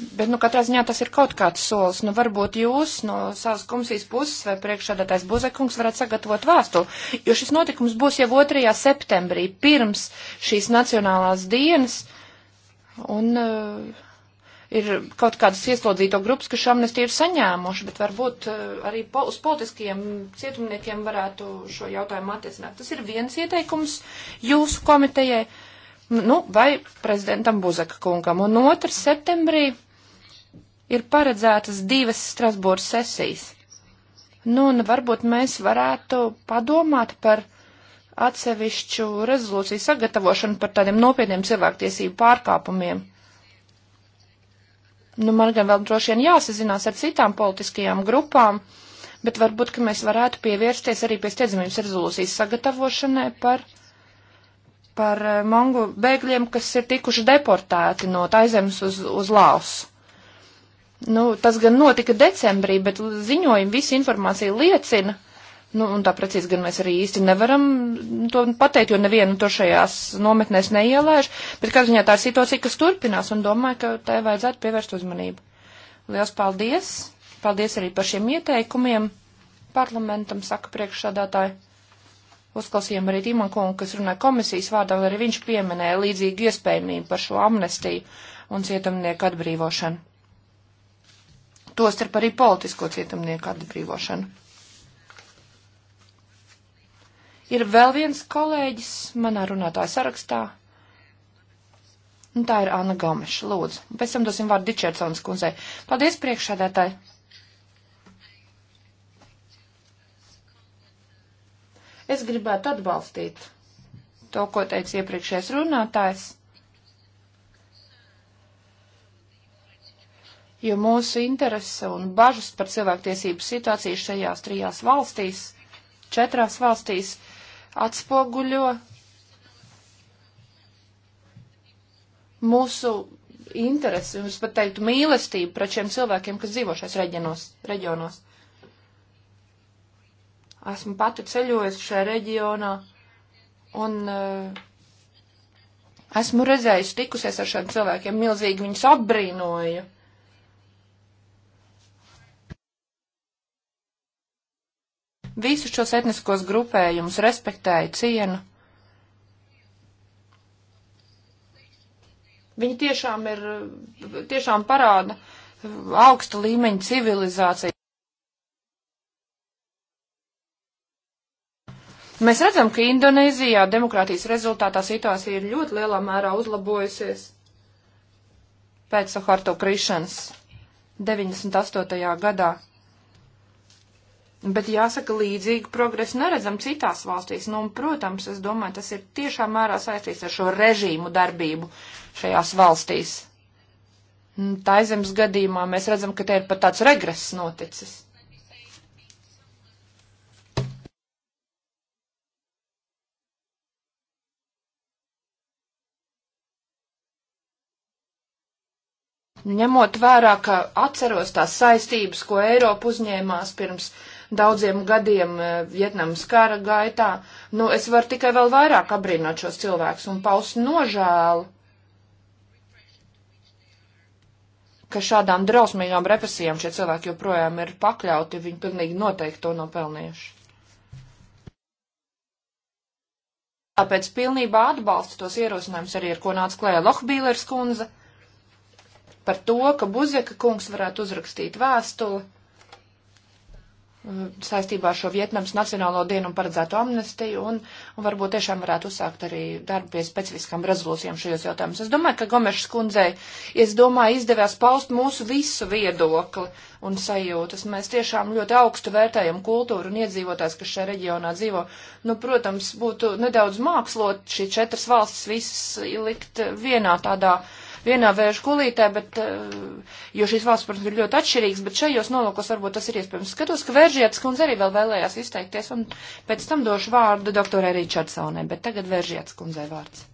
Bet, nu, katrā ziņā tas ir kaut kāds solis. Nu, varbūt jūs no savas komisijas puses vai priekšādātais buzekungs varat sagatavot vēstuli, jo šis notikums būs jau 2. septembrī, pirms šīs nacionālās dienas, un uh, ir kaut kādas ieslodzīto grupas, kas amnestiju ir saņēmuši, bet varbūt uh, arī po uz politiskajiem cietumniekiem varētu šo jautājumu attiecināt. Tas ir viens ieteikums jūsu komitejai. Uh, nu, vai prezidentam Buzaka kungam. Un 2. septembrī ir paredzētas divas Strasbūras sesijas. Nu, un varbūt mēs varētu padomāt par atsevišķu rezolūciju sagatavošanu par tādiem nopietniem cilvēktiesību pārkāpumiem. Nu, man gan vēl droši vien jāsazinās ar citām politiskajām grupām, bet varbūt, ka mēs varētu pievērsties arī pie steidzamības rezolūcijas sagatavošanai par uh, par eh, mongu bēgļiem, kas ir tikuši deportēti no Taizemes uz, uz Lausu. Nu, tas gan notika decembrī, bet ziņojumi, visa informācija liecina, nu, un tā precīzi gan mēs arī īsti nevaram to pateikt, jo nevienu to šajās nometnēs neielaiž, bet kā ziņā tā ir situācija, kas turpinās, un domāju, ka tai vajadzētu pievērst uzmanību. Liels paldies! Paldies arī par šiem ieteikumiem parlamentam, saka priekšsādātāji. Uzklausījām arī Timankungu, kas runāja komisijas vārdā, arī viņš pieminēja līdzīgu iespējamību par šo amnestiju un cietumnieku atbrīvošanu. Tostarp arī politisko cietumnieku atbrīvošanu. Ir vēl viens kolēģis manā runātāja sarakstā. Un tā ir Anna Gomeša, lūdzu. Pēc tam dosim vārdu Dičersonas kundzei. Paldies priekšādētāji! Es gribētu atbalstīt to, ko teica iepriekšējais runātājs, jo mūsu interese un bažas par cilvēktiesību situāciju šajās trijās valstīs, četrās valstīs, atspoguļo mūsu interesi, un es pat teiktu mīlestību pret šiem cilvēkiem, kas dzīvo šais reģionos. reģionos. Esmu pati ceļojusi šajā reģionā un uh, esmu redzējusi, tikusies ar šiem cilvēkiem, milzīgi viņus apbrīnoju. Visus šos etniskos grupējumus respektēju, cienu. Viņi tiešām ir, tiešām parāda augsta līmeņa civilizācija. Mēs redzam, ka Indonēzijā demokrātijas rezultātā situācija ir ļoti lielā mērā uzlabojusies pēc Saharto krišanas 98. gadā. Bet jāsaka, līdzīgu progresu neredzam citās valstīs. Nu, un, protams, es domāju, tas ir tiešā mērā saistīts ar šo režīmu darbību šajās valstīs. Nu, Tā zemes gadījumā mēs redzam, ka te ir pat tāds regress noticis. Ņemot vērā, ka atceros tās saistības, ko Eiropa uzņēmās pirms daudziem gadiem eh, Vietnamas kara gaitā, nu es varu tikai vēl vairāk abrīnot šos cilvēkus un paust nožēlu, ka šādām drausmīgām represijām šie cilvēki joprojām ir pakļauti, viņi pilnīgi noteikti to nopelnieši. Tāpēc pilnībā atbalstu tos ierosinājumus arī, ar ko nāca klēja Lohbīlers kundze par to, ka Buzeka kungs varētu uzrakstīt vēstuli uh, saistībā ar šo Vietnams Nacionālo dienu un paredzēto amnestiju, un, un varbūt tiešām varētu uzsākt arī darbu pie specifiskām rezolūcijām šajos jautājumus. Es domāju, ka Gomešas kundzei, es domāju, izdevās paust mūsu visu viedokli un sajūtas. Mēs tiešām ļoti augstu vērtējam kultūru un iedzīvotājs, kas šajā reģionā dzīvo. Nu, protams, būtu nedaudz mākslot šī četras valstis visas likt vienā tādā uh, vienā vēža kulītē, bet, eh, jo šīs valsts, protams, ir ļoti atšķirīgas, bet šajos nolūkos varbūt tas ir iespējams. Skatos, ka vēržietas kundze arī vēl vēlējās izteikties, un pēc tam došu vārdu doktorai Ričardsonai, bet tagad vēržietas kundzei vārds.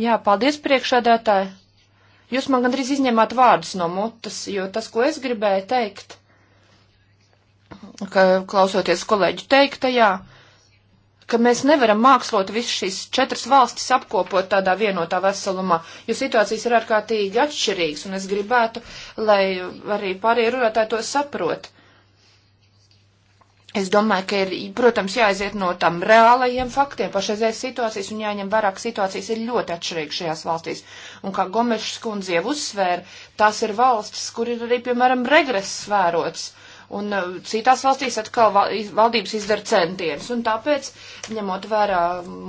Jā, paldies priekšādātāji. Jūs man gandrīz izņemāt vārdus no mutes, jo tas, ko es gribēju teikt, ka klausoties kolēģu teiktajā, ja, ka mēs nevaram mākslot visu šīs četras valstis apkopot tādā vienotā veselumā, jo situācijas ir ārkārtīgi atšķirīgas, un es gribētu, lai arī pārējie runātāji to saprot. Es domāju, ka ir, protams, jāaiziet no tam reālajiem faktiem pašreizējās situācijas un jāņem vērā, ka situācijas ir ļoti atšķirīgas šajās valstīs. Un kā Gomešs kundze jau uzsvēra, tās ir valstis, kur ir arī, piemēram, regress vērots. Uh, un uh, citās valstīs atkal valdības izdara centienus. Un tāpēc, ņemot vērā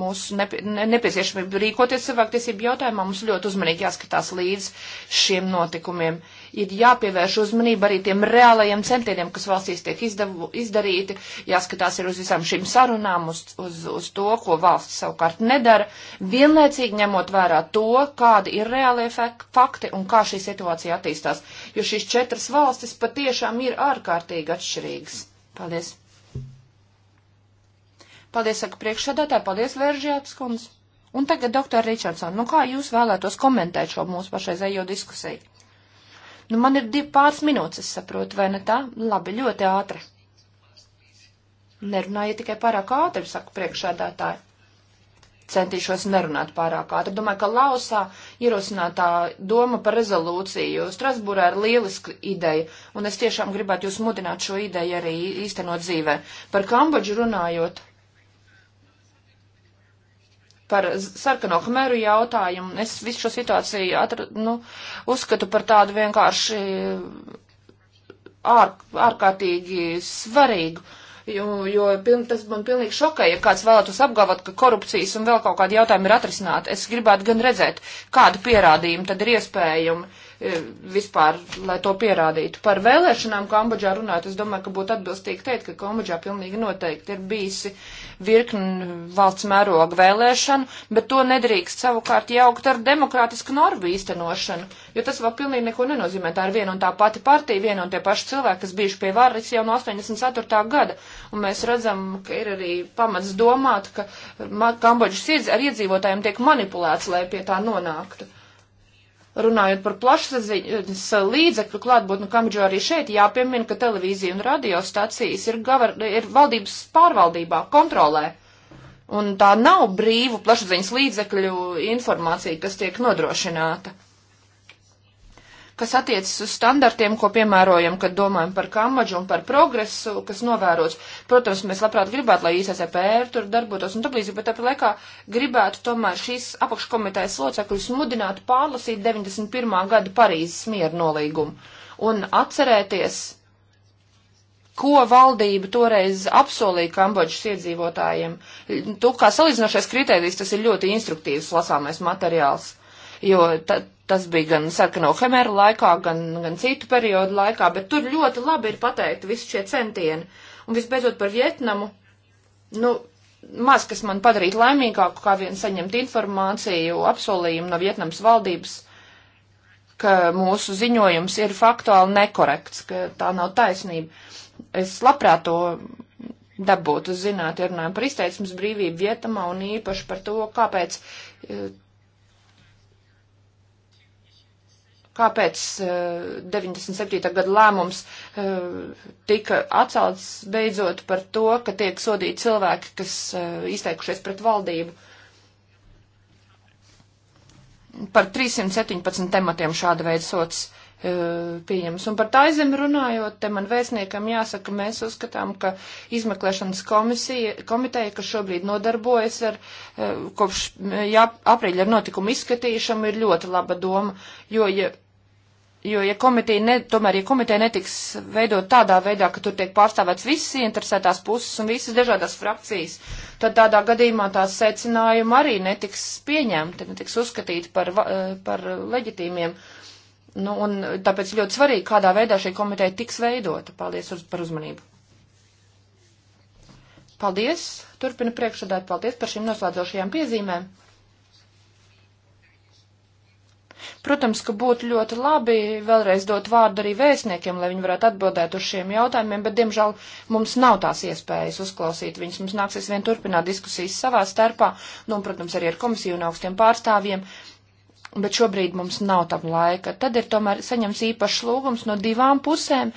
mūsu nepie, nepieciešamību rīkoties cilvēktiesību jautājumā, mums ļoti uzmanīgi jāskatās līdz šiem notikumiem. Ir jāpievērš uzmanība arī tiem reālajiem centieniem, kas valstīs tiek izdavu, izdarīti, jāskatās ir uz visām šīm sarunām, uz, uz, uz to, ko valsts savukārt nedara, vienlaicīgi ņemot vērā to, kādi ir reālie fakti un kā šī situācija attīstās jo šīs četras valstis patiešām ir ārkārtīgi atšķirīgas. Paldies! Paldies, saka priekšsēdētāji, paldies, Vēržjātas kundze. Un tagad, doktor Ričardson, nu kā jūs vēlētos komentēt šo mūsu pašreizējo diskusiju? Nu, man ir divi pāris minūtes, es saprotu, vai ne tā? Labi, ļoti ātri. Nerunājiet tikai pārāk ātri, saka priekšsēdētāji centīšos nerunāt pārāk ātri. Domāju, ka Lausā ierosinātā doma par rezolūciju Strasbūrā ir lieliska ideja, un es tiešām gribētu jūs mudināt šo ideju arī īstenot dzīvē. Par Kambodžu runājot, par sarkano khmeru jautājumu, es visu šo situāciju atru, nu, uzskatu par tādu vienkārši ār, ārkārtīgi svarīgu jo, jo piln, tas man pilnīgi šokē, ja kāds vēlētos apgalvot, ka korupcijas un vēl kaut kādi jautājumi ir atrisināti. Es gribētu gan redzēt, kādu pierādījumu tad ir iespējami E, vispār, lai to pierādītu. Par vēlēšanām Kambodžā runāt, es domāju, ka būtu atbilstīgi teikt, ka Kambodžā pilnīgi noteikti ir bijusi virkni valsts mēroga vēlēšanu, bet to nedrīkst savukārt jaukt ar demokrātisku normu īstenošanu, jo tas vēl pilnīgi neko nenozīmē. Tā ir viena un tā pati partija, viena un tie paši cilvēki, kas bijuši pie varas jau no 84. gada, un mēs redzam, ka ir arī pamats domāt, ka Kambodžas iedz, ar iedzīvotājiem tiek manipulēts, lai pie tā nonāktu. Runājot par plašsaziņas līdzekļu klātbūtni nu, Kambģo arī šeit jāpiemina, ka televīzija un radiostacijas ir, gavar, ir valdības pārvaldībā, kontrolē. Un tā nav brīvu plašsaziņas līdzekļu informācija, kas tiek nodrošināta kas attiecas uz standartiem, ko piemērojam, kad domājam par Kambodžu un par progresu, kas novērots. Protams, mēs labprāt gribētu, lai ISSPR tur darbotos un tāpēc, bet tāpat laikā gribētu tomēr šīs apakškomitejas locekļus mudinātu pārlasīt 91. gada Parīzes mieru nolīgumu un atcerēties, ko valdība toreiz apsolīja Kambodžas iedzīvotājiem. Tu kā salīdzinošais kritērijs, tas ir ļoti instruktīvs lasāmais materiāls, jo ta, Tas bija gan sarkano hemēru laikā, gan, gan citu periodu laikā, bet tur ļoti labi ir pateikti visi šie centieni. Un visbeidzot par Vietnamu, nu, maz kas man padarītu laimīgāku, kā vien saņemt informāciju, apsolījumu no Vietnams valdības, ka mūsu ziņojums ir faktuāli nekorekts, ka tā nav taisnība. Es labprāt to dabūtu zināt, ja runājam par izteiksmes brīvību vietamā un īpaši par to, kāpēc eh, kāpēc uh, eh, 97. gada lēmums uh, tika atcelts beidzot par to, ka tiek sodīti cilvēki, kas uh, izteikušies pret valdību. Par 317 tematiem šāda veida sots. Uh, E, pieņems. Un par tā aizem runājot, te man vēstniekam jāsaka, mēs uzskatām, ka izmeklēšanas komisija, komiteja, kas šobrīd nodarbojas ar e, kopš e, jā, aprīļa ar notikumu izskatīšanu, ir ļoti laba doma, jo, ja, jo, ja komiteja, ne, tomēr, ja komiteja netiks veidot tādā veidā, ka tur tiek pārstāvēts visas interesētās puses un visas dažādās frakcijas, tad tādā gadījumā tās secinājumi arī netiks pieņemti, netiks uzskatīti par, par leģitīmiem. Nu, un tāpēc ļoti svarīgi, kādā veidā šī komiteja tiks veidota. Paldies uz, par uzmanību. Paldies. Turpina priekšsādāt. Paldies par šīm noslēdzošajām piezīmēm. Protams, ka būtu ļoti labi vēlreiz dot vārdu arī vēstniekiem, lai viņi varētu atbildēt uz šiem jautājumiem, bet, diemžēl, mums nav tās iespējas uzklausīt viņus. Mums nāksies vien turpināt diskusijas savā starpā, nu, un, protams, arī ar komisiju un augstiem pārstāvjiem bet šobrīd mums nav tam laika. Tad ir tomēr saņems īpašs lūgums no divām pusēm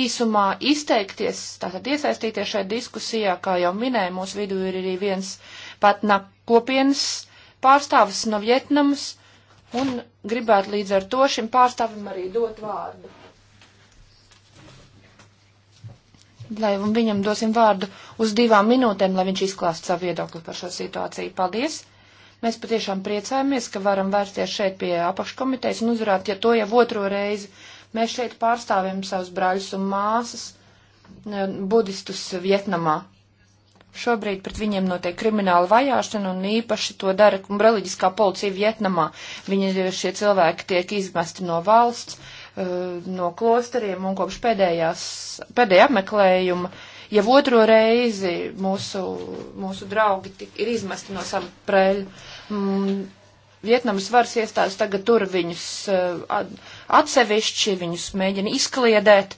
īsumā izteikties, tātad iesaistīties šajā diskusijā, kā jau minēju, mūsu vidū ir arī viens patna kopienas pārstāvis no Vietnamas, un gribētu līdz ar to šim pārstāvim arī dot vārdu. Lai viņam dosim vārdu uz divām minūtēm, lai viņš izklāst savu viedokli par šo situāciju. Paldies! Mēs patiešām priecājamies, ka varam vērsties šeit pie apakškomitejas un uzrāt, ja to jau otro reizi. Mēs šeit pārstāvjam savus brāļus un māsas, e, budistus Vietnamā. Šobrīd pret viņiem notiek krimināla vajāšana un īpaši to dara reliģiskā policija Vietnamā. Viņi šie cilvēki tiek izmesti no valsts, e, no klosteriem un kopš pēdējās, pēdējā apmeklējuma jau otro reizi mūsu, mūsu draugi tik, ir izmesti no sava prēļa. Mm, Vietnamas varas iestādes tagad tur viņus eh, atsevišķi, viņus mēģina izkliedēt.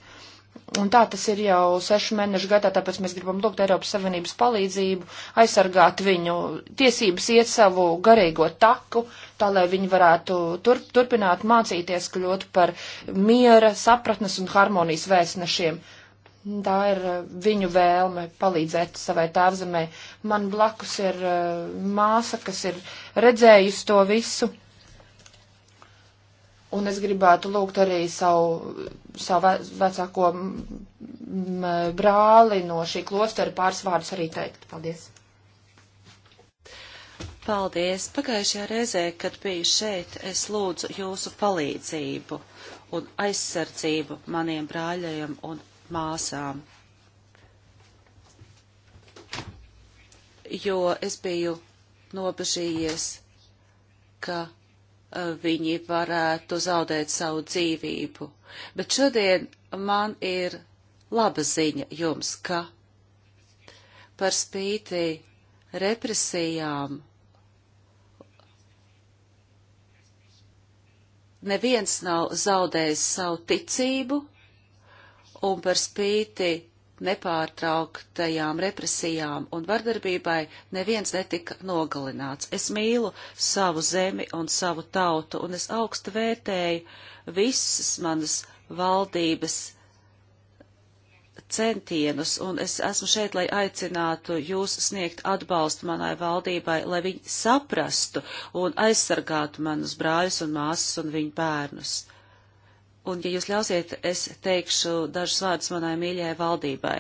Un tā tas ir jau sešu mēnešu gaitā, tāpēc mēs gribam lūgt Eiropas Savienības palīdzību, aizsargāt viņu tiesības iet savu garīgo taku, tā lai viņi varētu tur, turpināt mācīties kļūt par miera, sapratnes un harmonijas vēstnešiem. Tā ir eh, viņu vēlme palīdzēt savai tēvzemē. Man blakus ir eh, māsa, kas ir redzējusi to visu. Un es gribētu lūgt arī savu, savu vecāko brāli no šī klostera pāris vārdus arī teikt. Paldies! Paldies! Pagājušajā reizē, kad biju šeit, es lūdzu jūsu palīdzību un aizsardzību maniem brāļajiem un māsām. Jo es biju nobežījies, ka e, viņi varētu zaudēt savu dzīvību. Bet šodien man ir laba ziņa jums, ka par spīti represijām neviens nav zaudējis savu ticību, un par spīti nepārtrauktajām represijām un vardarbībai neviens netika nogalināts. Es mīlu savu zemi un savu tautu, un es augstu vērtēju visas manas valdības centienus, un es esmu šeit, lai aicinātu jūs sniegt atbalstu manai valdībai, lai viņi saprastu un aizsargātu manus brāļus un māsas un viņu bērnus. Un, ja jūs ļausiet, es teikšu dažus vārdus manai mīļajai valdībai.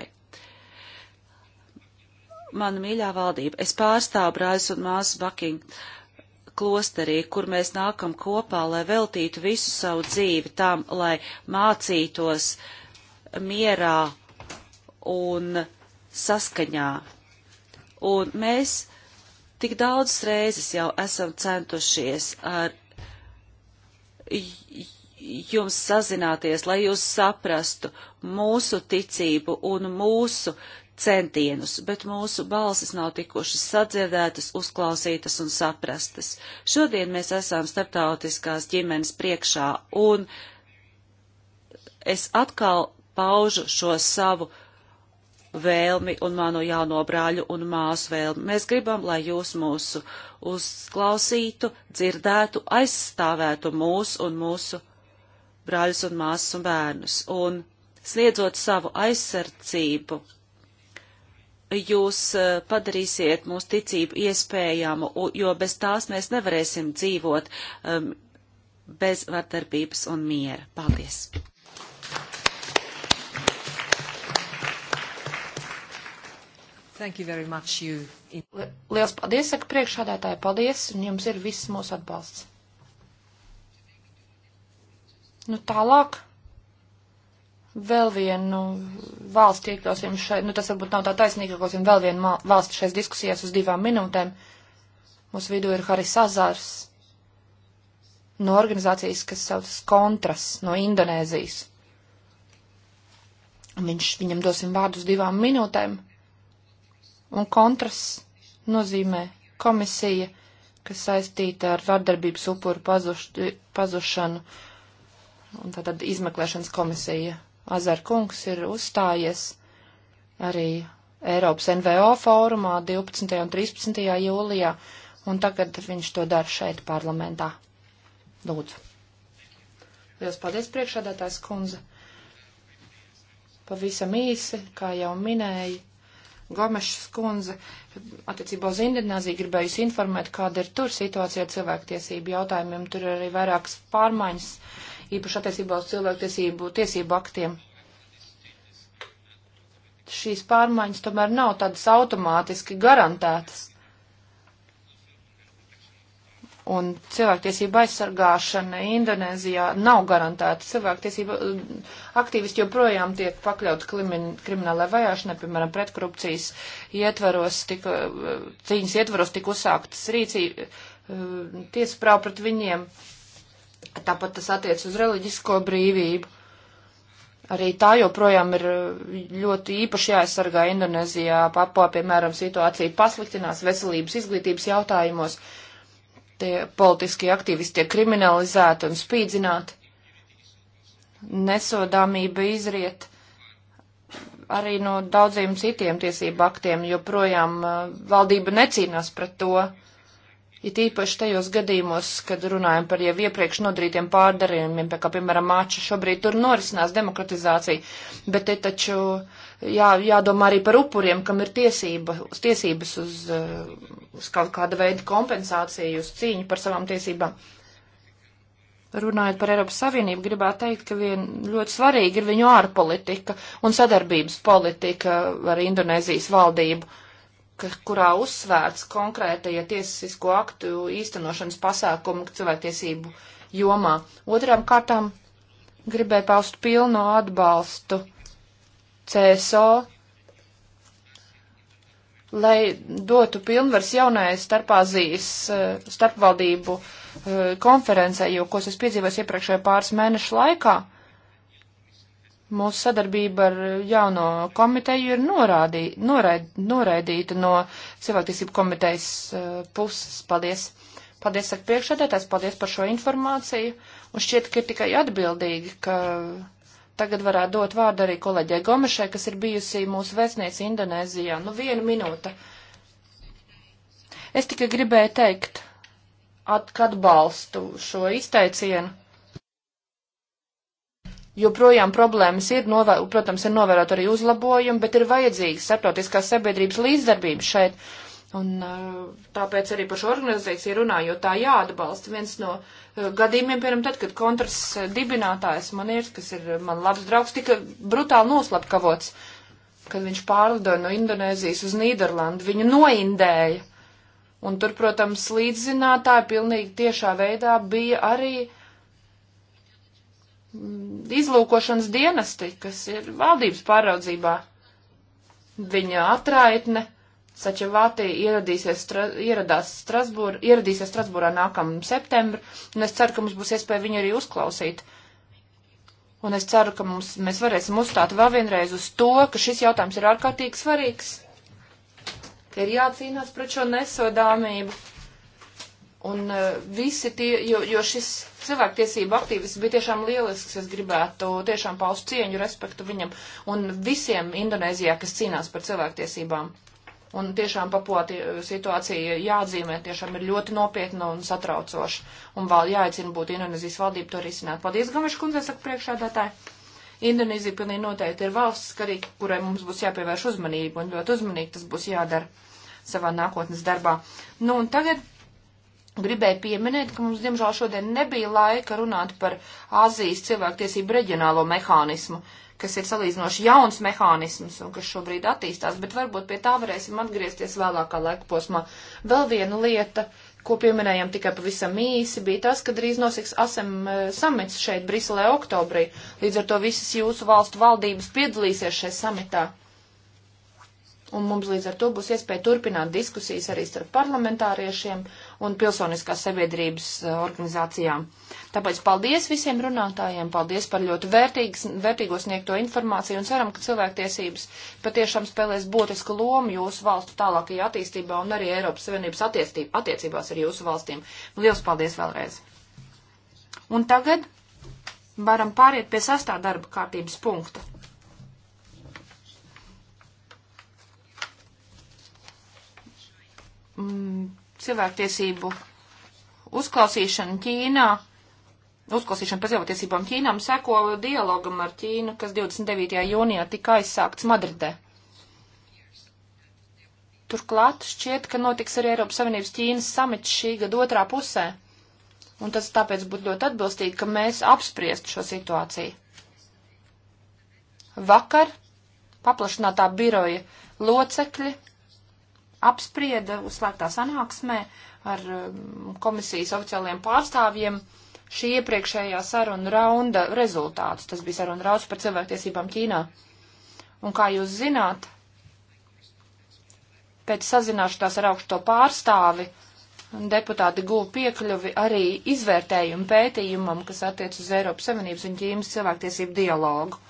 Mana mīļā valdība, es pārstāvu brāļus un māsu Baking klosterī, kur mēs nākam kopā, lai veltītu visu savu dzīvi tam, lai mācītos mierā un saskaņā. Un mēs tik daudz reizes jau esam centušies ar jums sazināties, lai jūs saprastu mūsu ticību un mūsu centienus, bet mūsu balsis nav tikušas sadzirdētas, uzklausītas un saprastas. Šodien mēs esam starptautiskās ģimenes priekšā, un es atkal paužu šo savu vēlmi un manu jauno brāļu un māsu vēlmi. Mēs gribam, lai jūs mūsu uzklausītu, dzirdētu, aizstāvētu mūs un mūsu brāļus un māsas un bērnus. Un sniedzot savu aizsardzību, jūs eh, padarīsiet mūsu ticību iespējamu, jo bez tās mēs nevarēsim dzīvot um, bez vardarbības un miera. Paldies! Thank you very much, you. Liels paldies, saka priekšādātāja, paldies, un jums ir viss mūsu atbalsts. Nu, tālāk vēl vienu valsti iekļausim šeit, nu tas varbūt nav tā taisnīgi, iekļausim vēl vienu valsti šais diskusijās uz divām minūtēm. Mūsu vidū ir Haris Azars no organizācijas, kas saucas Kontras no Indonēzijas. Viņš, viņam dosim vārdu uz divām minūtēm. Un kontras nozīmē komisija, kas saistīta ar vardarbības upuru pazušanu un tātad izmeklēšanas komisija Azarkungs ir uzstājies arī Eiropas NVO fórumā 12. un 13. jūlijā, un tagad viņš to dara šeit parlamentā. Lūdzu. Lielas paldies priekšādātājs kundze. Pavisam īsi, kā jau minēja, Gomešas kundze attiecībā uz Indonēziju gribējusi informēt, kāda ir tur situācija ar cilvēktiesību jautājumiem. Tur ir arī vairākas pārmaiņas īpaši attiecībā uz cilvēktiesību tiesību aktiem. Šīs pārmaiņas tomēr nav tādas automātiski garantētas. Un cilvēktiesība aizsargāšana Indonēzijā nav garantēta. Cilvēktiesība eh, aktīvisti joprojām tiek pakļauti krimin, kriminālai vajāšanai, piemēram, pretkorupcijas ietvaros, tika, eh, cīņas ietvaros tika uzsāktas rīcība, eh, tiesasprāv pret viņiem. Uh, Tāpat tas attiec uz reliģisko brīvību. Arī tā joprojām ir eh, ļoti īpaši jāaizsargā Indonēzijā. Papua, piemēram, situācija pasliktinās veselības izglītības jautājumos. Tie politiskie aktīvisti tiek kriminalizēti un spīdzināti. Nesodāmība izriet arī no daudziem citiem tiesību aktiem, jo projām eh, valdība necīnās pret to. Uh, It īpaši tajos gadījumos, kad runājam par jau iepriekš nodarītiem pārdarījumiem, pie kā, piemēram, mača šobrīd tur norisinās demokratizācija, bet te taču jā, jādomā arī par upuriem, kam ir tiesība, tiesības uz, eh, uz kaut kāda veida kompensāciju, uz cīņu par savām tiesībām. Runājot par Eiropas Savienību, gribētu teikt, ka vien ļoti svarīgi ir viņu ārpolitika un sadarbības politika ar Indonēzijas valdību ka, kurā uzsvērts konkrētajie tiesisko aktu īstenošanas pasākumu cilvēktiesību jomā. Otrām kārtām gribēju paust pilno atbalstu CSO, lai dotu pilnvars jaunai starpāzijas eh, starpvaldību eh, konferencē, jo, ko es piedzīvoju iepriekšējā pāris mēnešu laikā, Mūsu sadarbība ar jauno komiteju ir norādī, noraid, noraidīta no cilvēktiesību komitejas uh, puses. Paldies! Paldies, saka priekšsēdētājs, paldies par šo informāciju. Un šķiet, ka ir tikai atbildīgi, ka tagad varētu dot vārdu arī kolēģei Gomešai, kas ir bijusi mūsu vēstniece Indonēzijā. Nu, viena minūte. Es tikai gribēju teikt, at, atbalstu šo izteicienu joprojām problēmas ir, novē, protams, ir novērot arī uzlabojumi, bet ir vajadzīgs starptautiskās sabiedrības līdzdarbības šeit. Un uh, tāpēc arī par šo organizāciju runāju, jo tā jāatbalsta. Viens no uh, gadījumiem, piemēram, tad, kad kontras uh, dibinātājs man ir, kas ir man labs draugs, tika brutāli noslapkavots, kad viņš pārlidoja no Indonēzijas uz Nīderlandu. Viņu noindēja. Un tur, protams, līdzzinātāji pilnīgi tiešā veidā bija arī Mm, izlūkošanas dienesti, kas ir valdības pāraudzībā. Viņa atraitne Sačevātī ieradīsies, stra, ieradās Strasbūr, ieradīsies Strasbūrā nākamā septembra, un es ceru, ka mums būs iespēja viņu arī uzklausīt. Un es ceru, ka mums, mēs varēsim uzstāt vēl vienreiz uz to, ka šis jautājums ir ārkārtīgi svarīgs, ka ir jācīnās pret šo nesodāmību Un uh, visi tie, jo, jo šis cilvēktiesība aktīvists bija tiešām lielisks, es gribētu tiešām paust cieņu, respektu viņam un visiem Indonēzijā, kas cīnās par cilvēktiesībām. Un tiešām papoti e, situācija jāatzīmē, tiešām ir ļoti nopietna un satraucoša. Un vēl jāicina būt Indonēzijas valdību to risināt. Paldies, Gamaša kundze, saka priekšādātāji. Indonēzija pilnīgi noteikti ir valsts, karī, kurai mums būs jāpievērš uzmanība un ļoti uzmanīgi tas būs jādara savā nākotnes darbā. Nu, un tagad Gribēju pieminēt, ka mums, diemžēl, šodien nebija laika runāt par Azijas cilvēktiesību reģionālo mehānismu, kas ir salīdzinoši jauns mehānisms un kas šobrīd attīstās, bet varbūt pie tā varēsim atgriezties vēlākā laika posmā. Vēl viena lieta, ko pieminējām tikai pavisam īsi, bija tas, ka drīz nosiks ASEM eh, samits šeit Briselē oktobrī. Līdz ar to visas jūsu valstu valdības piedalīsies šajā samitā. Un mums līdz ar to būs iespēja turpināt diskusijas arī starp parlamentāriešiem un pilsoniskās sabiedrības eh, organizācijām. Tāpēc paldies visiem runātājiem, paldies par ļoti vērtīgas, vērtīgo sniegto informāciju un ceram, ka cilvēktiesības patiešām spēlēs būtisku lomu jūsu valstu tālākajā attīstībā un arī Eiropas Savienības attiecībās ar jūsu valstīm. Lielas paldies vēlreiz! Un tagad varam pāriet pie sastā darba kārtības punkta. Mm cilvēktiesību uzklausīšana Ķīnā, uzklausīšana par cilvēktiesībām Ķīnām seko dialogam ar Ķīnu, kas 29. jūnijā tika aizsākts Madridē. Turklāt šķiet, ka notiks arī Eiropas Savienības Ķīnas samits šī gada otrā pusē, un tas tāpēc būtu ļoti atbilstīgi, ka mēs apspriestu šo situāciju. Vakar paplašinātā biroja locekļi apsprieda uzslēgtā sanāksmē ar um, komisijas oficiāliem pārstāvjiem šī iepriekšējā saruna raunda rezultātus. Tas bija saruna rauds par cilvēktiesībām Ķīnā. Un kā jūs zināt, pēc sazināšanās ar augsto pārstāvi deputāti guva piekļuvi arī izvērtējumu pētījumam, kas attiec uz Eiropas Savienības un Ķīnas cilvēktiesību dialogu.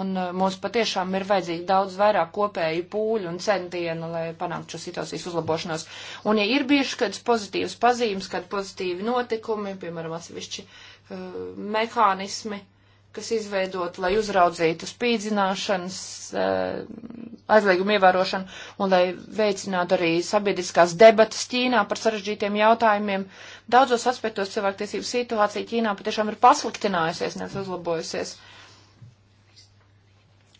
Un uh, mums patiešām ir vajadzīgi daudz vairāk kopēju pūļu un centienu, lai panāktu šo situācijas uzlabošanos. Un ja ir bijuši kādas pozitīvas pazīmes, kādi pozitīvi notikumi, piemēram, atsevišķi uh, mehānismi, kas izveidot, lai uzraudzītu spīdzināšanas uh, aizliegumu ievērošanu un lai veicinātu arī sabiedriskās debatas Ķīnā par sarežģītiem jautājumiem. Daudzos aspektos cilvēktiesību situācija Ķīnā patiešām ir pasliktinājusies, nevis uzlabojusies. Uh,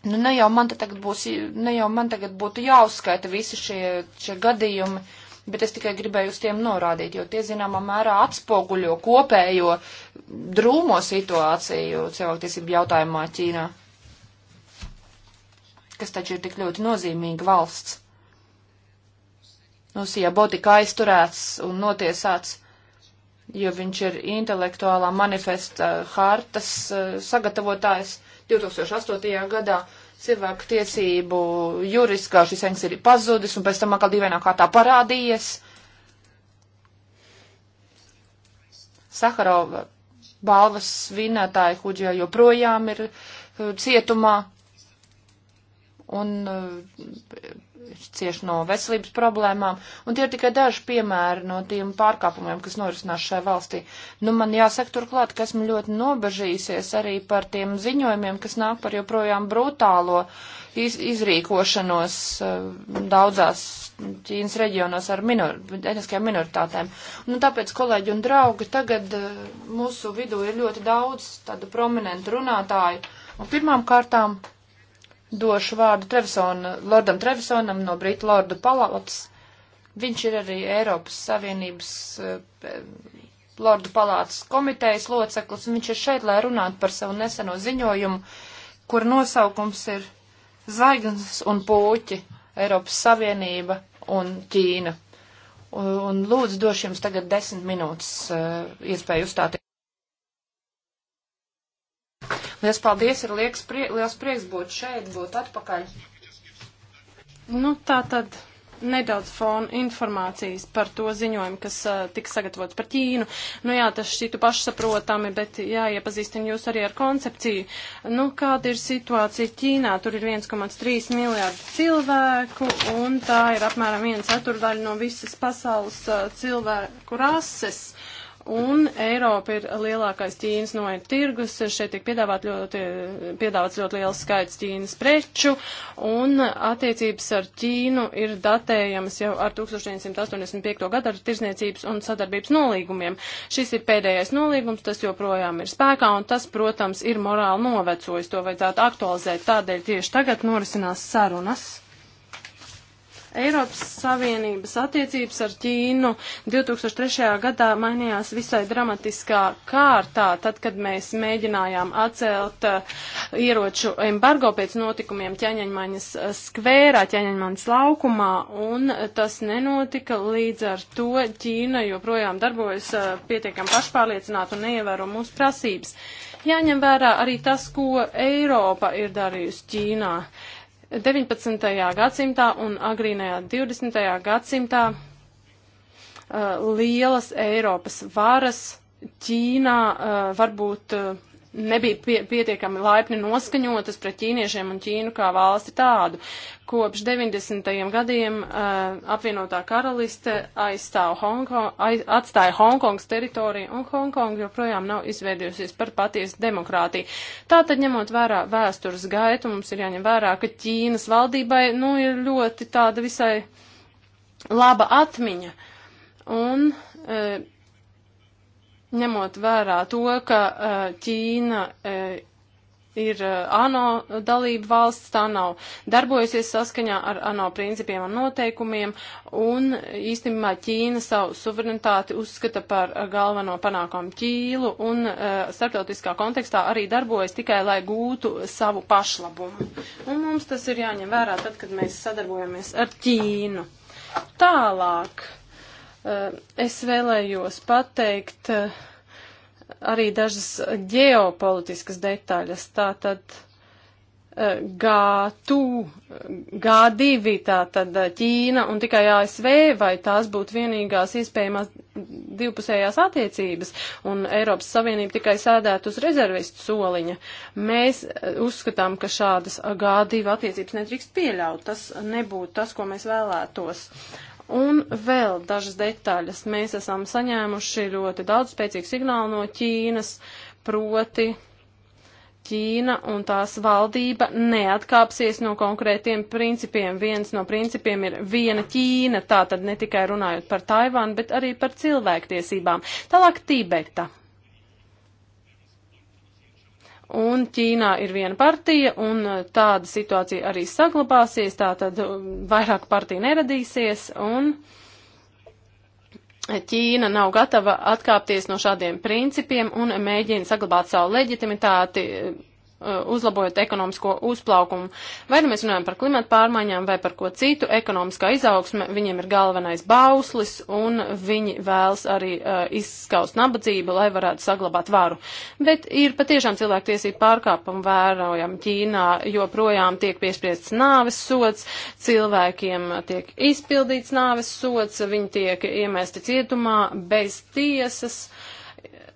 Nu, ne jau man tagad būs, ne jau man tagad būtu jāuzskaita visi šie, šie gadījumi, bet es tikai gribēju uz tiem norādīt, jo tie zināmā mērā atspoguļo kopējo drūmo situāciju cilvēktiesību jautājumā Ķīnā, kas taču ir tik ļoti nozīmīga valsts. Nu, Sijabo tika aizturēts un notiesāts, jo viņš ir intelektuālā manifesta hartas eh, sagatavotājs 2008. gadā cilvēku tiesību jurists, kā šis Engs ir pazudis un pēc tam atkal divainā kārtā parādījies. Saharova balvas svinētāja Huģija joprojām ir uh, cietumā. Un uh, cieš no veselības problēmām, un tie ir tikai daži piemēri no tiem pārkāpumiem, kas norisinās šajā valstī. Nu, man jāsaka turklāt, ka esmu ļoti nobežījusies arī par tiem ziņojumiem, kas nāk par joprojām brutālo iz izrīkošanos eh, daudzās Ķīnas reģionos ar minor etniskajām minoritātēm. Nu, tāpēc, kolēģi un draugi, tagad eh, mūsu vidū ir ļoti daudz tādu prominentu runātāju, un pirmām kārtām došu vārdu Trevisona, Lordam Trevisonam no Brītu Lordu palātas. Viņš ir arī Eiropas Savienības eh, Lordu palātas komitejas loceklis, un viņš ir šeit, lai runātu par savu neseno ziņojumu, kur nosaukums ir Zvaigznes un pūķi Eiropas Savienība un Ķīna. Un, un lūdzu došu jums tagad desmit minūtes eh, iespēju uzstāties. Liels paldies, ir liels, prie, liels prieks būt šeit, būt atpakaļ. Nu, tā tad nedaudz fona informācijas par to ziņojumu, kas uh, tika sagatavots par Ķīnu. Nu jā, tas šķitu pašsaprotami, bet jāiepazīstina jūs arī ar koncepciju. Nu, kāda ir situācija Ķīnā? Tur ir 1,3 miljārdi cilvēku, un tā ir apmēram viena ceturdaļa no visas pasaules uh, cilvēku rases. Uh, Un Eiropa ir lielākais Ķīnas noiet tirgus, šeit tiek piedāvāt ļoti, piedāvāts ļoti liels skaits Ķīnas preču, un attiecības ar Ķīnu ir datējamas jau ar 1985. gadu ar tirzniecības un sadarbības nolīgumiem. Šis ir pēdējais nolīgums, tas joprojām ir spēkā, un tas, protams, ir morāli novecojis, to vajadzētu aktualizēt, tādēļ tieši tagad norisinās sarunas Eiropas Savienības attiecības ar Ķīnu 2003. gadā mainījās visai dramatiskā kārtā, tad, kad mēs mēģinājām atcelt uh, ieroču embargo pēc notikumiem Ķaņaņmaņas eh, skvērā, Ķaņaņmaņas laukumā, un tas nenotika līdz ar to Ķīna joprojām darbojas uh, pietiekam pašpārliecināt un neievēro mūsu prasības. Jāņem vērā arī tas, ko Eiropa ir darījusi Ķīnā. 19. gadsimtā un agrīnajā 20. gadsimtā uh, lielas Eiropas varas Ķīnā uh, varbūt uh, nebija pie, pietiekami laipni noskaņotas pret ķīniešiem un Ķīnu kā valsti tādu. Kopš 90. gadiem uh, apvienotā karaliste aizstāv Hongkong, aiz, atstāja Hongkongas teritoriju, un Hongkong joprojām nav izveidojusies par patiesu demokrātiju. Tātad, ņemot vērā vēstures gaitu, mums ir jāņem vērā, ka Ķīnas valdībai, nu, ir ļoti tāda visai laba atmiņa. Un, uh, ņemot vērā to, ka eh, Ķīna eh, ir eh, ANO dalība valsts, tā nav darbojusies saskaņā ar ANO principiem un noteikumiem, un īstenībā Ķīna savu suverenitāti uzskata par galveno panākumu ķīlu, un uh, starptautiskā kontekstā arī darbojas tikai, lai gūtu savu pašlabumu. Un mums tas ir jāņem vērā tad, kad mēs sadarbojamies ar Ķīnu. Tālāk Eh, es vēlējos pateikt eh, arī dažas ģeopolitiskas detaļas. Tātad G2, eh, G2, tātad Ķīna un tikai ASV, vai tās būtu vienīgās iespējamās divpusējās attiecības, un Eiropas Savienība tikai sēdētu uz rezervistu soliņa. Mēs uzskatām, ka šādas G2 attiecības nedrīkst pieļaut. Tas nebūtu tas, ko mēs vēlētos. Uh, Un vēl dažas detaļas. Mēs esam saņēmuši ļoti daudz spēcīgu signālu no Ķīnas, proti Ķīna un tās valdība neatkāpsies no konkrētiem principiem. Viens no principiem ir viena Ķīna, tā tad ne tikai runājot par Taivānu, bet arī par cilvēktiesībām. Tālāk Tibeta un Ķīnā ir viena partija, un uh, tāda situācija arī saglabāsies, tā tad uh, vairāk partiju neradīsies, un uh, Ķīna nav gatava atkāpties no šādiem principiem un mēģina saglabāt savu leģitimitāti Uh, uzlabojot ekonomisko uzplaukumu. Vai nu mēs runājam par klimatu pārmaiņām vai par ko citu, ekonomiskā izaugsme viņiem ir galvenais bauslis un viņi vēlas arī uh, izskaust nabadzību, lai varētu saglabāt varu. Bet ir patiešām cilvēktiesību pārkāpumi vērojam Ķīnā, jo projām tiek piespriests nāves sots, cilvēkiem tiek izpildīts nāves sots, viņi tiek iemesti cietumā bez tiesas.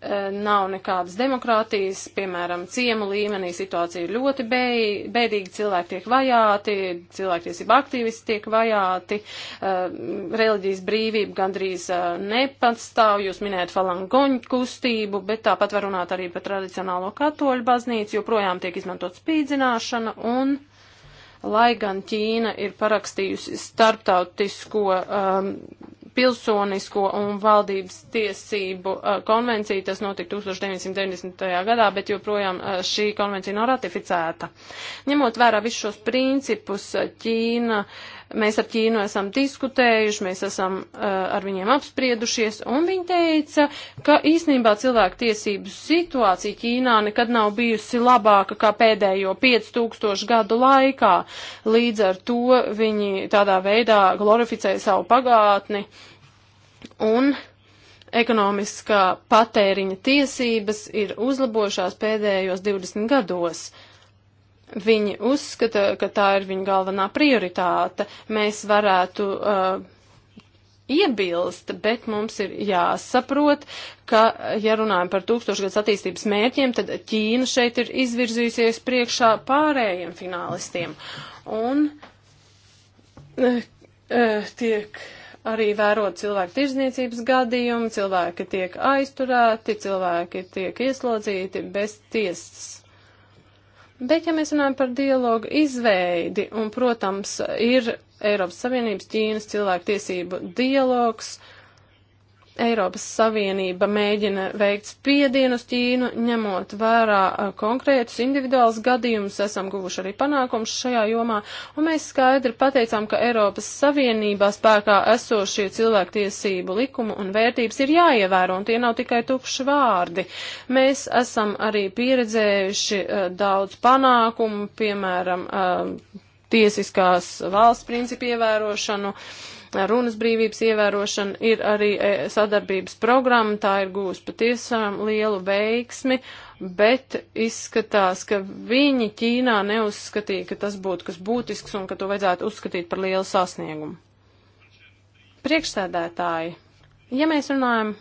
Eh, nav nekādas demokrātijas, piemēram, ciemu līmenī situācija ir ļoti bēdīga, cilvēki tiek vajāti, cilvēktiesība aktīvisti tiek vajāti, eh, reliģijas brīvība gandrīz eh, nepastāv, jūs minējat falangoņu kustību, bet tāpat var runāt arī par tradicionālo katoļu baznīcu, joprojām tiek izmantot spīdzināšana un. Lai gan Ķīna ir parakstījusi starptautisko um, pilsonisko un valdības tiesību uh, konvenciju. Tas notika 1990. gadā, bet joprojām uh, šī konvencija nav ratificēta. Ņemot vērā visus šos principus, Ķīna uh, Mēs ar Ķīnu esam diskutējuši, mēs esam uh, ar viņiem apspriedušies, un viņi teica, ka īsnībā cilvēku tiesību situācija Ķīnā nekad nav bijusi labāka kā pēdējo 5000 gadu laikā. Līdz ar to viņi tādā veidā glorificēja savu pagātni. Un ekonomiskā patēriņa tiesības ir uzlabošās pēdējos 20 gados. Uh, Viņi uzskata, ka tā ir viņa galvenā prioritāte. Mēs varētu uh, iebilst, bet mums ir jāsaprot, ka, ja runājam par tūkstošgads attīstības mērķiem, tad Ķīna šeit ir izvirzījusies priekšā pārējiem finālistiem. Un uh, uh, tiek arī vērot cilvēku tirzniecības gadījumu, cilvēki tiek aizturēti, cilvēki tiek ieslodzīti bez tiesas. Bet, ja mēs runājam par dialogu izveidi, un, protams, ir Eiropas Savienības Ķīnas cilvēktiesību dialogs, uh, Eiropas Savienība mēģina veikt spiedienu uz Ķīnu, ņemot vērā konkrētus individuālus gadījumus, esam guvuši arī panākums šajā jomā, un mēs skaidri pateicām, ka Eiropas Savienībā spēkā esošie cilvēktiesību likumu un vērtības ir jāievēro, un tie nav tikai tukši vārdi. Mēs esam arī pieredzējuši uh, daudz panākumu, piemēram, uh, tiesiskās valsts principu ievērošanu, uh, runas brīvības ievērošana, ir arī e, sadarbības programma, tā ir gūs patiesām lielu veiksmi, bet izskatās, ka viņi Ķīnā neuzskatīja, ka tas būtu kas būtisks un ka to vajadzētu uzskatīt par lielu sasniegumu. Priekšsēdētāji, ja mēs runājam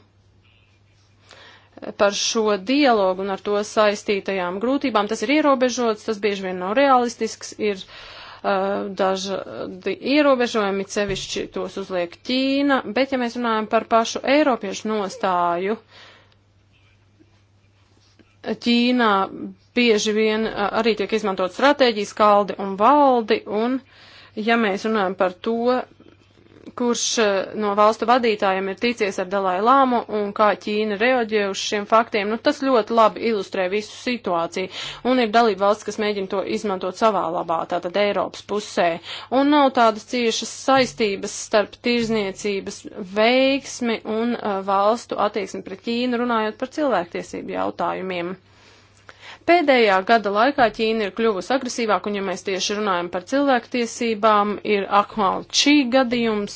par šo dialogu un ar to saistītajām grūtībām, tas ir ierobežots, tas bieži vien nav realistisks, ir uh, Uh, dažādi ierobežojumi, cevišķi tos uzliek Ķīna, bet ja mēs runājam par pašu Eiropiešu nostāju, Ķīnā bieži vien uh, arī tiek izmantot stratēģijas kaldi un valdi, un ja mēs runājam par to, kurš eh, no valstu vadītājiem ir ticies ar Dalai Lāmu un kā Ķīna reaģē uz šiem faktiem, nu tas ļoti labi ilustrē visu situāciju. Un ir dalība valsts, kas mēģina to izmantot savā labā, tātad Eiropas pusē. Un nav tādas ciešas saistības starp tirzniecības veiksmi un uh, valstu attieksmi pret Ķīnu, runājot par cilvēktiesību jautājumiem. Pēdējā gada laikā Ķīna ir kļuvusi agresīvāk, un ja mēs tieši runājam par cilvēktiesībām, ir akmāli šī gadījums.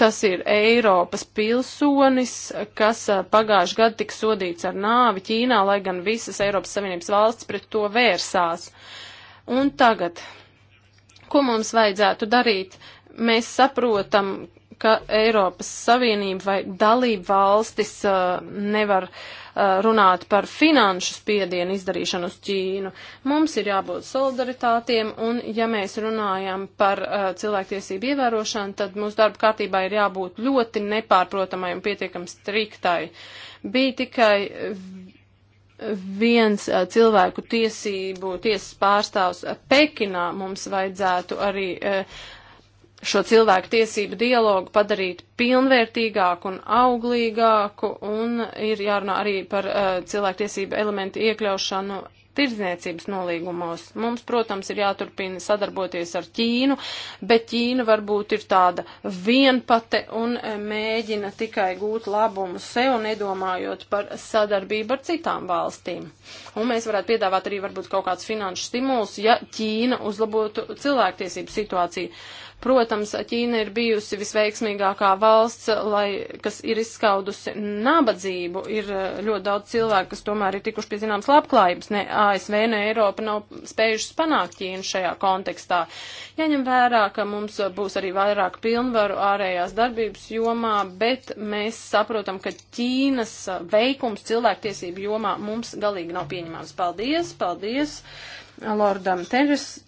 Tas ir Eiropas pilsonis, kas eh, pagājuši gadu tika sodīts ar nāvi Ķīnā, lai gan visas Eiropas Savienības valsts pret to vērsās. Un tagad, ko mums vajadzētu darīt? Mēs saprotam, ka Eiropas Savienība vai dalība valstis uh, nevar uh, Uh, runāt par finanšu spiedienu izdarīšanu uz Ķīnu. Mums ir jābūt solidaritātiem, un ja mēs runājam par uh, cilvēktiesību ievērošanu, tad mūsu darba kārtībā ir jābūt ļoti nepārprotamai un pietiekam striktai. Bija tikai viens uh, cilvēku tiesību tiesas pārstāvs Pekinā mums vajadzētu arī uh, šo cilvēku tiesību dialogu padarīt pilnvērtīgāku un auglīgāku, un ir jārunā arī par uh, cilvēku tiesību elementu iekļaušanu tirdzniecības nolīgumos. Mums, protams, ir jāturpina sadarboties ar Ķīnu, bet Ķīna varbūt ir tāda vienpate un uh, mēģina tikai gūt labumu sev, nedomājot par sadarbību ar citām valstīm. Un mēs varētu piedāvāt arī varbūt kaut kāds finanšu stimuls, ja Ķīna uzlabotu cilvēktiesību situāciju. Uh, Protams, Ķīna ir bijusi visveiksmīgākā valsts, lai, kas ir izskaudusi nabadzību. Ir eh, ļoti daudz cilvēku, kas tomēr ir tikuši pie zināmas labklājības. Ne ASV, ne Eiropa nav spējušas panākt Ķīnu šajā kontekstā. Jaņem vērā, ka mums būs arī vairāk pilnvaru ārējās darbības jomā, bet mēs saprotam, ka Ķīnas veikums cilvēktiesību jomā mums galīgi nav pieņemams. Paldies, paldies! Lordam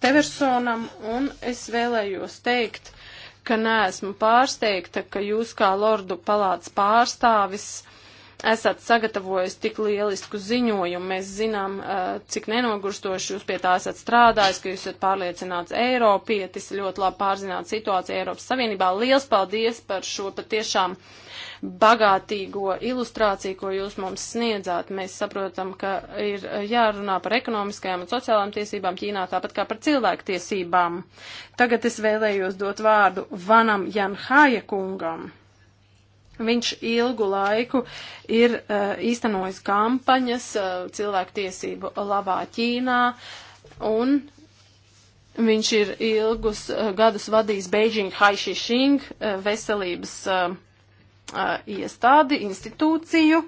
Teversonam, un es vēlējos teikt, ka neesmu pārsteigta, ka jūs kā Lordu palāts pārstāvis esat sagatavojis tik lielisku ziņojumu. Mēs zinām, cik nenogurstoši jūs pie tā esat strādājis, ka jūs esat pārliecināts Eiropietis, ļoti labi pārzināt situāciju Eiropas Savienībā. Liels paldies par šo patiešām. Uh, bagātīgo ilustrāciju, ko jūs mums sniedzāt. Mēs saprotam, ka ir jārunā par ekonomiskajām un sociālām tiesībām Ķīnā, tāpat kā par cilvēku tiesībām. Tagad es vēlējos dot vārdu Vanam Janhāja kungam. Viņš ilgu laiku ir uh, īstenojis kampaņas uh, eh, cilvēktiesību labā Ķīnā un viņš ir ilgus uh, gadus vadījis Beijing Haishi Shing uh, veselības uh, iestādi, institūciju,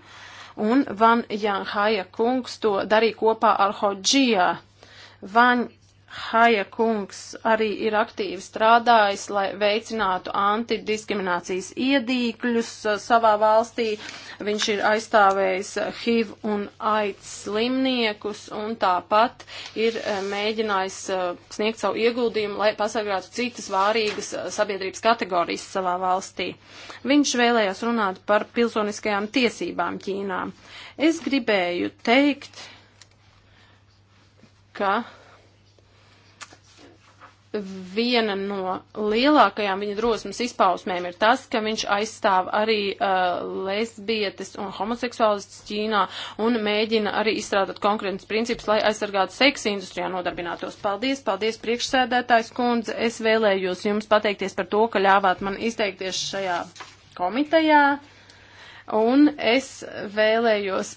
un Van Janhaja kungs to darīja kopā ar Hodžijā. Van Haja kungs arī ir aktīvi strādājis, lai veicinātu antidiskriminācijas iedīkļus uh, savā valstī. Viņš ir aizstāvējis HIV un AIDS slimniekus un tāpat ir uh, mēģinājis uh, sniegt savu ieguldījumu, lai pasargātu citas vārīgas sabiedrības kategorijas savā valstī. Viņš vēlējās runāt par pilsoniskajām tiesībām Ķīnā. Es gribēju teikt, ka viena no lielākajām viņa drosmes izpausmēm ir tas, ka viņš aizstāv arī uh, lesbietes un homoseksuālistus Ķīnā un mēģina arī izstrādāt konkrētus principus, lai aizsargātu seksa industrijā nodarbinātos. Paldies, paldies priekšsēdētājs kundze. Es vēlējos jums pateikties par to, ka ļāvāt man izteikties šajā komitejā. Un es vēlējos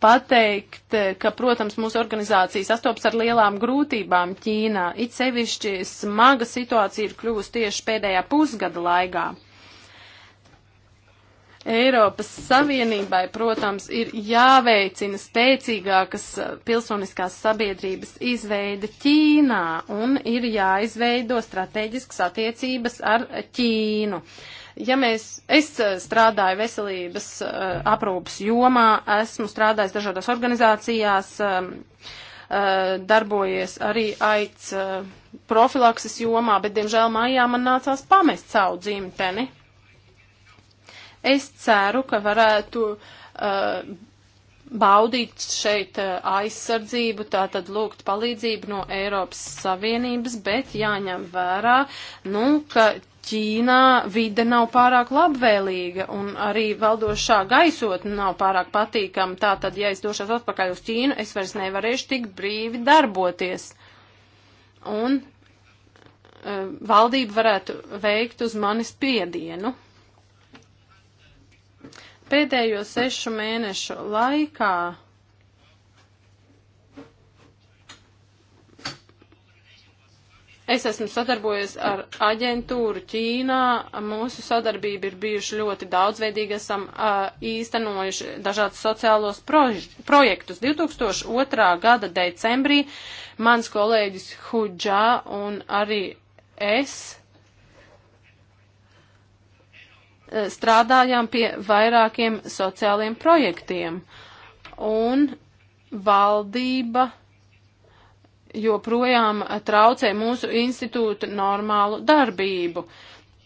pateikt, ka, protams, mūsu organizācija sastopas ar lielām grūtībām Ķīnā. It sevišķi smaga situācija ir kļuvusi tieši pēdējā pusgada laikā. Eiropas Savienībai, protams, ir jāveicina spēcīgākas pilsoniskās sabiedrības izveida Ķīnā un ir jāizveido strateģiskas attiecības ar Ķīnu. Uh, Ja mēs, es eh, strādāju veselības eh, aprūpas jomā, esmu strādājis dažādās organizācijās, ehm, eh, darbojies arī aic profilakses jomā, bet, diemžēl, mājā man nācās pamest savu dzimteni. Es ceru, ka varētu uh, baudīt šeit aizsardzību, tātad lūgt palīdzību no Eiropas Savienības, bet jāņem vērā, nu, ka Ķīnā vide nav pārāk labvēlīga un arī valdošā gaisotne nav pārāk patīkama. Tātad, ja es došos atpakaļ uz Ķīnu, es vairs nevarēšu tik brīvi darboties. Un uh, valdība varētu veikt uz mani spiedienu. Pēdējo sešu mēnešu laikā Es esmu sadarbojies ar aģentūru Ķīnā. Mūsu sadarbība ir bijuši ļoti daudzveidīga. Esam uh, īstenojuši dažādus sociālos prož, projektus. 2002. gada decembrī mans kolēģis Hudžā un arī es strādājām pie vairākiem sociāliem projektiem. Un valdība joprojām traucē mūsu institūta normālu darbību.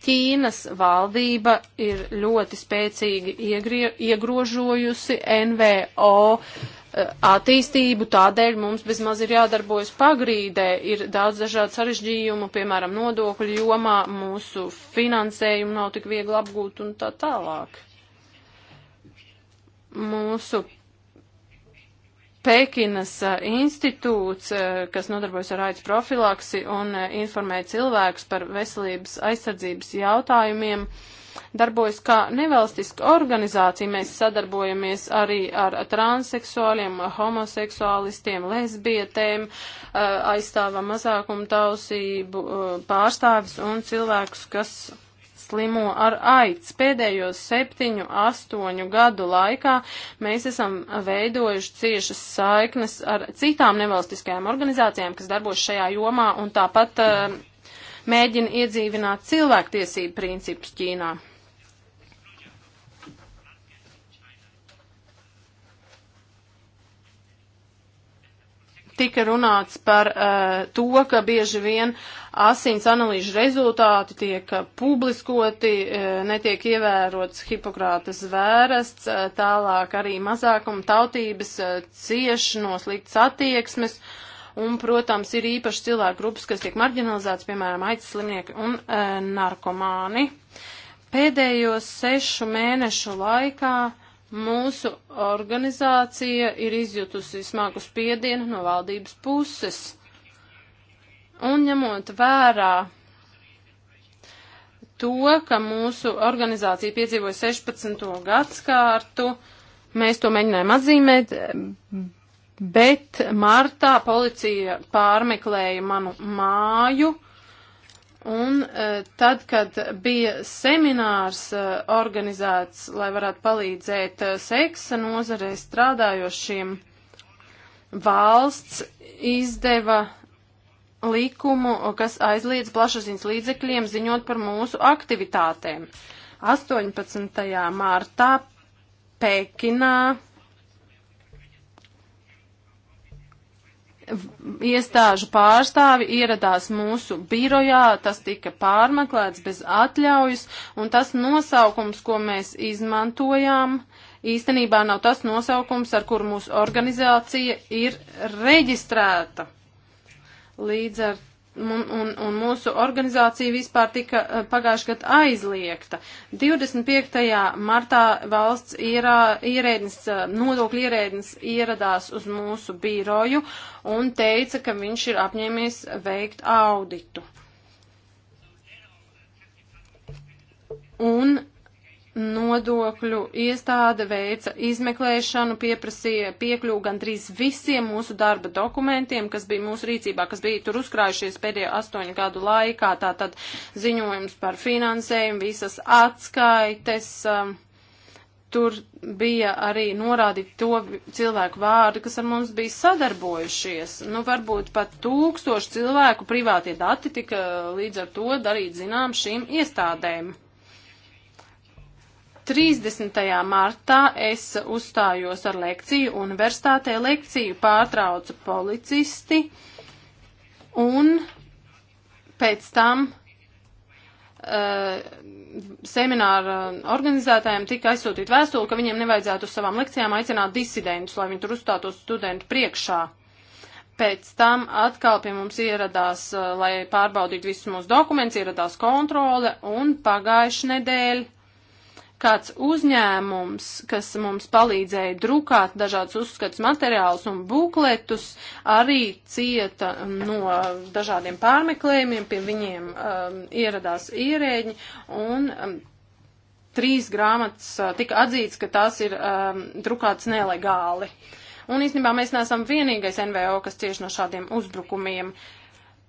Ķīnas valdība ir ļoti spēcīgi iegrie, iegrožojusi NVO eh, attīstību, tādēļ mums bezmaz ir jādarbojas pagrīdē, ir daudz dažādu sarežģījumu, piemēram, nodokļu jomā, mūsu finansējumu nav tik viegli apgūt un tā tālāk. Mūsu Pekinas eh, institūts, eh, kas nodarbojas ar aids profilaksi un eh, informē cilvēkus par veselības aizsardzības jautājumiem, darbojas kā nevalstiska organizācija. Mēs sadarbojamies arī ar transseksuāliem, homoseksuālistiem, lesbietēm, aizstāvam mazākumu tausību pārstāvis un cilvēkus, kas slimo ar aids. Pēdējos septiņu, astoņu gadu laikā mēs esam veidojuši ciešas saiknes ar citām nevalstiskajām organizācijām, kas darbojas šajā jomā un tāpat uh, mēģina iedzīvināt cilvēktiesību principus Ķīnā. tika runāts par uh, to, ka bieži vien asins analīžu rezultāti tiek eh, publiskoti, uh, netiek ievērots Hipokrātas vērests, uh, tālāk arī mazākuma tautības uh, cieši no sliktas attieksmes. Un, protams, ir īpaši cilvēku grupas, kas tiek marginalizētas, piemēram, aicis slimnieki un e, narkomāni. Pēdējos sešu mēnešu laikā e, Mūsu organizācija ir izjutusi smagu spiedienu no valdības puses. Un ņemot vērā to, ka mūsu organizācija piedzīvoja 16. gadskārtu, mēs to mēģinājām atzīmēt, bet martā policija pārmeklēja manu māju Un e, tad, kad bija seminārs e, organizēts, lai varētu palīdzēt e, seksa nozarē strādājošiem, valsts izdeva likumu, kas aizliedz plašsaziņas līdzekļiem ziņot par mūsu aktivitātēm. 18. martā Pekinā iestāžu pārstāvi ieradās mūsu birojā, tas tika pārmeklēts bez atļaujas, un tas nosaukums, ko mēs izmantojām, īstenībā nav tas nosaukums, ar kuru mūsu organizācija ir reģistrēta. Līdz ar un, un, un mūsu organizācija vispār tika eh, pagājuši gadu aizliegta. 25. martā valsts ierā, ierēdnis, eh, nodokļu ierēdnis ieradās uz mūsu biroju un teica, ka viņš ir apņēmies veikt auditu. Un nodokļu iestāde veica izmeklēšanu, pieprasīja piekļuvu gandrīz visiem mūsu darba dokumentiem, kas bija mūsu rīcībā, kas bija tur uzkrājušies pēdējo astoņu gadu laikā, tātad ziņojums par finansējumu, visas atskaites. Um, tur bija arī norādīti to cilvēku vārdi, kas ar mums bija sadarbojušies. Nu, varbūt pat tūkstoši cilvēku privātie dati tika uh, līdz ar to darīt zinām šīm iestādēm. 30. martā es uzstājos ar lekciju universitātē, lekciju pārtrauca policisti un pēc tam uh, semināra organizētājiem tika aizsūtīta vēstule, ka viņiem nevajadzētu uz savām lekcijām aicināt disidentus, lai viņi tur uzstātos studentu priekšā. Pēc tam atkal pie mums ieradās, uh, lai pārbaudītu visus mūsu dokumentus, ieradās kontrole un pagājuši nedēļa kāds uzņēmums, kas mums palīdzēja drukāt dažādus uzskats materiālus un bukletus, arī cieta no dažādiem pārmeklējumiem, pie viņiem um, ieradās ierēģi un um, trīs grāmatas uh, tika atzīts, ka tās ir um, drukātas nelegāli. Un īstenībā mēs neesam vienīgais NVO, kas cieši no šādiem uzbrukumiem.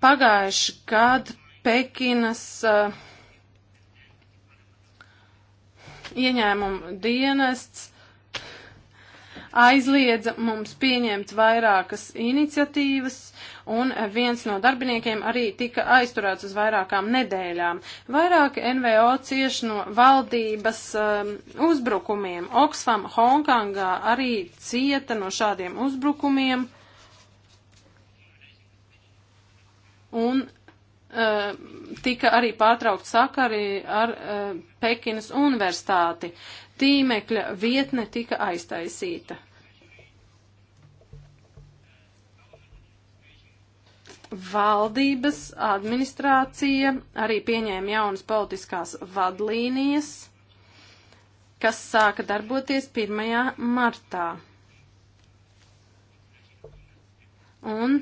Pagājuši gadu Pekinas uh, ieņēmuma dienests aizliedza mums pieņemt vairākas iniciatīvas, un viens no darbiniekiem arī tika aizturēts uz vairākām nedēļām. Vairāki NVO cieš no valdības um, uzbrukumiem. Oxfam Hongkongā arī cieta no šādiem uzbrukumiem. Un Eh, tika arī pārtraukt sakari ar eh, Pekinas universitāti. Tīmekļa vietne tika aiztaisīta. Valdības administrācija arī pieņēma jaunas politiskās vadlīnijas, kas sāka darboties 1. martā. Un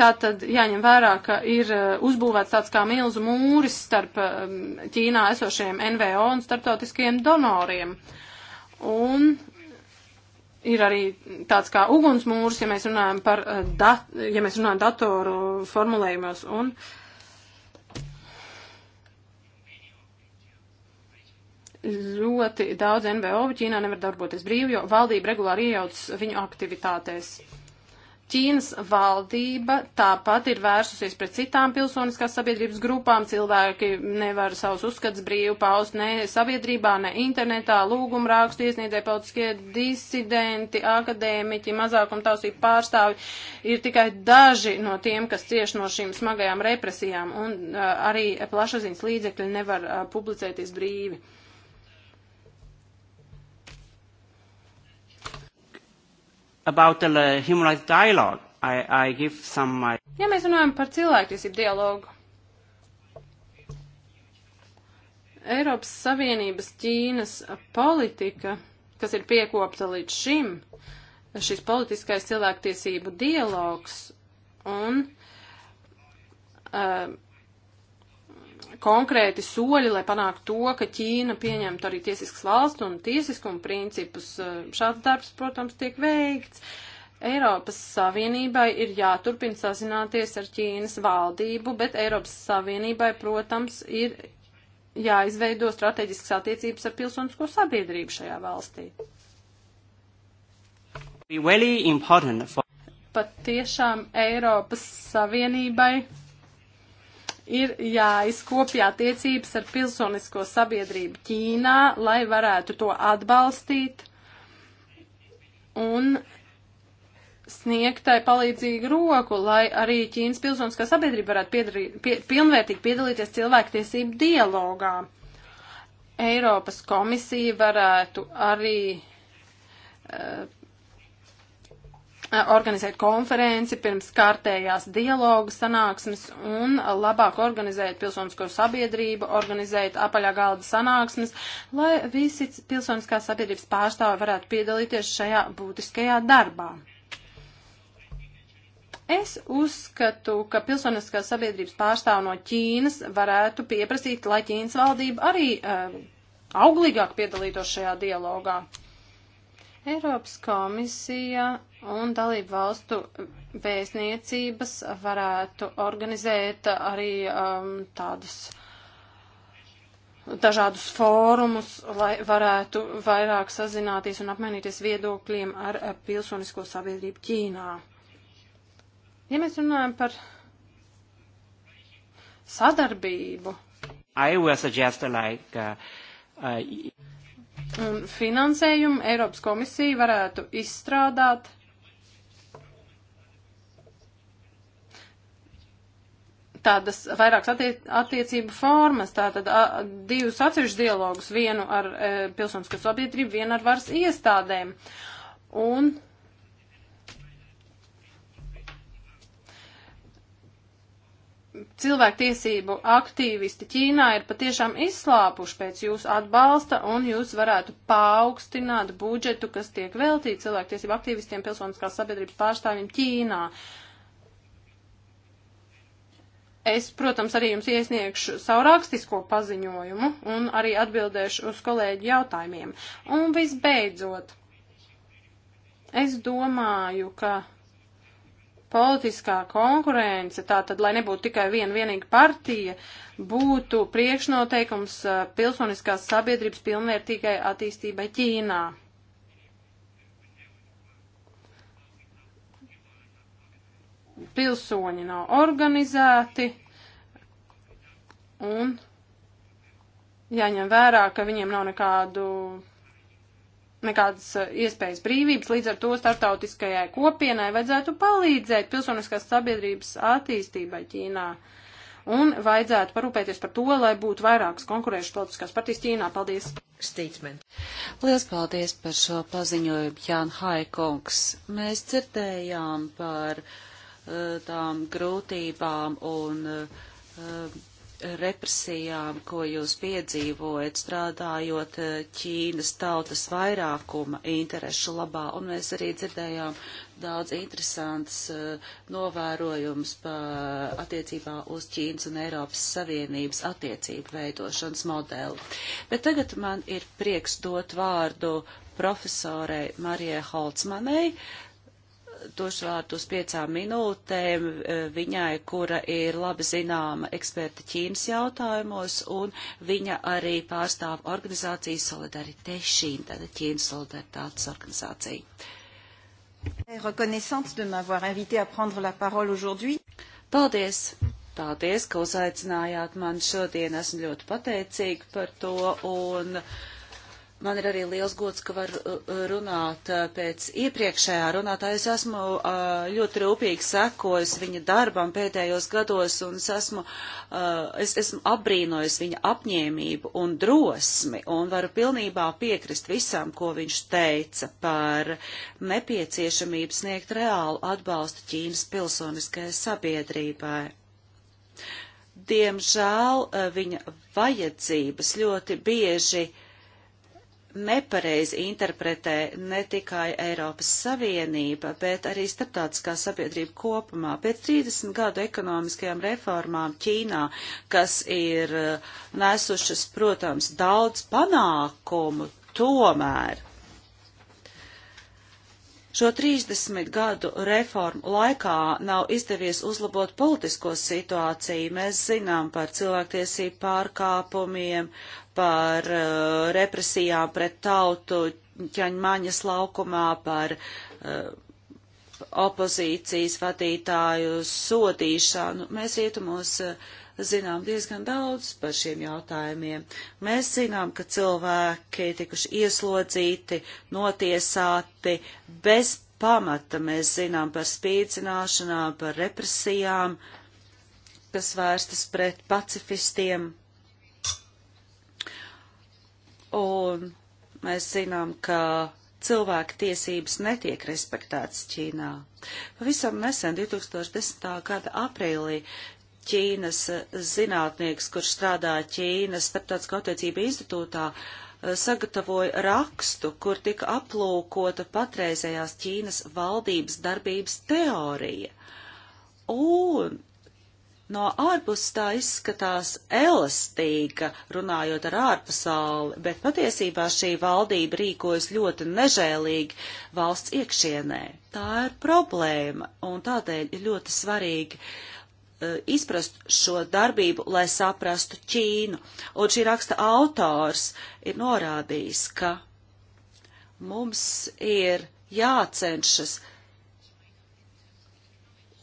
Tā tad jāņem vērā, ka ir eh, uzbūvēts tāds kā milzu mūris starp ehm, Ķīnā esošajiem NVO un starptautiskajiem donoriem. Un ir arī tāds kā ugunsmūrs, ja mēs runājam par eh, dat, ja mēs runājam datoru formulējumos. Un ļoti daudz NVO Ķīnā nevar darboties brīvi, jo valdība regulāri iejaucas viņu aktivitātēs. Ķīnas valdība tāpat ir vērsusies pret citām pilsoniskās sabiedrības grupām. Cilvēki nevar savus uzskats brīvi paust ne sabiedrībā, ne internetā. Lūguma rakstu iesniedzēja politiskie disidenti, akadēmiķi, mazākumtausību pārstāvi ir tikai daži no tiem, kas cieš no šīm smagajām represijām. Un uh, arī plašaziņas līdzekļi nevar uh, publicēties brīvi. about the uh, human rights dialogue, I, I give some my... Ja mēs runājam par cilvēktiesību dialogu. Eiropas Savienības Ķīnas politika, kas ir piekopta līdz šim, šis politiskais cilvēktiesību dialogs un uh, konkrēti soļi, lai panāktu to, ka Ķīna pieņemtu arī tiesiskas valsts un tiesiskuma principus. Eh, šāds darbs, protams, tiek veikts. Eiropas Savienībai ir jāturpina sazināties ar Ķīnas valdību, bet Eiropas Savienībai, protams, ir jāizveido strateģiskas attiecības ar pilsonisko sabiedrību šajā valstī. Really for... Pat tiešām Eiropas Savienībai ir jāizkopja attiecības ar pilsonisko sabiedrību Ķīnā, lai varētu to atbalstīt un sniegtai palīdzīgu roku, lai arī Ķīnas pilsoniskā sabiedrība varētu piedarī, pie, pilnvērtīgi piedalīties cilvēktiesību dialogā. Eiropas komisija varētu arī uh, organizēt konferenci, pirms kārtējās dialogu sanāksmes un labāk organizēt pilsonisko sabiedrību, organizēt apaļā galda sanāksmes, lai visi pilsoniskās sabiedrības pārstāvi varētu piedalīties šajā būtiskajā darbā. Es uzskatu, ka pilsoniskās sabiedrības pārstāvi no Ķīnas varētu pieprasīt, lai Ķīnas valdība arī uh, auglīgāk piedalītos šajā dialogā. Eiropas komisija un dalību valstu vēstniecības varētu organizēt arī um, tādus dažādus fórumus, lai varētu vairāk sazināties un apmainīties viedokļiem ar pilsonisko sabiedrību Ķīnā. Ja mēs runājam par sadarbību, I will suggest like uh, uh, Un finansējumu Eiropas komisija varētu izstrādāt tādas vairākas attiec attiecību formas, tātad a, divus atsevišķus dialogus, vienu ar e, pilsonisko sabiedrību, vienu ar varas iestādēm. Un cilvēktiesību aktīvisti Ķīnā ir patiešām izslāpuši pēc jūsu atbalsta, un jūs varētu paaugstināt budžetu, kas tiek veltīts cilvēktiesību aktīvistiem pilsoniskās sabiedrības pārstāvjiem Ķīnā. Uh, Es, protams, arī jums iesniegšu savu rakstisko paziņojumu un arī atbildēšu uz kolēģu jautājumiem. Un visbeidzot, es domāju, ka politiskā konkurence, tā tad, lai nebūtu tikai viena vienīga partija, būtu priekšnoteikums eh, pilsoniskās sabiedrības pilnvērtīgai attīstībai Ķīnā. pilsoņi nav organizēti un jāņem vērā, ka viņiem nav nekādu, nekādas eh, iespējas brīvības, līdz ar to startautiskajai kopienai vajadzētu palīdzēt pilsoniskās sabiedrības attīstībai Ķīnā. Un vajadzētu parūpēties par to, lai būtu vairākas konkurējušas politiskās partijas Ķīnā. Paldies! Statement. Lielas paldies par šo paziņojumu, Jāna Haikungs. Mēs dzirdējām par uh, tām grūtībām un eh, represijām, ko jūs piedzīvojat, strādājot eh, Ķīnas tautas vairākuma interešu labā. Un mēs arī dzirdējām daudz interesants eh, novērojums attiecībā uz Ķīnas un Eiropas Savienības attiecību veidošanas modeli. Bet tagad man ir prieks dot vārdu profesorei Marijai Holcmanai, uh, došu vārdu uz piecām minūtēm e, viņai, kura ir labi zināma eksperta Ķīnas jautājumos, un viņa arī pārstāv organizāciju Solidarité Šīn, tātad Ķīnas solidaritātes organizācija. Reconnaissante de m'avoir invité à prendre la parole aujourd'hui. Paldies! Paldies, ka uzaicinājāt mani šodien. Esmu ļoti pateicīga par to. Un, uh, Man ir arī liels gods, ka var uh, uh, runāt uh, pēc iepriekšējā runātāja. Es esmu ļoti rūpīgi sekojis viņa darbam pēdējos gados un es esmu, es esmu apbrīnojis viņa apņēmību un drosmi un varu pilnībā piekrist visam, ko viņš teica par nepieciešamību sniegt reālu atbalstu Ķīnas pilsoniskajai sabiedrībai. Diemžēl viņa vajadzības ļoti bieži uh, nepareizi interpretē ne tikai Eiropas Savienība, bet arī starptautiskā sabiedrība kopumā. Pēc 30 gadu ekonomiskajām reformām Ķīnā, kas ir eh, nesušas, protams, daudz panākumu, tomēr šo 30 gadu reformu laikā nav izdevies uzlabot politisko situāciju. Mēs zinām par cilvēktiesību pārkāpumiem, uh, par uh, represijām pret tautu Ķaņmaņas laukumā, par uh, opozīcijas vadītāju sodīšanu. Mēs rietumos uh, zinām diezgan daudz par šiem jautājumiem. Mēs zinām, ka cilvēki tikuši ieslodzīti, notiesāti bez pamata. Mēs zinām par spīdzināšanām, par represijām, kas vērstas pret pacifistiem. Un mēs zinām, ka cilvēku tiesības netiek respektētas Ķīnā. Pavisam nesen, 2010. gada aprīlī, Ķīnas zinātnieks, kurš strādā Ķīnas starptautiskā attiecība institūtā, sagatavoja rakstu, kur tika aplūkota patreizējās Ķīnas valdības darbības teorija. Un no ārpus tā izskatās elastīga, runājot ar ārpasauli, bet patiesībā šī valdība rīkojas ļoti nežēlīgi valsts iekšienē. Tā ir problēma, un tādēļ ir ļoti svarīgi uh, izprast šo darbību, lai saprastu Ķīnu. Un šī raksta autors ir norādījis, ka mums ir jācenšas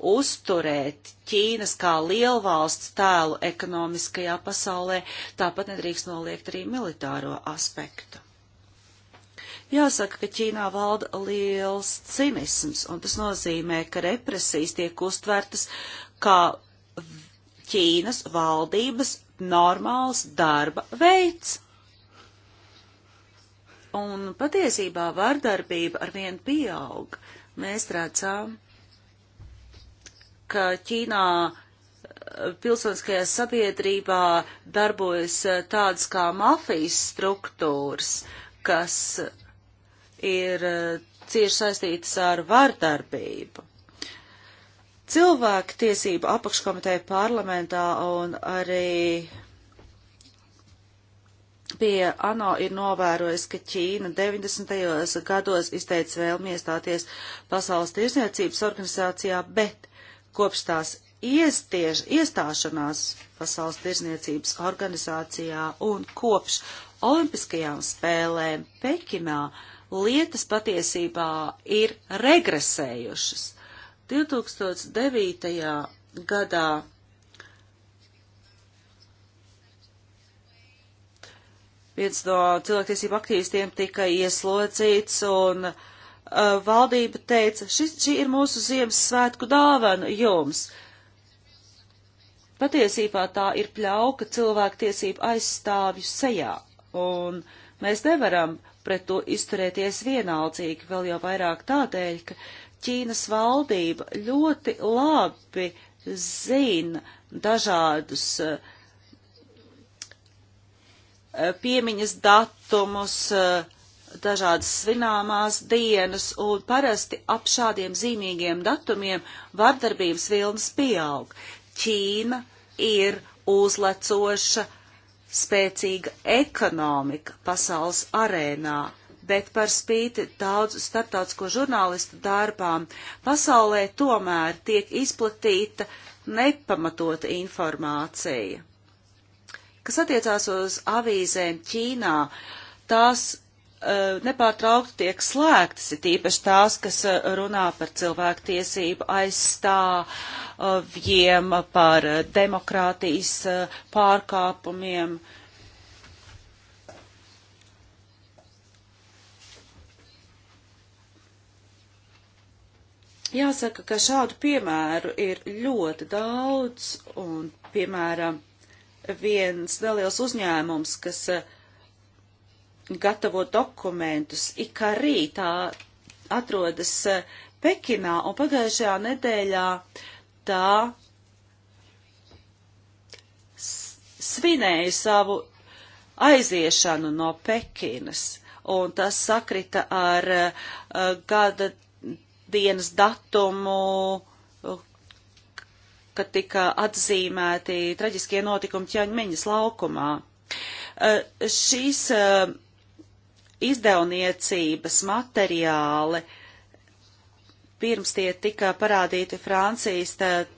uzturēt Ķīnas kā lielvalsts tēlu ekonomiskajā pasaulē, tāpat nedrīkst noliegt arī militāro aspektu. Jāsaka, ka Ķīnā valda liels cinisms, un tas nozīmē, ka represijas tiek uztvertas kā Ķīnas valdības normāls darba veids. Un patiesībā vardarbība arvien pieaug. Mēs redzam, ka Ķīnā eh, pilsoniskajā sabiedrībā darbojas eh, tādas kā mafijas struktūras, kas ir eh, cieši saistītas ar vardarbību. Cilvēku tiesību apakškomiteja parlamentā un arī pie ANO ir novērojis, ka Ķīna 90. gados izteica vēlmi iestāties Pasaules tirsniecības organizācijā, bet kopš tās iestiež, iestāšanās Pasaules tirzniecības organizācijā un kopš Olimpiskajām spēlēm Pekinā lietas patiesībā ir regresējušas. 2009. gadā viens no cilvēktiesību aktīvistiem tika ieslodzīts un uh, uh, valdība teica, šis, šī ir mūsu Ziemassvētku dāvana jums. Patiesībā tā ir pļauka cilvēktiesību aizstāvju sejā, un mēs nevaram pret to izturēties vienaldzīgi, vēl jau vairāk tādēļ, ka Ķīnas valdība ļoti labi zina dažādus uh, piemiņas datumus, uh, dažādas svināmās dienas, un parasti ap šādiem zīmīgiem datumiem vardarbības vilnas pieaug. Ķīna ir uzlecoša, spēcīga ekonomika pasaules arēnā, bet par spīti daudz starptautisko žurnālistu darbām pasaulē tomēr tiek izplatīta nepamatota informācija. Kas attiecās uz avīzēm Ķīnā, tās Eh, nepārtraukti tiek slēgtas, ir tīpaši tās, kas eh, runā par cilvēku tiesību aizstāvjiem, par demokrātijas eh, pārkāpumiem. Jāsaka, ka šādu piemēru ir ļoti daudz, un, piemēram, viens neliels uzņēmums, kas uh, gatavo dokumentus. Ikā rītā atrodas eh, Pekinā un pagājušajā nedēļā tā svinēja savu aiziešanu no Pekinas. Un tas sakrita ar uh, gada dienas datumu, kad tika atzīmēti traģiskie notikumi Ķaņmeņas laukumā. Uh, šīs uh, izdevniecības materiāli, pirms tie tika parādīti Francijas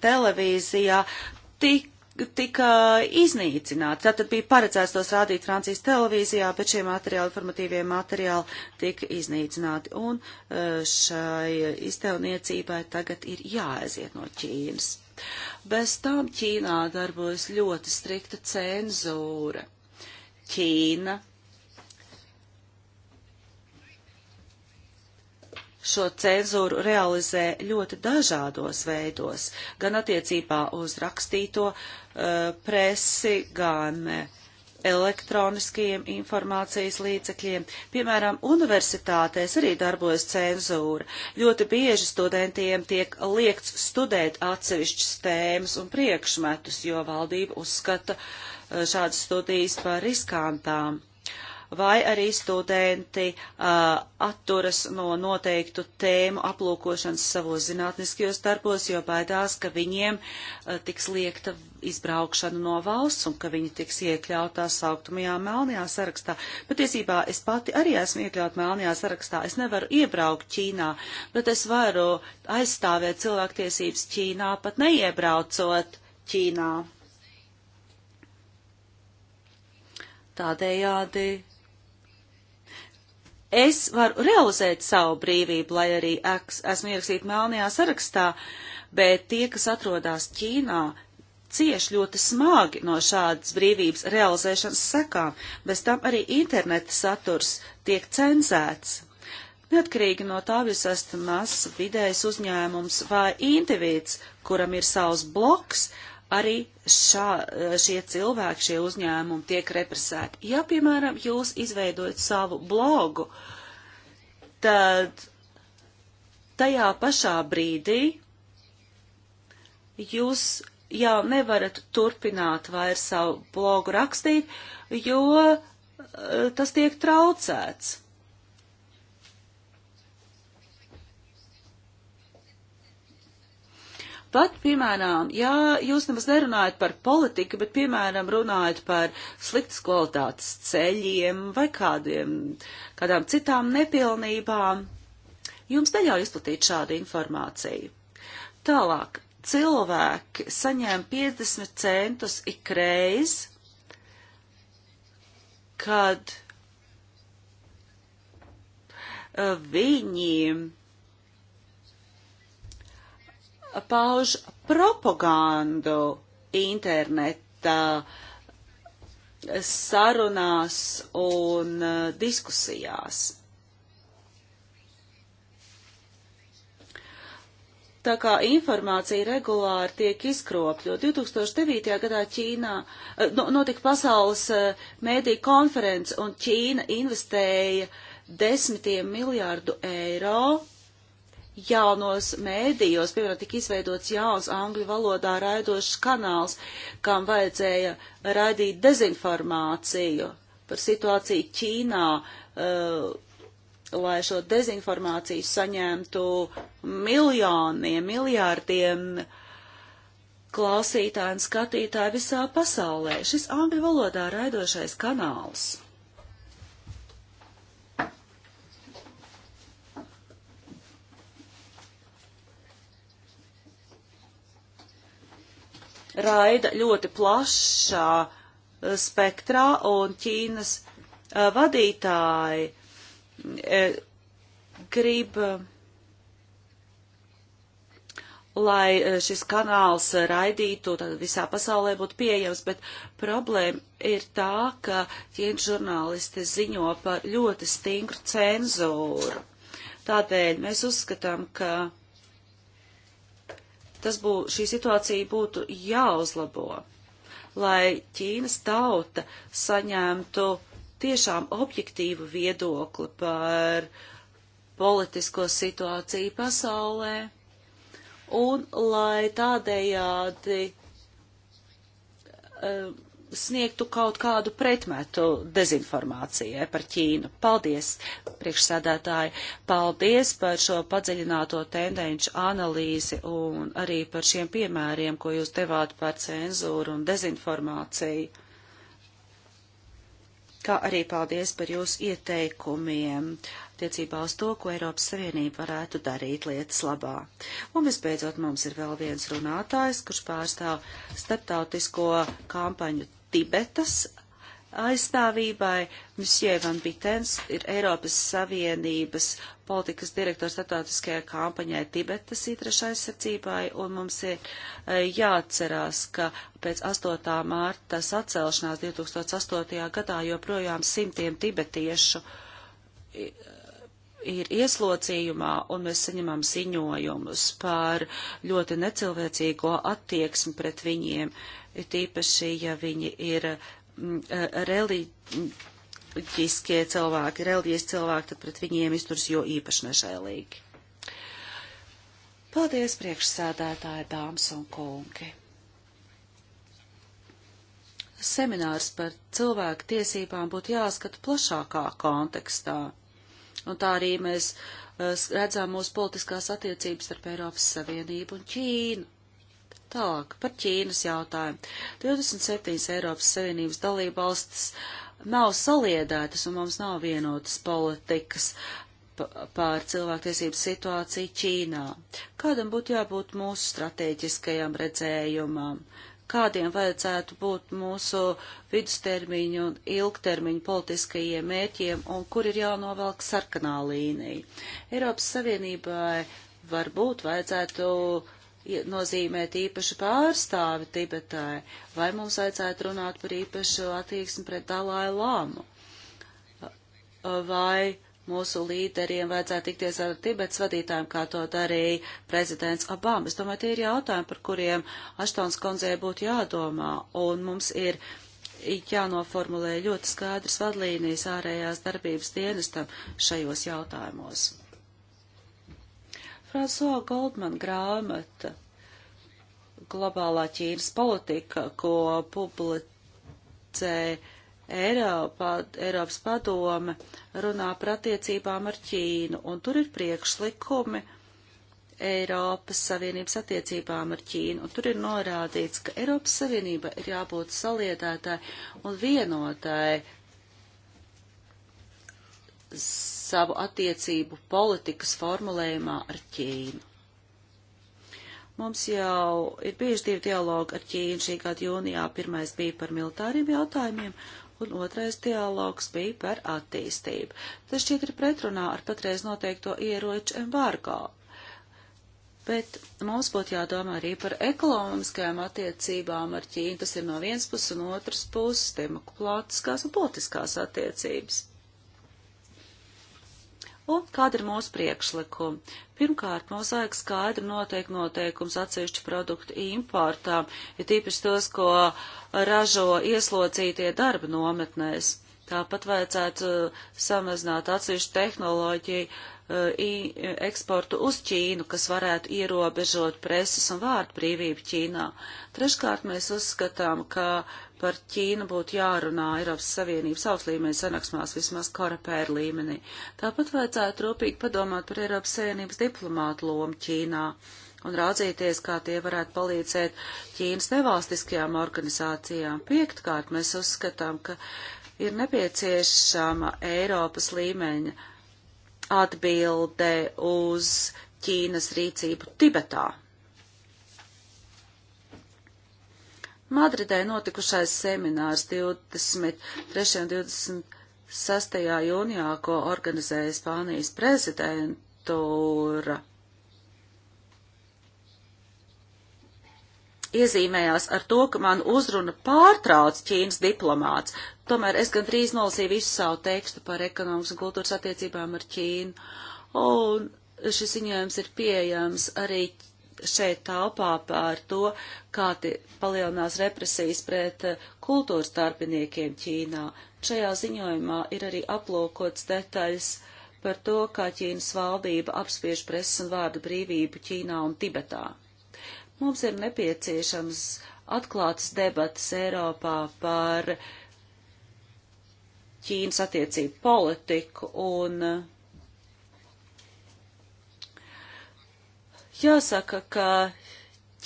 televīzijā, tik tika iznīcināti. Tātad bija paredzēts tos rādīt Francijas televīzijā, bet šie materiāli, informatīvie materiāli, tika iznīcināti. Un e, šai izdevniecībai tagad ir jāaiziet no Ķīnas. Bez tām Ķīnā darbojas ļoti strikta cenzūra. Ķīna šo cenzūru realizē ļoti dažādos veidos, gan attiecībā uz rakstīto uh, presi, gan uh, elektroniskajiem informācijas līdzekļiem. Piemēram, universitātēs arī darbojas cenzūra. Ļoti bieži studentiem tiek liekts studēt atsevišķas tēmas un priekšmetus, jo valdība uzskata uh, šādas studijas par riskantām vai arī studenti uh, atturas no noteiktu tēmu aplūkošanas savos zinātniskajos darbos, jo baidās, ka viņiem uh, tiks liekta izbraukšana no valsts un ka viņi tiks iekļautā sauktumajā melnajā sarakstā. Patiesībā es pati arī esmu iekļaut melnajā sarakstā. Es nevaru iebraukt Ķīnā, bet es varu aizstāvēt cilvēktiesības Ķīnā, pat neiebraucot Ķīnā. Tādējādi es varu realizēt savu brīvību, lai arī es, esmu ierakstīta melnajā sarakstā, bet tie, kas atrodas Ķīnā, cieš ļoti smagi no šādas brīvības realizēšanas sekām, bez tam arī interneta saturs tiek cenzēts. Neatkarīgi no tā, jūs esat mazs vidējs uzņēmums vai individs, kuram ir savs bloks, uh, arī šā, šie cilvēki, šie uzņēmumi tiek represēti. Ja, piemēram, jūs izveidojat savu blogu, tad tajā pašā brīdī jūs jau nevarat turpināt vairs savu blogu rakstīt, jo eh, tas tiek traucēts. Pat, piemēram, ja jūs nemaz nerunājat par politiku, bet, piemēram, runājat par sliktas kvalitātes ceļiem vai kādiem, kādām citām nepilnībām, jums neļauj izplatīt šādu informāciju. Tālāk, cilvēki saņēma 50 centus ikreiz, kad eh, viņi pauž propagandu internetā, sarunās un uh, diskusijās. Tā kā informācija regulāri tiek izkropļot, 2009. gadā Ķīnā uh, no, notika pasaules uh, mēdī konference un Ķīna investēja desmitiem miljārdu eiro jaunos mēdījos, piemēram, tika izveidots jauns angļu valodā raidošs kanāls, kam vajadzēja raidīt dezinformāciju par situāciju Ķīnā, uh, lai šo dezinformāciju saņemtu miljoniem, miljārdiem klausītājiem, skatītājiem visā pasaulē. Šis angļu valodā raidošais kanāls raida ļoti plašā eh, spektrā, un Ķīnas eh, vadītāji eh, grib, lai šis kanāls raidītu, tad visā pasaulē būtu pieejams, bet problēma ir tā, ka ķīnas žurnālisti ziņo par ļoti stingru cenzūru. Tādēļ mēs uzskatām, ka Tas būtu, šī situācija būtu jāuzlabo, lai Ķīnas tauta saņemtu tiešām objektīvu viedokli par politisko situāciju pasaulē un lai tādējādi um, sniegtu kaut kādu pretmetu dezinformācijai par Ķīnu. Paldies, priekšsēdētāji, paldies par šo padziļināto tendenci analīzi un arī par šiem piemēriem, ko jūs devāt par cenzūru un dezinformāciju. Kā arī paldies par jūsu ieteikumiem tiecībā uz to, ko Eiropas Savienība varētu darīt lietas labā. Un visbeidzot mums ir vēl viens runātājs, kurš pārstāv starptautisko kampaņu Tibetas aizstāvībai. Msjē Van Bitens ir Eiropas Savienības politikas direktors startautiskajā kampaņai Tibetas ītraša aizsardzībai, un mums ir e, jāatcerās, ka pēc 8. mārtas atcelšanās 2008. gadā joprojām simtiem tibetiešu e, ir ieslodzījumā, un mēs saņemam ziņojumus par ļoti necilvēcīgo attieksmi pret viņiem. Uh, it īpaši, ja viņi ir mm, reliģiskie cilvēki, reliģijas cilvēki, tad pret viņiem izturs jo īpaši nežēlīgi. Paldies, priekšsēdētāji, dāmas un kungi! Seminārs par cilvēku tiesībām būtu jāskata plašākā kontekstā, un tā arī mēs redzam mūsu politiskās attiecības starp Eiropas Savienību un Ķīnu. Tālāk par Ķīnas jautājumu. 27 Eiropas Savienības dalībvalstis nav saliedētas un mums nav vienotas politikas pār cilvēktiesību situāciju Ķīnā. Kādam būtu jābūt mūsu strateģiskajam redzējumam? Kādiem vajadzētu būt mūsu vidustermiņu un ilgtermiņu politiskajiem mērķiem un kur ir jānovelk sarkanā līnija? Eiropas Savienībai varbūt vajadzētu nozīmēt īpašu pārstāvi Tibetai, vai mums vajadzētu runāt par īpašu attieksmi pret Dalai Lāmu, vai mūsu līderiem vajadzētu tikties ar Tibets vadītājiem, kā to darīja prezidents Obama. Es domāju, tie ir jautājumi, par kuriem Aštons konzē būtu jādomā, un mums ir jānoformulē ļoti skaidrs vadlīnijas ārējās darbības dienestam šajos jautājumos. Fransua Goldman grāmata Globālā Ķīnas politika, ko publicē Eiropā, Eiropas padome, runā par attiecībām ar Ķīnu, un tur ir priekšlikumi Eiropas Savienības attiecībām ar Ķīnu, un tur ir norādīts, ka Eiropas Savienība ir jābūt saliedētāji un vienotāji savu attiecību politikas formulējumā ar Ķīnu. Mums jau ir bijuši divi dialogi ar Ķīnu šī gada jūnijā. Pirmais bija par militāriem jautājumiem, un otrais dialogs bija par attīstību. Tas šķiet ir pretrunā ar patreiz noteikto ieroču embargo. Bet mums būtu jādomā arī par ekonomiskajām attiecībām ar Ķīnu. Tas ir no vienas puses un otras puses demokrātiskās un politiskās attiecības. Un kāda ir mūsu priekšlikuma? Pirmkārt, mums vajag skaidri noteikt noteikums atsevišķu produktu importām, ir ja tīpaši tos, ko ražo ieslocītie darba nometnēs. Tāpat vajadzētu uh, samazināt atsevišķu tehnoloģiju uh, eksportu uz Ķīnu, kas varētu ierobežot preses un vārdu brīvību Ķīnā. Treškārt, mēs uzskatām, ka par Ķīnu būtu jārunā Eiropas Savienības augstlīmeņa sanāksmās vismaz korapēra līmenī. Tāpat vajadzētu rūpīgi padomāt par Eiropas Savienības diplomātu lomu Ķīnā un raudzīties, kā tie varētu palīdzēt Ķīnas nevalstiskajām organizācijām. Piektkārt, mēs uzskatām, ka ir nepieciešama Eiropas līmeņa atbilde uz Ķīnas rīcību Tibetā. Madridē notikušais seminārs 23. un 26. jūnijā, ko organizēja Spānijas prezidentūra, iezīmējās ar to, ka man uzruna pārtrauc Ķīnas diplomāts. Tomēr es gandrīz nolasīju visu savu tekstu par ekonomikas un kultūras attiecībām ar Ķīnu. Un šis ziņojums ir pieejams arī šeit talpā par to, kā palielinās represijas pret eh, kultūras darbiniekiem Ķīnā. Šajā ziņojumā ir arī aplūkots detaļas par to, kā Ķīnas valdība apspiež presas un vārdu brīvību Ķīnā un Tibetā. Mums ir nepieciešams atklātas debatas Eiropā par Ķīnas attiecību politiku un uh, Jāsaka, ka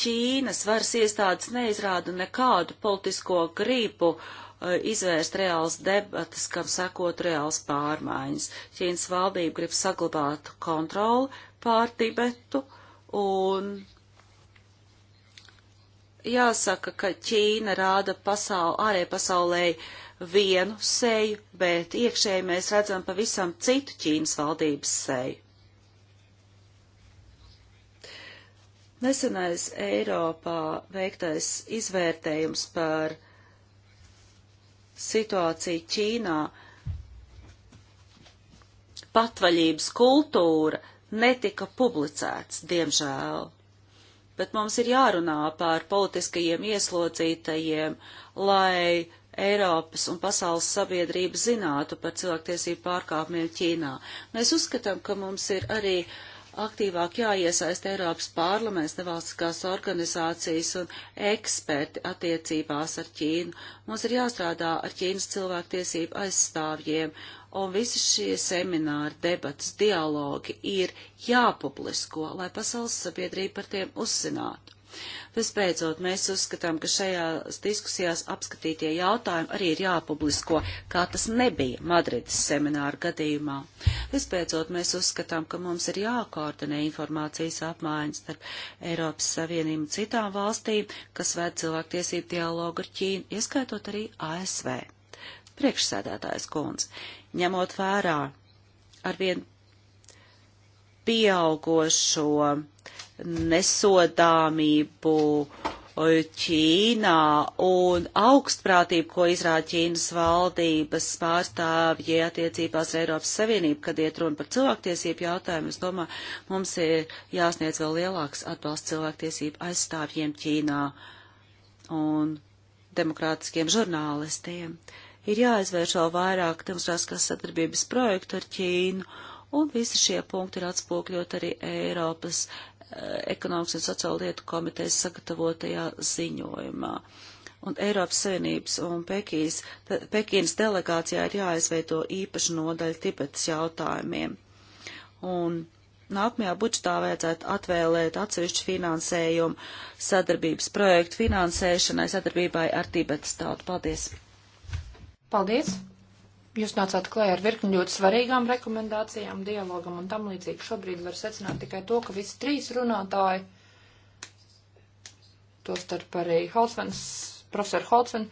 Ķīnas varas iestādes neizrāda nekādu politisko gribu uh, izvērst reāls debatas, kam sekot reāls pārmaiņas. Ķīnas valdība grib saglabāt kontroli pār Tibetu un jāsaka, ka Ķīna rāda pasauli, ārē pasaulē vienu seju, bet iekšēji mēs redzam pavisam citu Ķīnas valdības seju. Nesenais Eiropā veiktais izvērtējums par situāciju Ķīnā patvaļības kultūra netika publicēts, diemžēl. Bet mums ir jārunā par politiskajiem ieslodzītajiem, lai Eiropas un pasaules sabiedrība zinātu par cilvēktiesību pārkāpumiem Ķīnā. Mēs uzskatām, ka mums ir arī uh, aktīvāk jāiesaist Eiropas parlaments, nevalstiskās organizācijas un eksperti attiecībās ar Ķīnu. Mums ir jāstrādā ar Ķīnas cilvēktiesību aizstāvjiem, un visi šie semināri, debatas, dialogi ir jāpublisko, lai pasaules sabiedrība par tiem uzzinātu. Vispēcot, mēs uzskatām, ka šajās diskusijās apskatītie jautājumi arī ir jāpublisko, kā tas nebija Madrides semināra gadījumā. Vispēcot, mēs uzskatām, ka mums ir jākoordinē informācijas apmaiņas starp Eiropas Savienību un citām valstīm, kas ved cilvēktiesību dialogu ar Ķīnu, ieskaitot arī ASV. Priekšsēdētājs kundze, ņemot vērā arvien pieaugošo nesodāmību Ķīnā un augstprātību, ko izrāda Ķīnas valdības pārstāvji attiecībās ar Eiropas Savienību, kad iet runa par cilvēktiesību jautājumu, es domāju, mums ir jāsniedz vēl lielāks atbalsts cilvēktiesību aizstāvjiem Ķīnā un demokrātiskiem žurnālistiem. Ir jāizvērš vēl vairāk demokrātiskās sadarbības projektu ar Ķīnu, un visi šie punkti ir atspūkļot arī Eiropas Eh, ekonomikas un sociāla lietu komitejas sagatavotajā ziņojumā. Un Eiropas Savienības un Pekīs, Pekīnas delegācijā ir jāizveido īpaša nodaļa Tibetas jautājumiem. Un nākamajā budžetā vajadzētu atvēlēt atsevišķu finansējumu sadarbības projektu finansēšanai sadarbībai ar Tibetas tautu. Paldies! Paldies! Jūs nācāt klajā ar virkni ļoti svarīgām rekomendācijām, dialogam un tam līdzīgi. Šobrīd var secināt tikai to, ka visi trīs runātāji, tostarp arī Holcvens, profesor Holcven,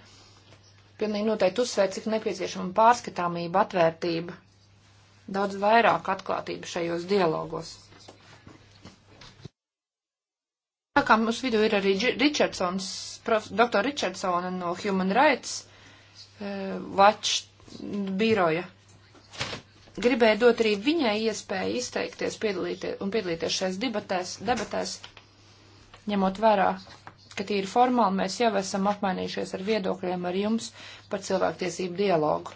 pilnīgi noteikti uzsvēr, cik nepieciešama pārskatāmība, atvērtība, daudz vairāk atklātība šajos dialogos. Tā kā mums vidū ir arī Richardsons, prof, doktor Richardsona no Human Rights, uh, Watch biroja. Gribēju dot arī viņai iespēju izteikties piedalīties, un piedalīties šais debatēs, debatēs, ņemot vērā, ka tīri formāli mēs jau esam apmainījušies ar viedokļiem ar jums par cilvēktiesību dialogu.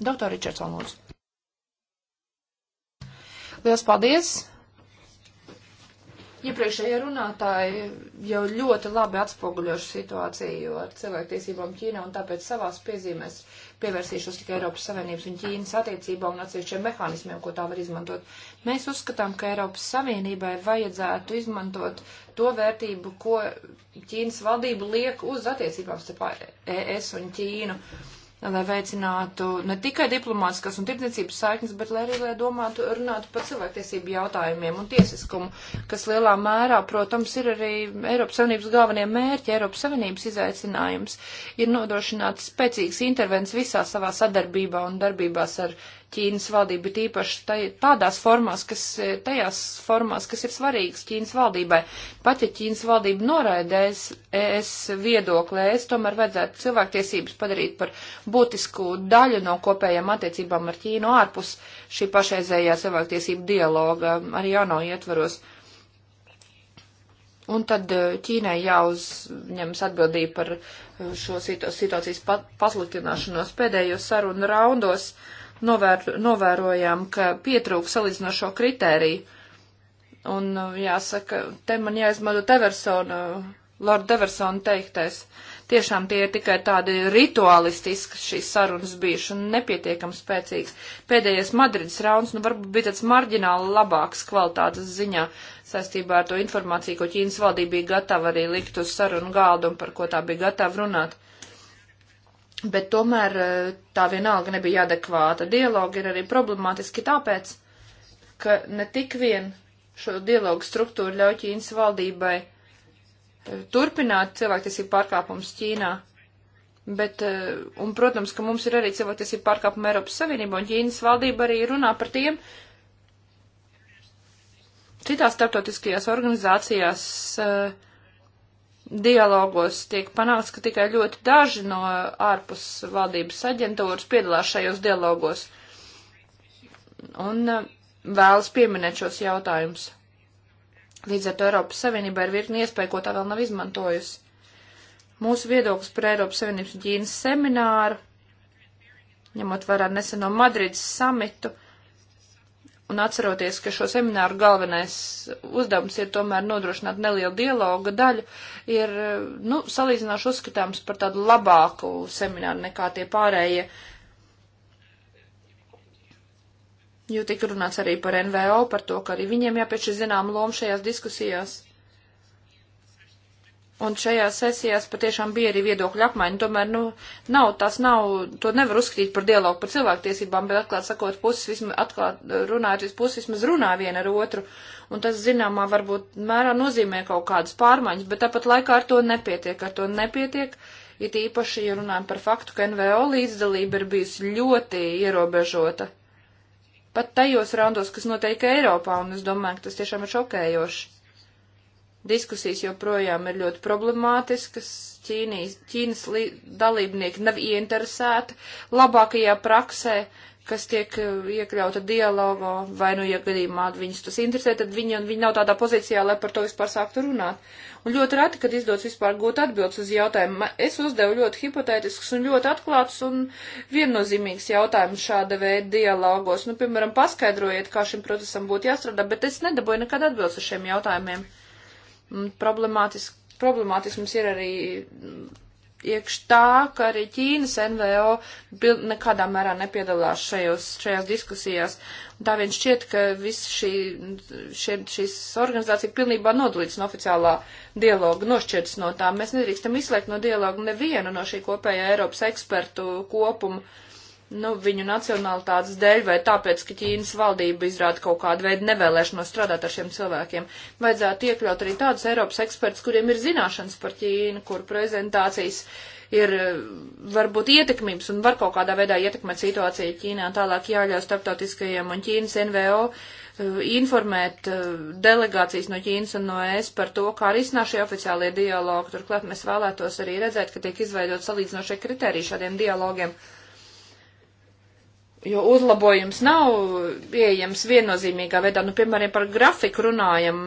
Doktor Ričardson, lūdzu. Liels paldies! Iepriekšējie ja runātāji jau ļoti labi atspoguļojuši situāciju ar cilvēktiesībām Ķīnā, un tāpēc savās piezīmēs pievērsīšos tikai Eiropas Savienības un Ķīnas attiecībām un atsevišķiem mehānismiem, ko tā var izmantot. Mēs uzskatām, ka Eiropas Savienībai vajadzētu izmantot to vērtību, ko Ķīnas valdība liek uz attiecībām starp ES un Ķīnu. Uh, lai veicinātu ne tikai diplomātiskas un tirdzniecības saiknes, bet lai arī, lai domātu, runātu par cilvēktiesību jautājumiem un tiesiskumu, kas lielā mērā, protams, ir arī Eiropas Savienības galvenie mērķi, Eiropas Savienības izaicinājums, ir nodrošināt spēcīgas intervences visā savā sadarbībā un darbībās ar Ķīnas valdību, bet īpaši tai, tādās formās, kas, eh, tajās formās, kas ir svarīgas Ķīnas valdībai. Pat ja Ķīnas valdība noraidēs es viedoklē, es tomēr vajadzētu cilvēktiesības padarīt par būtisku daļu no kopējām attiecībām ar Ķīnu ārpus šī pašreizējā cilvēktiesību dialoga arī jauno ietvaros. Un tad eh, Ķīnai jāuzņemas atbildība par eh, šo situācijas pasliktināšanos pēdējos sarunu raundos. Uh, novēr, novērojām, ka pietrūks salīdzinošo kritēriju. Un uh, jāsaka, te man jāizmanto Deversona, Lord Deversona teiktais. Tiešām tie ir tikai tādi rituālistiski šīs sarunas bijuši un nepietiekam spēcīgs. Pēdējais Madrids rauns, nu varbūt bija tāds marģināli labāks kvalitātes ziņā saistībā ar to informāciju, ko Ķīnas valdība bija gatava arī likt uz sarunu galdu un par ko tā bija gatava runāt. Uh, bet tomēr eh, tā vienalga nebija adekvāta. Dialogi ir arī problemātiski tāpēc, ka ne tik vien šo dialogu struktūru ļauj Ķīnas valdībai eh, turpināt cilvēktiesību pārkāpumus Ķīnā, bet, eh, un, protams, ka mums ir arī cilvēktiesību pārkāpumi Eiropas Savienībā, un Ķīnas valdība arī runā par tiem citās starptautiskajās organizācijās uh, dialogos tiek panāks, ka tikai ļoti daži no ārpus valdības aģentūras piedalās šajos dialogos un eh, vēlas pieminēt šos jautājumus. Līdz ar to Eiropas Savienībā ir virkni iespēja, ko tā vēl nav izmantojusi. Mūsu viedoklis par Eiropas Savienības Ķīnas semināru, ņemot vērā neseno Madrides samitu, Un atceroties, ka šo semināru galvenais uzdevums ir tomēr nodrošināt nelielu dialoga daļu, ir, nu, salīdzināšu uzskatāms par tādu labāku semināru nekā tie pārējie. Jo tika runāts arī par NVO, par to, ka arī viņiem jāpiešķir zinām lomu šajās diskusijās. Un šajās sesijās patiešām bija arī viedokļa apmaiņa. Tomēr, nu, nav, tas nav, to nevar uzskatīt par dialogu par cilvēktiesībām, bet atklāt sakot, puses vismaz, atklāt runājot, puses vismaz runā viena ar otru. Un tas, zināmā, varbūt mērā nozīmē kaut kādas pārmaiņas, bet tāpat laikā ar to nepietiek, ar to nepietiek. It īpaši, ja runājam par faktu, ka NVO līdzdalība ir bijusi ļoti ierobežota. Pat tajos raundos, kas notiek Eiropā, un es domāju, ka tas tiešām ir šokējoši. Diskusijas joprojām ir ļoti problemātiskas. Ķīnijas, Ķīnas dalībnieki nav ieinteresēti labākajā praksē, kas tiek eh, iekļauta dialogā, vai nu, ja gadījumā viņus tas interesē, tad viņi, viņi nav tādā pozīcijā, lai par to vispār sāktu runāt. Un ļoti reti, kad izdodas vispār gūt atbildes uz jautājumu, es uzdevu ļoti hipotētisks un ļoti atklāts un viennozīmīgs jautājums šāda veida dialogos. Nu, piemēram, paskaidrojiet, kā šim procesam būtu jāstrādā, bet es nedabūju nekad atbildes uz šiem jautājumiem. Problemātis, problemātisms ir arī mm, iekš tā, ka arī Ķīnas NVO nekādā mērā nepiedalās šajos, šajās diskusijās. Un tā viens šķiet, ka viss šī, šie, šīs organizācija pilnībā nodalīts no oficiālā dialoga, nošķirts no tām. Mēs nedrīkstam izslēgt no dialoga nevienu no šī kopējā Eiropas ekspertu kopuma. Uh, nu, viņu nacionālitātes dēļ vai tāpēc, ka Ķīnas valdība izrāda kaut kādu veidu nevēlēšanos strādāt ar šiem cilvēkiem. Vajadzētu iekļaut arī tādus Eiropas ekspertus, kuriem ir zināšanas par Ķīnu, kur prezentācijas ir eh, varbūt ietekmības un var kaut kādā veidā ietekmēt situāciju Ķīnā. Tālāk jāļauj starptautiskajiem un Ķīnas NVO eh, informēt eh, delegācijas no Ķīnas un no ES par to, kā arī iznāk šie oficiālie dialogi. Turklāt mēs vēlētos arī redzēt, ka tiek izveidot salīdzinošie kriteriji šādiem dialogiem. Uh, jo uzlabojums nav pieejams viennozīmīgā veidā. Nu, piemēram, par grafiku runājam.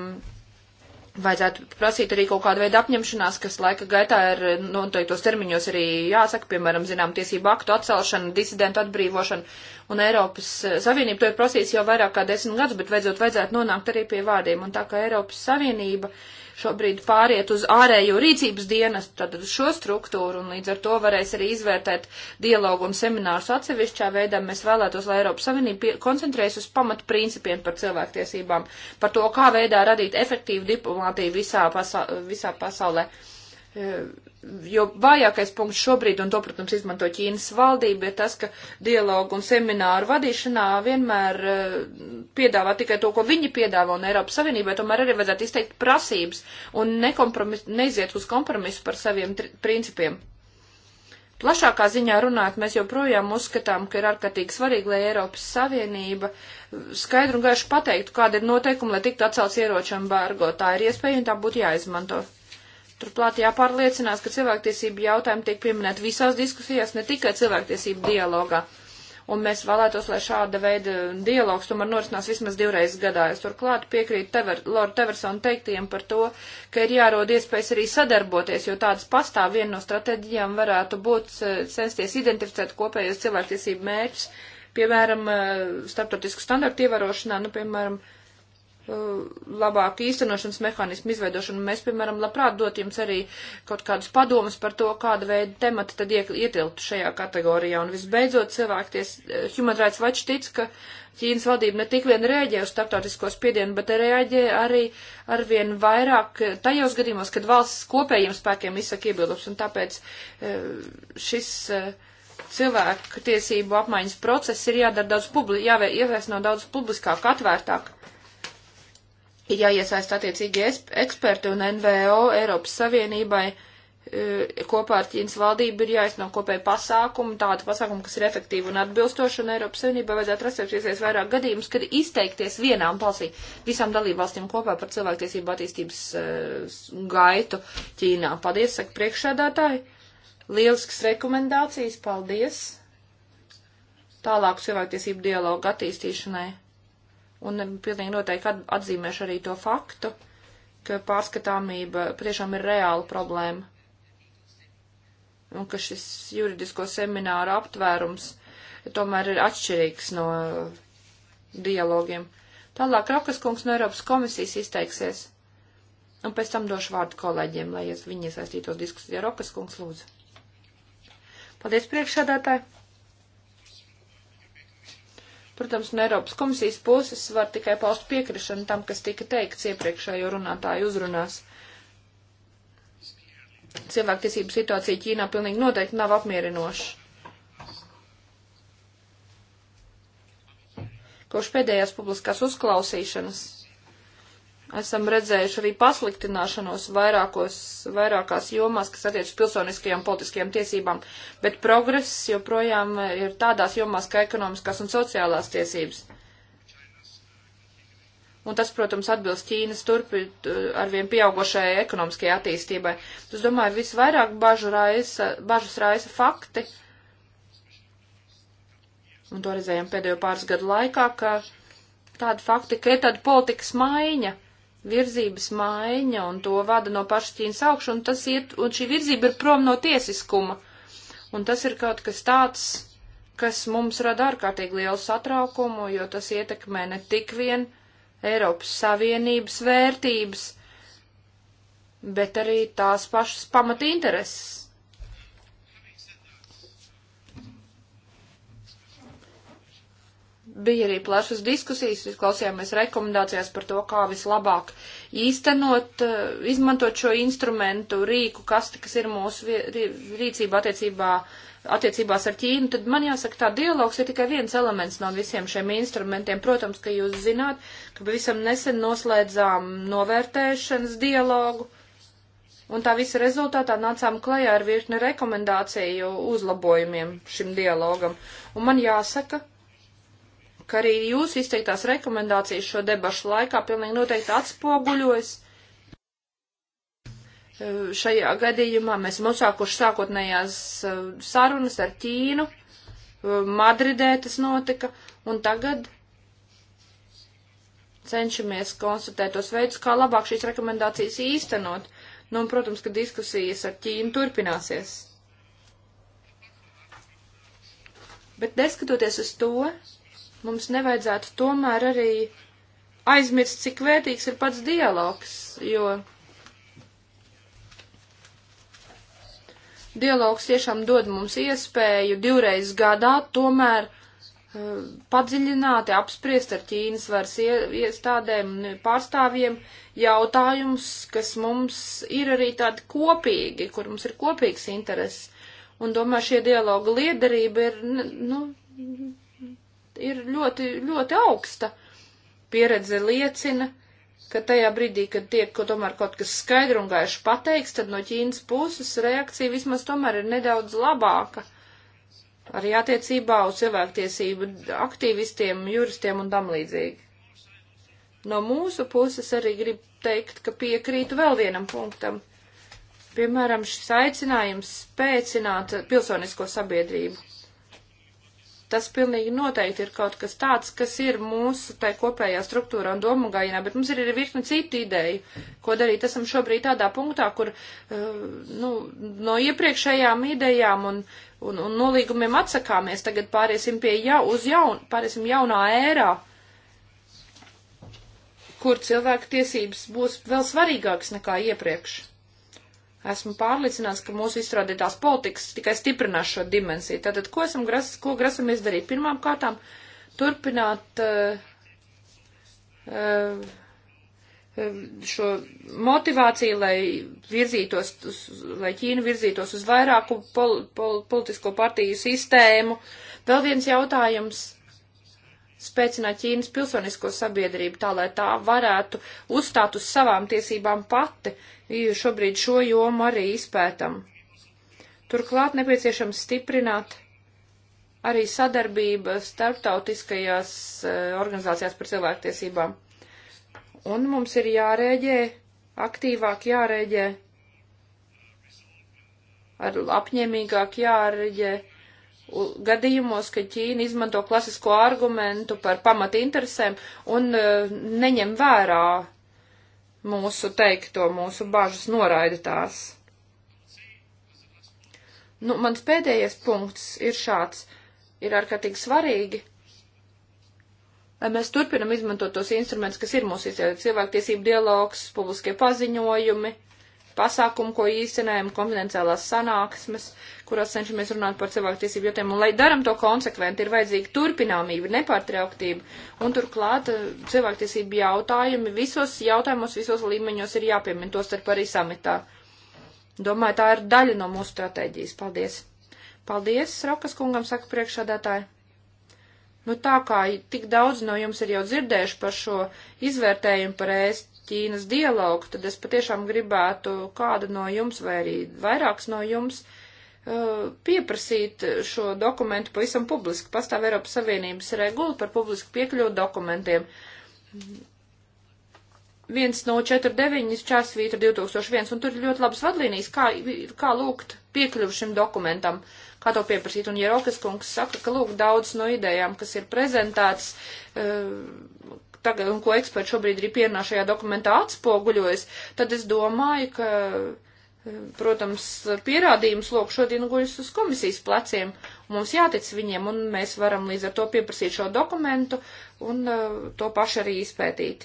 Vajadzētu prasīt arī kaut kādu veidu apņemšanās, kas laika gaitā ir noteiktos termiņos arī jāsaka, piemēram, zinām, tiesību aktu atcelšana, disidentu atbrīvošana, un Eiropas Savienība to ir prasījusi jau vairāk kā desmit gadus, bet vajadzot vajadzētu nonākt arī pie vārdiem, un tā kā Eiropas Savienība uh, šobrīd pāriet uz ārējo rīcības dienas, tad uz šo struktūru, un līdz ar to varēs arī izvērtēt dialogu un seminārus atsevišķā veidā. Mēs vēlētos, lai Eiropas Savienība koncentrējas uz pamat principiem par cilvēktiesībām, par to, kā veidā radīt efektīvu diplomātiju visā, pasa visā pasaulē. Uh, Jo vājākais punkts šobrīd, un to, protams, izmanto Ķīnas valdība, ir tas, ka dialogu un semināru vadīšanā vienmēr eh, piedāvā tikai to, ko viņi piedāvā, un Eiropas Savienībai tomēr arī vajadzētu izteikt prasības un neiziet uz kompromisu par saviem principiem. Plašākā ziņā runājot, mēs joprojām uzskatām, ka ir ārkārtīgi svarīgi, lai Eiropas Savienība eh, skaidru un gaišu pateiktu, kāda ir noteikuma, lai tiktu atcelts ieroču embargo. Tā ir iespēja un tā būtu jāizmanto. Turklāt jāpārliecinās, ka cilvēktiesību jautājumi tiek pieminēti visās diskusijās, ne tikai cilvēktiesību dialogā. Un mēs vēlētos, lai šāda veida dialogs tomēr norisinās vismaz divreiz gadā. Es turklāt piekrītu Tever, Lord Teversona teiktiem par to, ka ir jārod iespējas arī sadarboties, jo tādas pastāv viena no stratēģijām varētu būt censties identificēt kopējos cilvēktiesību mērķus, piemēram, eh, starptautisku standartu ievarošanā, nu, piemēram, uh, Uh, labāku īstenošanas mehānismu izveidošanu. Mēs, piemēram, labprāt dot jums arī kaut kādus padomus par to, kāda veida temati tad ietilptu šajā kategorijā. Un visbeidzot, cilvēkties, eh, Human Rights Watch tic, ka Ķīnas valdība ne tik vien rēģē uz starptautisko spiedienu, bet rēģē arī arvien vairāk tajos gadījumos, kad valsts kopējiem spēkiem izsaka iebildums. Un tāpēc eh, šis eh, cilvēku tiesību apmaiņas process ir jādara daudz, publi, jāvē, ievēs no daudz publiskāk, atvērtāk ir jāiesaist attiecīgi eksperti un NVO Eiropas Savienībai e, kopā ar Ķīnas valdību ir jāizno kopēja pasākumu, tādu pasākumu, kas ir efektīvi un atbilstoši, un Eiropas Savienībā vajadzētu rasēties vairāk gadījumus, kad izteikties vienām balsī visām dalībvalstīm kopā par cilvēktiesību attīstības uh, gaitu Ķīnā. Paldies, saka priekšsēdētāji. Lielisks rekomendācijas, paldies. Tālāk cilvēktiesību dialogu attīstīšanai. Un pilnīgi noteikti atzīmēšu arī to faktu, ka pārskatāmība tiešām ir reāla problēma. Un ka šis juridisko semināru aptvērums tomēr ir atšķirīgs no dialogiem. Tālāk Rokas kungs no Eiropas komisijas izteiksies. Un pēc tam došu vārdu kolēģiem, lai viņi iesaistītos diskusijā. Rokas kungs lūdzu. Paldies priekšsēdētāji! Protams, no Eiropas komisijas puses var tikai paust piekrišanu tam, kas tika teikts iepriekšējo runātāju uzrunās. Cilvēktiesību situācija Ķīnā pilnīgi noteikti nav apmierinoša. Kopš pēdējās publiskās uzklausīšanas esam redzējuši arī pasliktināšanos vairākos, vairākās jomās, kas attiec uz pilsoniskajām politiskajām tiesībām, bet progress joprojām ir tādās jomās kā ekonomiskās un sociālās tiesības. Un tas, protams, atbilst Ķīnas turpi arvien pieaugošajai ekonomiskajai attīstībai. Es domāju, visvairāk bažu raisa, bažas raisa fakti, un to redzējām pēdējo pāris gadu laikā, ka tādi fakti, ka ir tāda politikas maiņa virzības maiņa, un to vada no paša Ķīnas augšu, un, tas iet, un šī virzība ir prom no tiesiskuma. Un tas ir kaut kas tāds, kas mums rada ārkārtīgi lielu satraukumu, jo tas ietekmē ne tik vien Eiropas Savienības vērtības, bet arī tās pašas pamata intereses. bija arī plašas diskusijas, klausījāmies rekomendācijās par to, kā vislabāk īstenot, eh, izmantot šo instrumentu, rīku, kasti, kas ir mūsu rīcība attiecībā, attiecībās ar Ķīnu, tad man jāsaka, tā dialogs ir tikai viens elements no visiem šiem instrumentiem. Protams, ka jūs zināt, ka pavisam nesen noslēdzām novērtēšanas dialogu. Un tā visa rezultātā nācām klajā ar virkni rekomendāciju uzlabojumiem šim dialogam. Un man jāsaka, ka arī jūsu izteiktās rekomendācijas šo debašu laikā pilnīgi noteikti atspoguļojas. Eh, šajā gadījumā mēs esam uzsākuši sākotnējās eh, sarunas ar Ķīnu, eh, Madridē tas notika, un tagad cenšamies konstatēt tos veidus, kā labāk šīs rekomendācijas īstenot. Nu, un, protams, ka diskusijas ar Ķīnu turpināsies. Bet neskatoties uz to, mums nevajadzētu tomēr arī aizmirst, cik vērtīgs ir pats dialogs, jo dialogs tiešām dod mums iespēju divreiz gadā tomēr eh, padziļināti apspriest ar Ķīnas varas iestādēm un pārstāvjiem jautājumus, kas mums ir arī tādi kopīgi, kur mums ir kopīgs intereses. Un domāju, šie dialoga liederība ir, nu, ir ļoti, ļoti augsta. Pieredze liecina, ka tajā brīdī, kad tiek ko tomēr kaut kas skaidri un gaiši pateiks, tad no Ķīnas puses reakcija vismaz tomēr ir nedaudz labāka. Arī attiecībā uz cilvēktiesību aktīvistiem, juristiem un tam līdzīgi. No mūsu puses arī gribu teikt, ka piekrītu vēl vienam punktam. Piemēram, šis aicinājums spēcināt pilsonisko sabiedrību. Tas pilnīgi noteikti ir kaut kas tāds, kas ir mūsu tai kopējā struktūrā un domu gājienā, bet mums ir arī virkni citu ideju, ko darīt. Esam šobrīd tādā punktā, kur eh, nu, no iepriekšējām idejām un, un, un nolīgumiem atsakāmies, tagad pāriesim pie jau, uz jaun, pāriesim jaunā ērā, kur cilvēku tiesības būs vēl svarīgākas nekā iepriekš. Esmu pārliecināts, ka mūsu izstrādītās politikas tikai stiprinās šo dimensiju. Tātad, ko, esam gras, ko grasamies darīt? Pirmām kārtām, turpināt uh, uh, šo motivāciju, lai virzītos, uz, lai Ķīna virzītos uz vairāku pol, pol, politisko partiju sistēmu. Vēl viens jautājums spēcināt Ķīnas pilsonisko sabiedrību tā, lai tā varētu uzstāt uz savām tiesībām pati, jo šobrīd šo jomu arī izpētam. Turklāt nepieciešams stiprināt arī sadarbība starptautiskajās eh, organizācijās par cilvēktiesībām. Un mums ir jārēģē, aktīvāk jārēģē, ar apņēmīgāk jārēģē gadījumos, ka Ķīna izmanto klasisko argumentu par pamata interesēm un e, neņem vērā mūsu teikto, mūsu bažas noraida tās. Nu, mans pēdējais punkts ir šāds. Ir ārkārtīgi svarīgi, lai mēs turpinam izmantot tos instrumentus, kas ir mūsu izjūta - cilvēktiesību dialogs, publiskie paziņojumi, pasākumu, ko īstenējam, konfidenciālās sanāksmes, kurās cenšamies runāt par cilvēku tiesību jautājumu. Un, lai daram to konsekventi, ir vajadzīga turpināmība, nepārtrauktība. Un turklāt eh, cilvēku tiesību jautājumi visos jautājumos, visos līmeņos ir jāpiemina, tostarp arī samitā. Domāju, tā ir daļa no mūsu stratēģijas. Paldies! Paldies, Raukas kungam, saka priekšādātāji. Nu tā kā tik daudz no jums ir jau dzirdējuši par šo izvērtējumu par ēst Ķīnas dialogu, tad es patiešām gribētu kādu no jums vai arī vairākus no jums Uh, pieprasīt šo dokumentu pavisam publiski. Pastāv Eiropas Savienības regula par publisku piekļuvu dokumentiem. 1 no 49 čāsvītra 2001, un tur ir ļoti labas vadlīnijas, kā, kā lūgt piekļuvu šim dokumentam, kā to pieprasīt. Un Jerokas kungs saka, ka lūk daudz no idejām, kas ir prezentētas, uh, tagad, un ko eksperti šobrīd ir pienā šajā dokumentā atspoguļojas, tad es domāju, ka protams, pierādījums lok šodien guļas uz komisijas pleciem. Mums jātic viņiem, un mēs varam līdz ar to pieprasīt šo dokumentu un uh, to pašu arī izpētīt.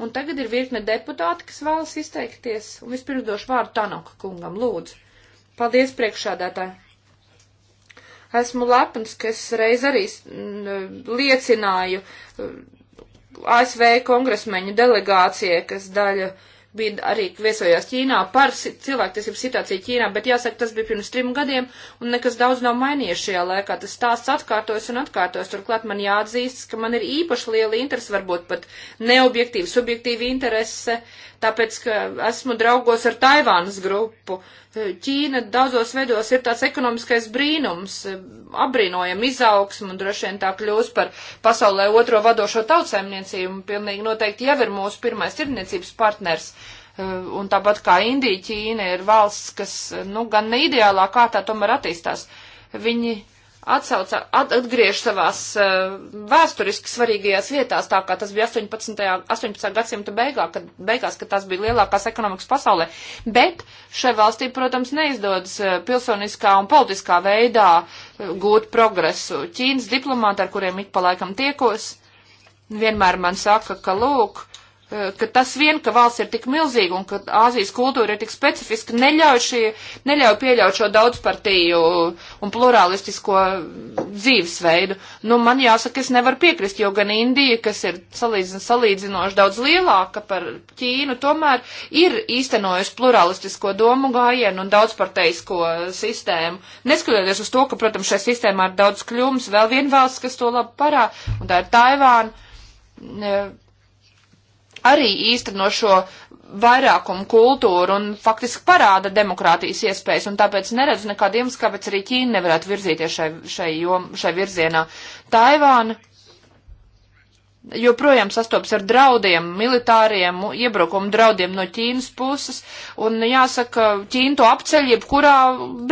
Un tagad ir virkne deputāti, kas vēlas izteikties, un vispirms došu vārdu Tanoka kungam, lūdzu. Paldies priekšādātāji. Esmu lepns, ka es reiz arī mm, liecināju uh, ASV kongresmeņu delegācijai, kas daļa uh, bija arī viesojās Ķīnā par cilvēktiesību situāciju Ķīnā, bet jāsaka, tas bija pirms trim gadiem, un nekas daudz nav mainījies šajā laikā. Tas stāsts atkārtojas un atkārtojas. Turklāt man jāatzīst, ka man ir īpaši liela interese, varbūt pat neobjektīva, subjektīva interese, tāpēc, ka esmu draugos ar Taivānas grupu, Ķīna daudzos veidos ir tāds ekonomiskais brīnums, apbrīnojam izaugsmu un droši vien tā kļūs par pasaulē otro vadošo tautsēmniecību. Pilnīgi noteikti jau ir mūsu pirmais tirdzniecības partners. Eh, un tāpat kā Indija, Ķīna ir valsts, kas, nu, gan ne ideālā kārtā tomēr attīstās. Viņi atsauca, at, atgriež savās uh, vēsturiski svarīgajās vietās, tā kā tas bija 18. 18. gadsimta beigā, kad, beigās, kad tās bija lielākās ekonomikas pasaulē. Bet šai valstī, protams, neizdodas uh, pilsoniskā un politiskā veidā uh, gūt progresu. Ķīnas diplomāti, ar kuriem ik pa laikam tiekos, vienmēr man saka, ka lūk, uh, ka tas vien, ka valsts ir tik milzīga un ka Āzijas kultūra ir tik specifiska, neļauj, šī, neļauj pieļaut šo daudzpartiju un pluralistisko dzīvesveidu. Nu, man jāsaka, es nevaru piekrist, jo gan Indija, kas ir salīdzin, salīdzinoši daudz lielāka par Ķīnu, tomēr ir īstenojusi pluralistisko domu gājienu un daudzparteisko sistēmu. Neskatoties uz to, ka, protams, šai sistēmā ir daudz kļūmes, vēl viena valsts, kas to labi parā, un tā ir Taivāna arī īsteno šo vairākumu kultūru un faktiski parāda demokrātijas iespējas, un tāpēc neredzu nekādu iemeslu, kāpēc arī Ķīna nevarētu virzīties šai, šai, jom, šai virzienā. Taivāna joprojām sastopas ar draudiem, militāriem, iebrukumu draudiem no Ķīnas puses, un jāsaka, Ķīna to apceļ jebkurā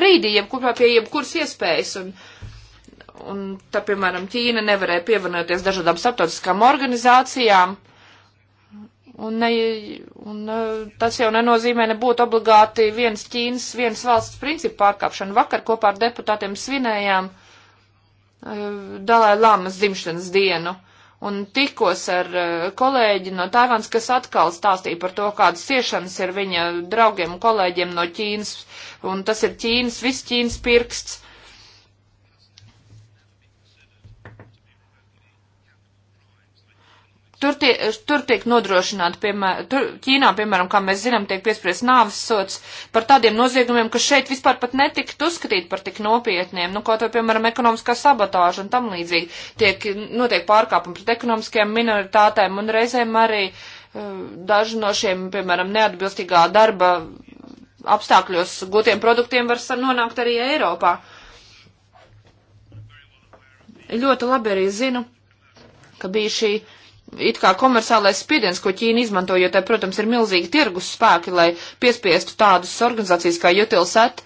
brīdī, jebkurā pie jebkuras iespējas. Un, un tā, piemēram, Ķīna nevarēja pievienoties dažādām starptautiskām organizācijām, Un, ne, un e, tas jau nenozīmē nebūtu obligāti viens Ķīnas, viens valsts principu pārkāpšana. Vakar kopā ar deputātiem svinējām uh, Dalai Lamas dzimšanas dienu. Un tikos ar uh, kolēģi no Taivāns, kas atkal stāstīja par to, kādas ciešanas ir viņa draugiem un kolēģiem no Ķīnas. Un tas ir Ķīnas, viss Ķīnas pirksts. Tur, tie, tur tiek nodrošināta, piemēram, tur, Ķīnā, piemēram, kā mēs zinām, tiek piespriezt nāves sots par tādiem noziegumiem, kas šeit vispār pat netiktu uzskatīt par tik nopietniem, nu, kaut vai, piemēram, ekonomiskā sabotāža un tam līdzīgi, tiek, notiek pārkāpumi pret ekonomiskajām minoritātēm un reizēm arī uh, daži no šiem, piemēram, neatbilstīgā darba apstākļos gūtiem produktiem var nonākt arī Eiropā. Ļoti labi arī zinu, ka bija šī it kā komerciālais spiediens, ko Ķīna izmanto, jo tai, protams, ir milzīgi tirgus spēki, lai piespiestu tādas organizācijas kā Jutilsat,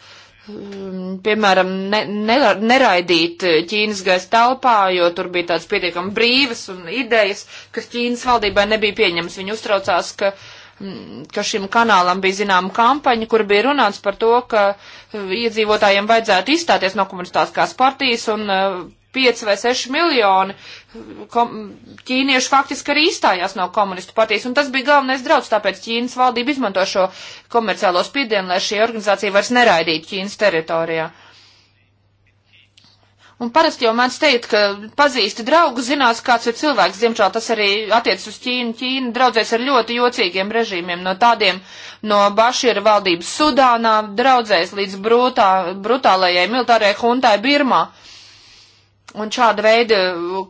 um, piemēram, ne, ne, neraidīt Ķīnas gaisa telpā, jo tur bija tādas pietiekami brīvas un idejas, kas Ķīnas valdībai nebija pieņemas. Viņi uztraucās, ka mm, ka šim kanālam bija zināma kampaņa, kur bija runāts par to, ka uh, iedzīvotājiem vajadzētu izstāties no komunistiskās partijas un uh, 5 vai 6 miljoni ķīnieši faktiski arī izstājās no komunistu partijas, un tas bija galvenais draudz, tāpēc Ķīnas valdība izmanto šo komerciālo spiedienu, lai šī organizācija vairs neraidītu Ķīnas teritorijā. Un parasti jau mēdz teikt, ka pazīsti draugu, zinās, kāds ir cilvēks. Diemžēl tas arī attiecas uz Ķīnu. Ķīna draudzēs ar ļoti jocīgiem režīmiem, no tādiem no Bašīra valdības Sudānā, draudzēs līdz brutā, brutālajai militārajai huntai Birmā. Uh, Un šāda veida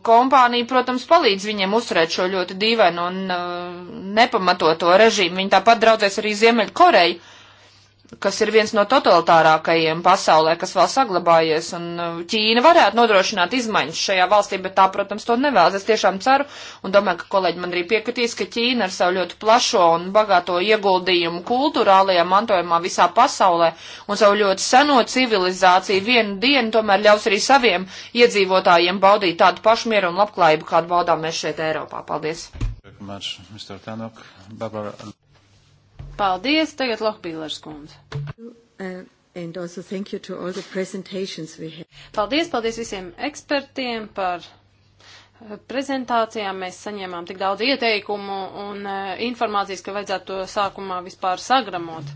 kompānija, protams, palīdz viņiem uzturēt šo ļoti dīvainu un uh, nepamatoto režīmu. Viņi tāpat draudzēs arī Ziemeļkoreju, kas ir viens no totalitārākajiem pasaulē, kas vēl saglabājies, un uh, Ķīna varētu nodrošināt izmaiņas šajā valstī, bet tā, protams, to nevēlas. Es tiešām ceru, un domāju, ka kolēģi man arī piekritīs, ka Ķīna ar savu ļoti plašo un bagāto ieguldījumu kultūrālajā mantojumā visā pasaulē un savu ļoti seno civilizāciju vienu dienu tomēr ļaus arī saviem iedzīvotājiem baudīt tādu pašu mieru un labklājību, kādu baudām mēs šeit Eiropā. Paldies! Much, Mr. Tanok, Barbara... Paldies, tagad Lohbīlers kundze. Paldies, paldies visiem ekspertiem par eh, prezentācijām. Mēs saņēmām tik daudz ieteikumu un eh, informācijas, ka vajadzētu to sākumā vispār sagramot.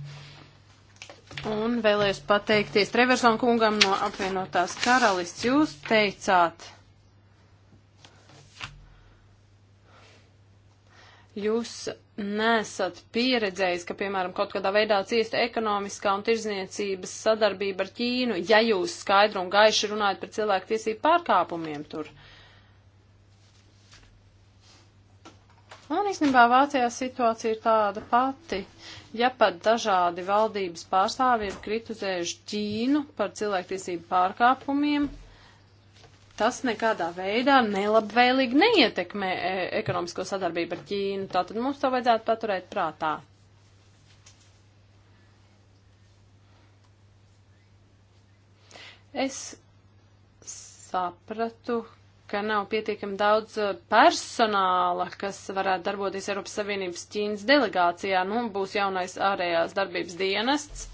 Un vēlējos pateikties Treverson kungam no apvienotās karalists. Jūs teicāt, jūs nesat pieredzējis, ka, piemēram, kaut kādā veidā ciest ekonomiskā un tirzniecības sadarbība ar Ķīnu, ja jūs skaidru un gaiši runājat par cilvēku tiesību pārkāpumiem tur. Un īstenībā Vācijā situācija ir tāda pati. Ja pat dažādi valdības pārstāvji ir kritizējuši Ķīnu par cilvēktiesību pārkāpumiem, tas nekādā veidā nelabvēlīgi neietekmē e, ekonomisko sadarbību ar Ķīnu. Tātad mums to vajadzētu paturēt prātā. Es sapratu, ka nav pietiekami daudz e, personāla, kas varētu darboties Eiropas Savienības Ķīnas delegācijā. Nu, būs jaunais ārējās darbības dienests.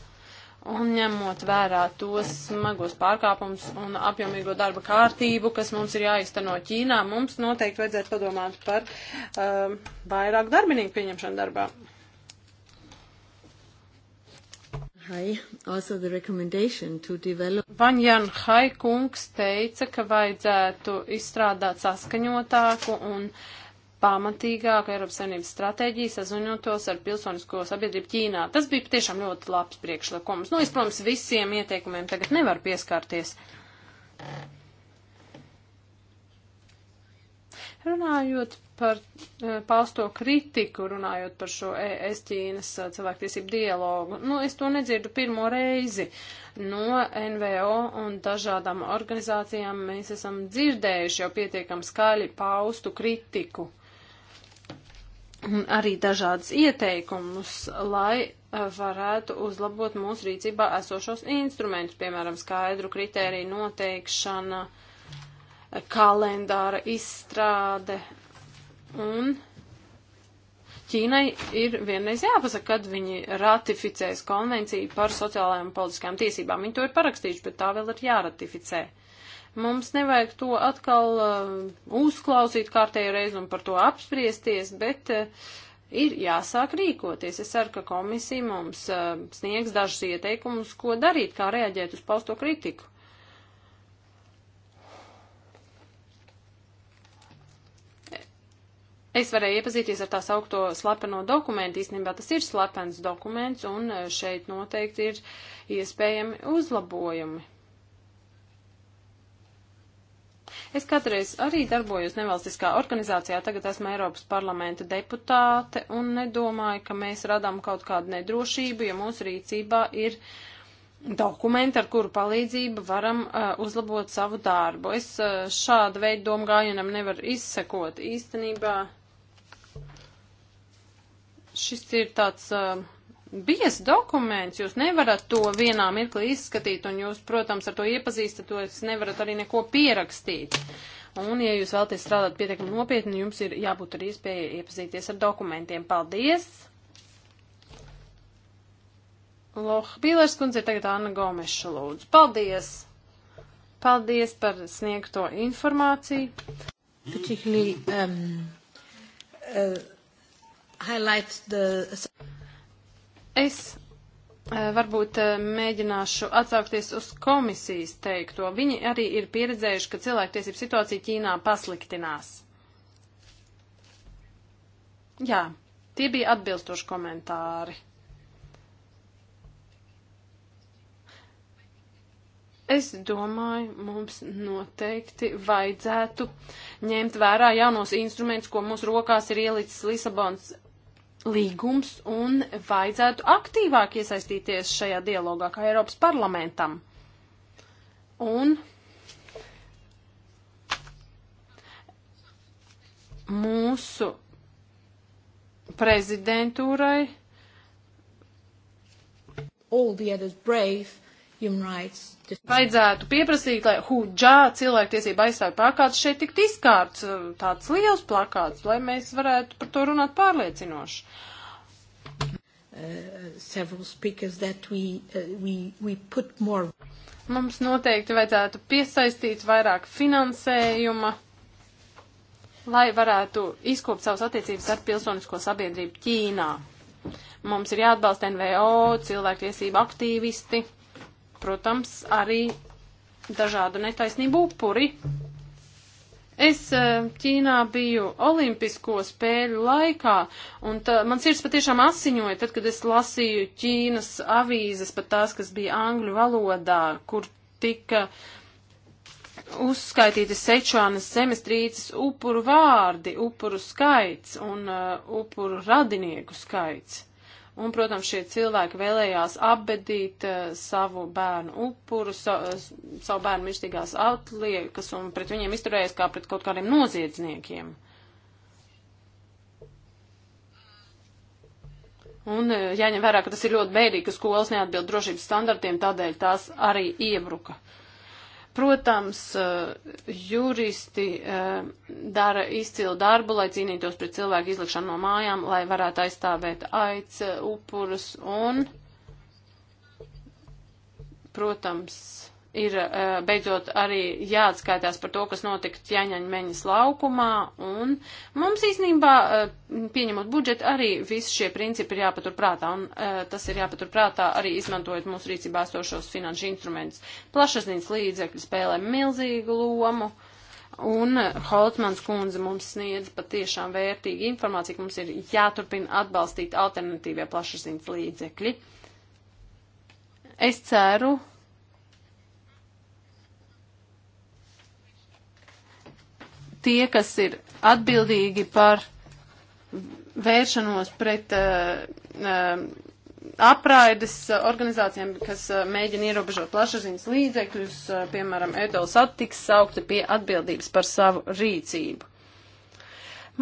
Un ņemot vērā tos smagos pārkāpumus un apjomīgo darba kārtību, kas mums ir jāizteno Ķīnā, mums noteikti vajadzētu padomāt par um, vairāk darbinieku pieņemšanu darbā. Hai, also the recommendation to develop. Van Jan Hai kungs teica, ka vajadzētu izstrādāt saskaņotāku un uh, pamatīgāk Eiropas Savienības stratēģiju saziņotos ar pilsonisko sabiedrību Ķīnā. Tas bija patiešām ļoti labs priekšlikums. Nu, es, protams, visiem ieteikumiem tagad nevaru pieskārties. Runājot par e, pausto kritiku, runājot par šo ES Ķīnas e, cilvēktiesību dialogu, nu, es to nedzirdu pirmo reizi. No NVO un dažādām organizācijām mēs esam dzirdējuši jau pietiekam skaļi paustu kritiku. Uh, un arī dažādas ieteikumus, lai eh, varētu uzlabot mūsu rīcībā esošos instrumentus, piemēram, skaidru kritēriju noteikšana, eh, kalendāra izstrāde un Ķīnai ir vienreiz jāpasaka, kad viņi ratificēs konvenciju par sociālajām un politiskajām tiesībām. Viņi to ir parakstījuši, bet tā vēl ir jāratificē. Uh, Mums nevajag to atkal uh, uzklausīt kārtēju reizi un par to apspriesties, bet uh, ir jāsāk rīkoties. Es ceru, ka komisija mums uh, sniegs dažus ieteikumus, ko darīt, kā reaģēt uz pausto kritiku. Es varēju iepazīties ar tā saukto slepeno dokumentu. Īstenībā tas ir slepens dokuments, un uh, šeit noteikti ir iespējami uzlabojumi. Es kādreiz arī darbojos nevalstiskā organizācijā, tagad esmu Eiropas parlamenta deputāte un nedomāju, ka mēs radām kaut kādu nedrošību, ja mūsu rīcībā ir dokumenti, ar kuru palīdzību varam uh, uzlabot savu darbu. Es uh, šādu veidu domu gājienam nevaru izsekot. Īstenībā šis ir tāds. Uh, bies dokuments, jūs nevarat to vienā mirklī izskatīt, un jūs, protams, ar to iepazīstat, to jūs nevarat arī neko pierakstīt. Un, ja jūs vēlaties strādāt pietiekami nopietni, jums ir jābūt arī iespēja iepazīties ar dokumentiem. Paldies! Loh, Bīlers kundze ir tagad Anna Gomeša lūdzu. Paldies! Paldies par sniegto informāciju. Particularly um, uh, highlight the Es eh, varbūt eh, mēģināšu atsaukties uz komisijas teikto. Viņi arī ir pieredzējuši, ka cilvēktiesību situācija Ķīnā pasliktinās. Jā, tie bija atbilstoši komentāri. Es domāju, mums noteikti vajadzētu ņemt vērā jaunos instrumentus, ko mūsu rokās ir ielicis Lisabons līgums un vajadzētu aktīvāk iesaistīties šajā dialogā kā Eiropas parlamentam. Un mūsu prezidentūrai. All the others brave Vajadzētu pieprasīt, lai huģā cilvēktiesība aizstāvja plakāts šeit tikt izkārts, eh, tāds liels plakāts, lai mēs varētu par to runāt pārliecinoši. Uh, uh Mums noteikti vajadzētu piesaistīt vairāk finansējuma, lai varētu izkopt savas attiecības ar pilsonisko sabiedrību Ķīnā. Mums ir jāatbalsta NVO, cilvēktiesība aktīvisti protams, arī dažādu netaisnību upuri. Es e, Ķīnā biju olimpisko spēļu laikā, un tā, man sirds patiešām asiņoja, tad, kad es lasīju Ķīnas avīzes, pat tās, kas bija angļu valodā, kur tika uzskaitīti Sečuānas zemestrīces upuru vārdi, upuru skaits un uh, upuru radinieku skaits. Un, protams, šie cilvēki vēlējās apbedīt uh, savu bērnu upuru, sa, uh, savu bērnu mirstīgās atliekas un pret viņiem izturējās kā pret kaut kādiem noziedzniekiem. Un uh, jāņem vērā, ka tas ir ļoti bēdīgi, ka skolas neatbild drošības standartiem, tādēļ tās arī iebruka. Uh, Protams, eh, juristi eh, dara izcilu darbu, lai cīnītos pret cilvēku izlikšanu no mājām, lai varētu aizstāvēt aids, eh, upurus un, protams, ir eh, beidzot arī jāatskaitās par to, kas notika Tjaņaņmeņas laukumā, un mums īstenībā, eh, pieņemot budžetu, arī visi šie principi ir jāpaturprātā, un eh, tas ir jāpaturprātā arī izmantojot mūsu rīcībā esošos finanšu instrumentus. Plašasnīgs līdzekļi spēlē milzīgu lomu. Un Holtmans kundze mums sniedz patiešām vērtīgu informāciju, ka mums ir jāturpina atbalstīt alternatīvie plašsaziņas līdzekļi. Es ceru, tie, kas ir atbildīgi par vēršanos pret uh, uh, apraides organizācijām, kas uh, mēģina ierobežot plašsaziņas līdzekļus, uh, piemēram, Edols attiks saukti pie atbildības par savu rīcību.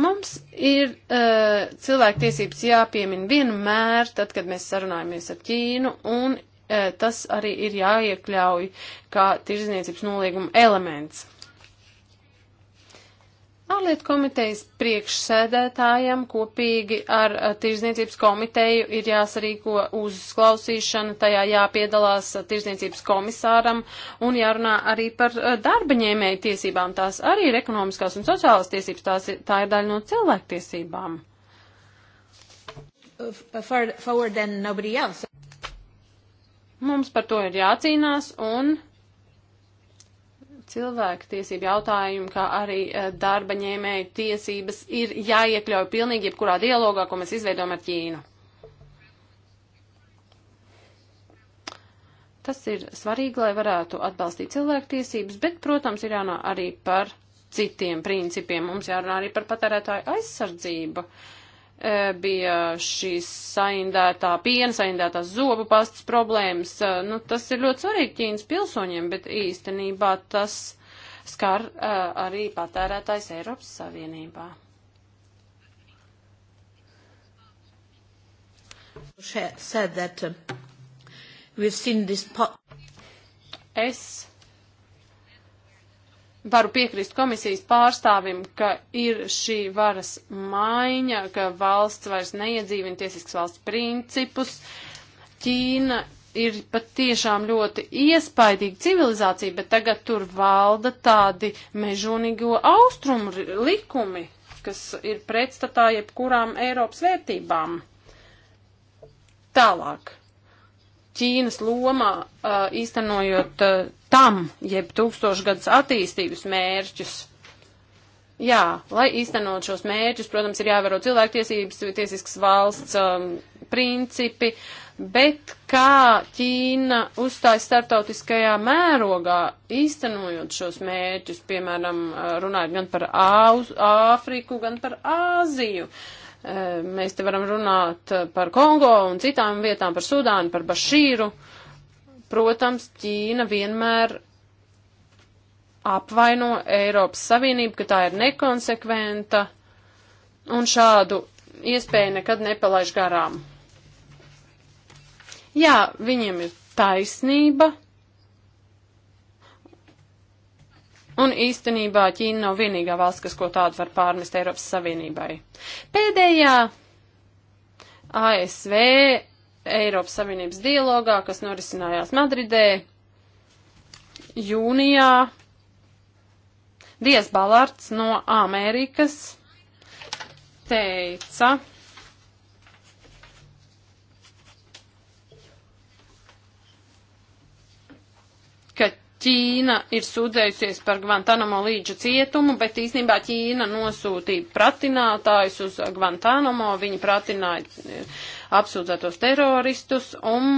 Mums ir uh, cilvēktiesības jāpiemina vienmēr, tad, kad mēs sarunājamies ar Ķīnu, un uh, tas arī ir jāiekļauj kā tirzniecības nolīguma elements. Ārlietu komitejas priekšsēdētājam kopīgi ar Tirzniecības komiteju ir jāsarīko uzklausīšana, tajā jāpiedalās Tirzniecības komisāram un jārunā arī par darbaņēmēju tiesībām. Tās arī ir ekonomiskās un sociālās tiesības, tās ir, tā ir daļa no cilvēktiesībām. Uh, Mums par to ir jācīnās un cilvēku tiesību jautājumi, kā arī e, darba ņēmēju tiesības ir jāiekļauj pilnīgi jebkurā dialogā, ko mēs izveidojam ar Ķīnu. Tas ir svarīgi, lai varētu atbalstīt cilvēktiesības, bet, protams, ir jārunā arī par citiem principiem. Mums jārunā arī par patērētāju aizsardzību. Uh, E, bija šīs saindētā piena, saindētās zobu pastas problēmas. E, nu, tas ir ļoti svarīgi Ķīnas pilsoņiem, bet īstenībā tas skar e, arī patērētājs Eiropas Savienībā. said that uh, we've seen this pot. Es varu piekrist komisijas pārstāvim, ka ir šī varas maiņa, ka valsts vairs neiedzīvina tiesisks valsts principus. Ķīna ir pat tiešām ļoti iespaidīga civilizācija, bet tagad tur valda tādi mežonīgo austrumu likumi, kas ir pretstatā jebkurām Eiropas vērtībām. Tālāk. Ķīnas lomā īstenojot tam, jeb tūkstošgadus attīstības mērķus. Jā, lai īstenot šos mērķus, protams, ir jāvēro cilvēktiesības, tiesiskas valsts um, principi, bet kā Ķīna uzstājas startautiskajā mērogā, īstenojot šos mērķus, piemēram, runājot gan par Āfriku, gan par Āziju. Uh, Eh, mēs te varam runāt par Kongo un citām vietām, par Sudānu, par Bašīru. Protams, Ķīna vienmēr apvaino Eiropas Savienību, ka tā ir nekonsekventa un šādu iespēju nekad nepalaiž garām. Jā, viņiem ir taisnība Un īstenībā Ķīna nav vienīgā valsts, kas ko tādu var pārmest Eiropas Savienībai. Pēdējā ASV Eiropas Savienības dialogā, kas norisinājās Madridē jūnijā, Dies Balards no Amerikas teica, Ķīna ir sūdzējusies par Guantanamo līdžu cietumu, bet īstenībā Ķīna nosūtīja pratinātājus uz Guantanamo, viņi pratināja eh, apsūdzētos teroristus, un,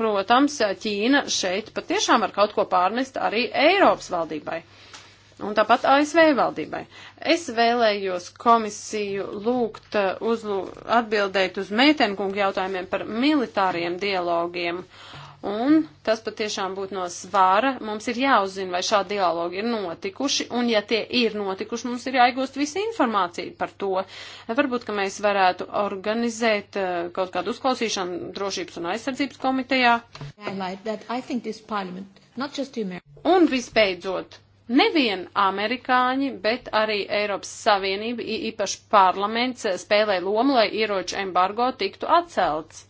protams, Ķīna šeit patiešām var kaut ko pārnest arī Eiropas valdībai. Un tāpat ASV valdībai. Es vēlējos komisiju lūgt eh, uzlū, atbildēt uz meitenkungu jautājumiem par militāriem dialogiem. Uh, un tas patiešām būtu no svara. Mums ir jāuzzina, vai šādi dialogi ir notikuši, un ja tie ir notikuši, mums ir jāiegūst visa informācija par to. Varbūt, ka mēs varētu organizēt eh, kaut kādu uzklausīšanu drošības un aizsardzības komitejā. Un visbeidzot, Nevien amerikāņi, bet arī Eiropas Savienība, īpaši parlaments, eh, spēlē lomu, lai ieroču embargo tiktu atcelts.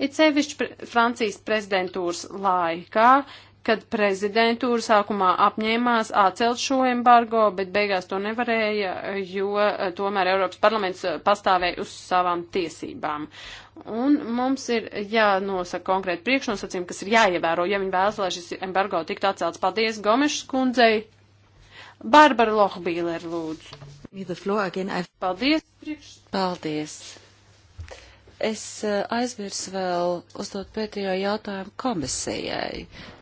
It sevišķi pre Francijas prezidentūras laikā, kad prezidentūra sākumā apņēmās atcelt šo embargo, bet beigās to nevarēja, jo eh, tomēr Eiropas parlaments eh, pastāvēja uz savām tiesībām. Un mums ir jānosaka konkrēti priekšnosacījumi, kas ir jāievēro, ja viņi vēlas, lai šis embargo tiktu atcelts. Paldies Gomešas kundzei. Barbara Lohbīler, lūdzu. Paldies. Priekš... Paldies. Es eh, aizmirsu vēl uzdot pēdējo jautājumu komisijai.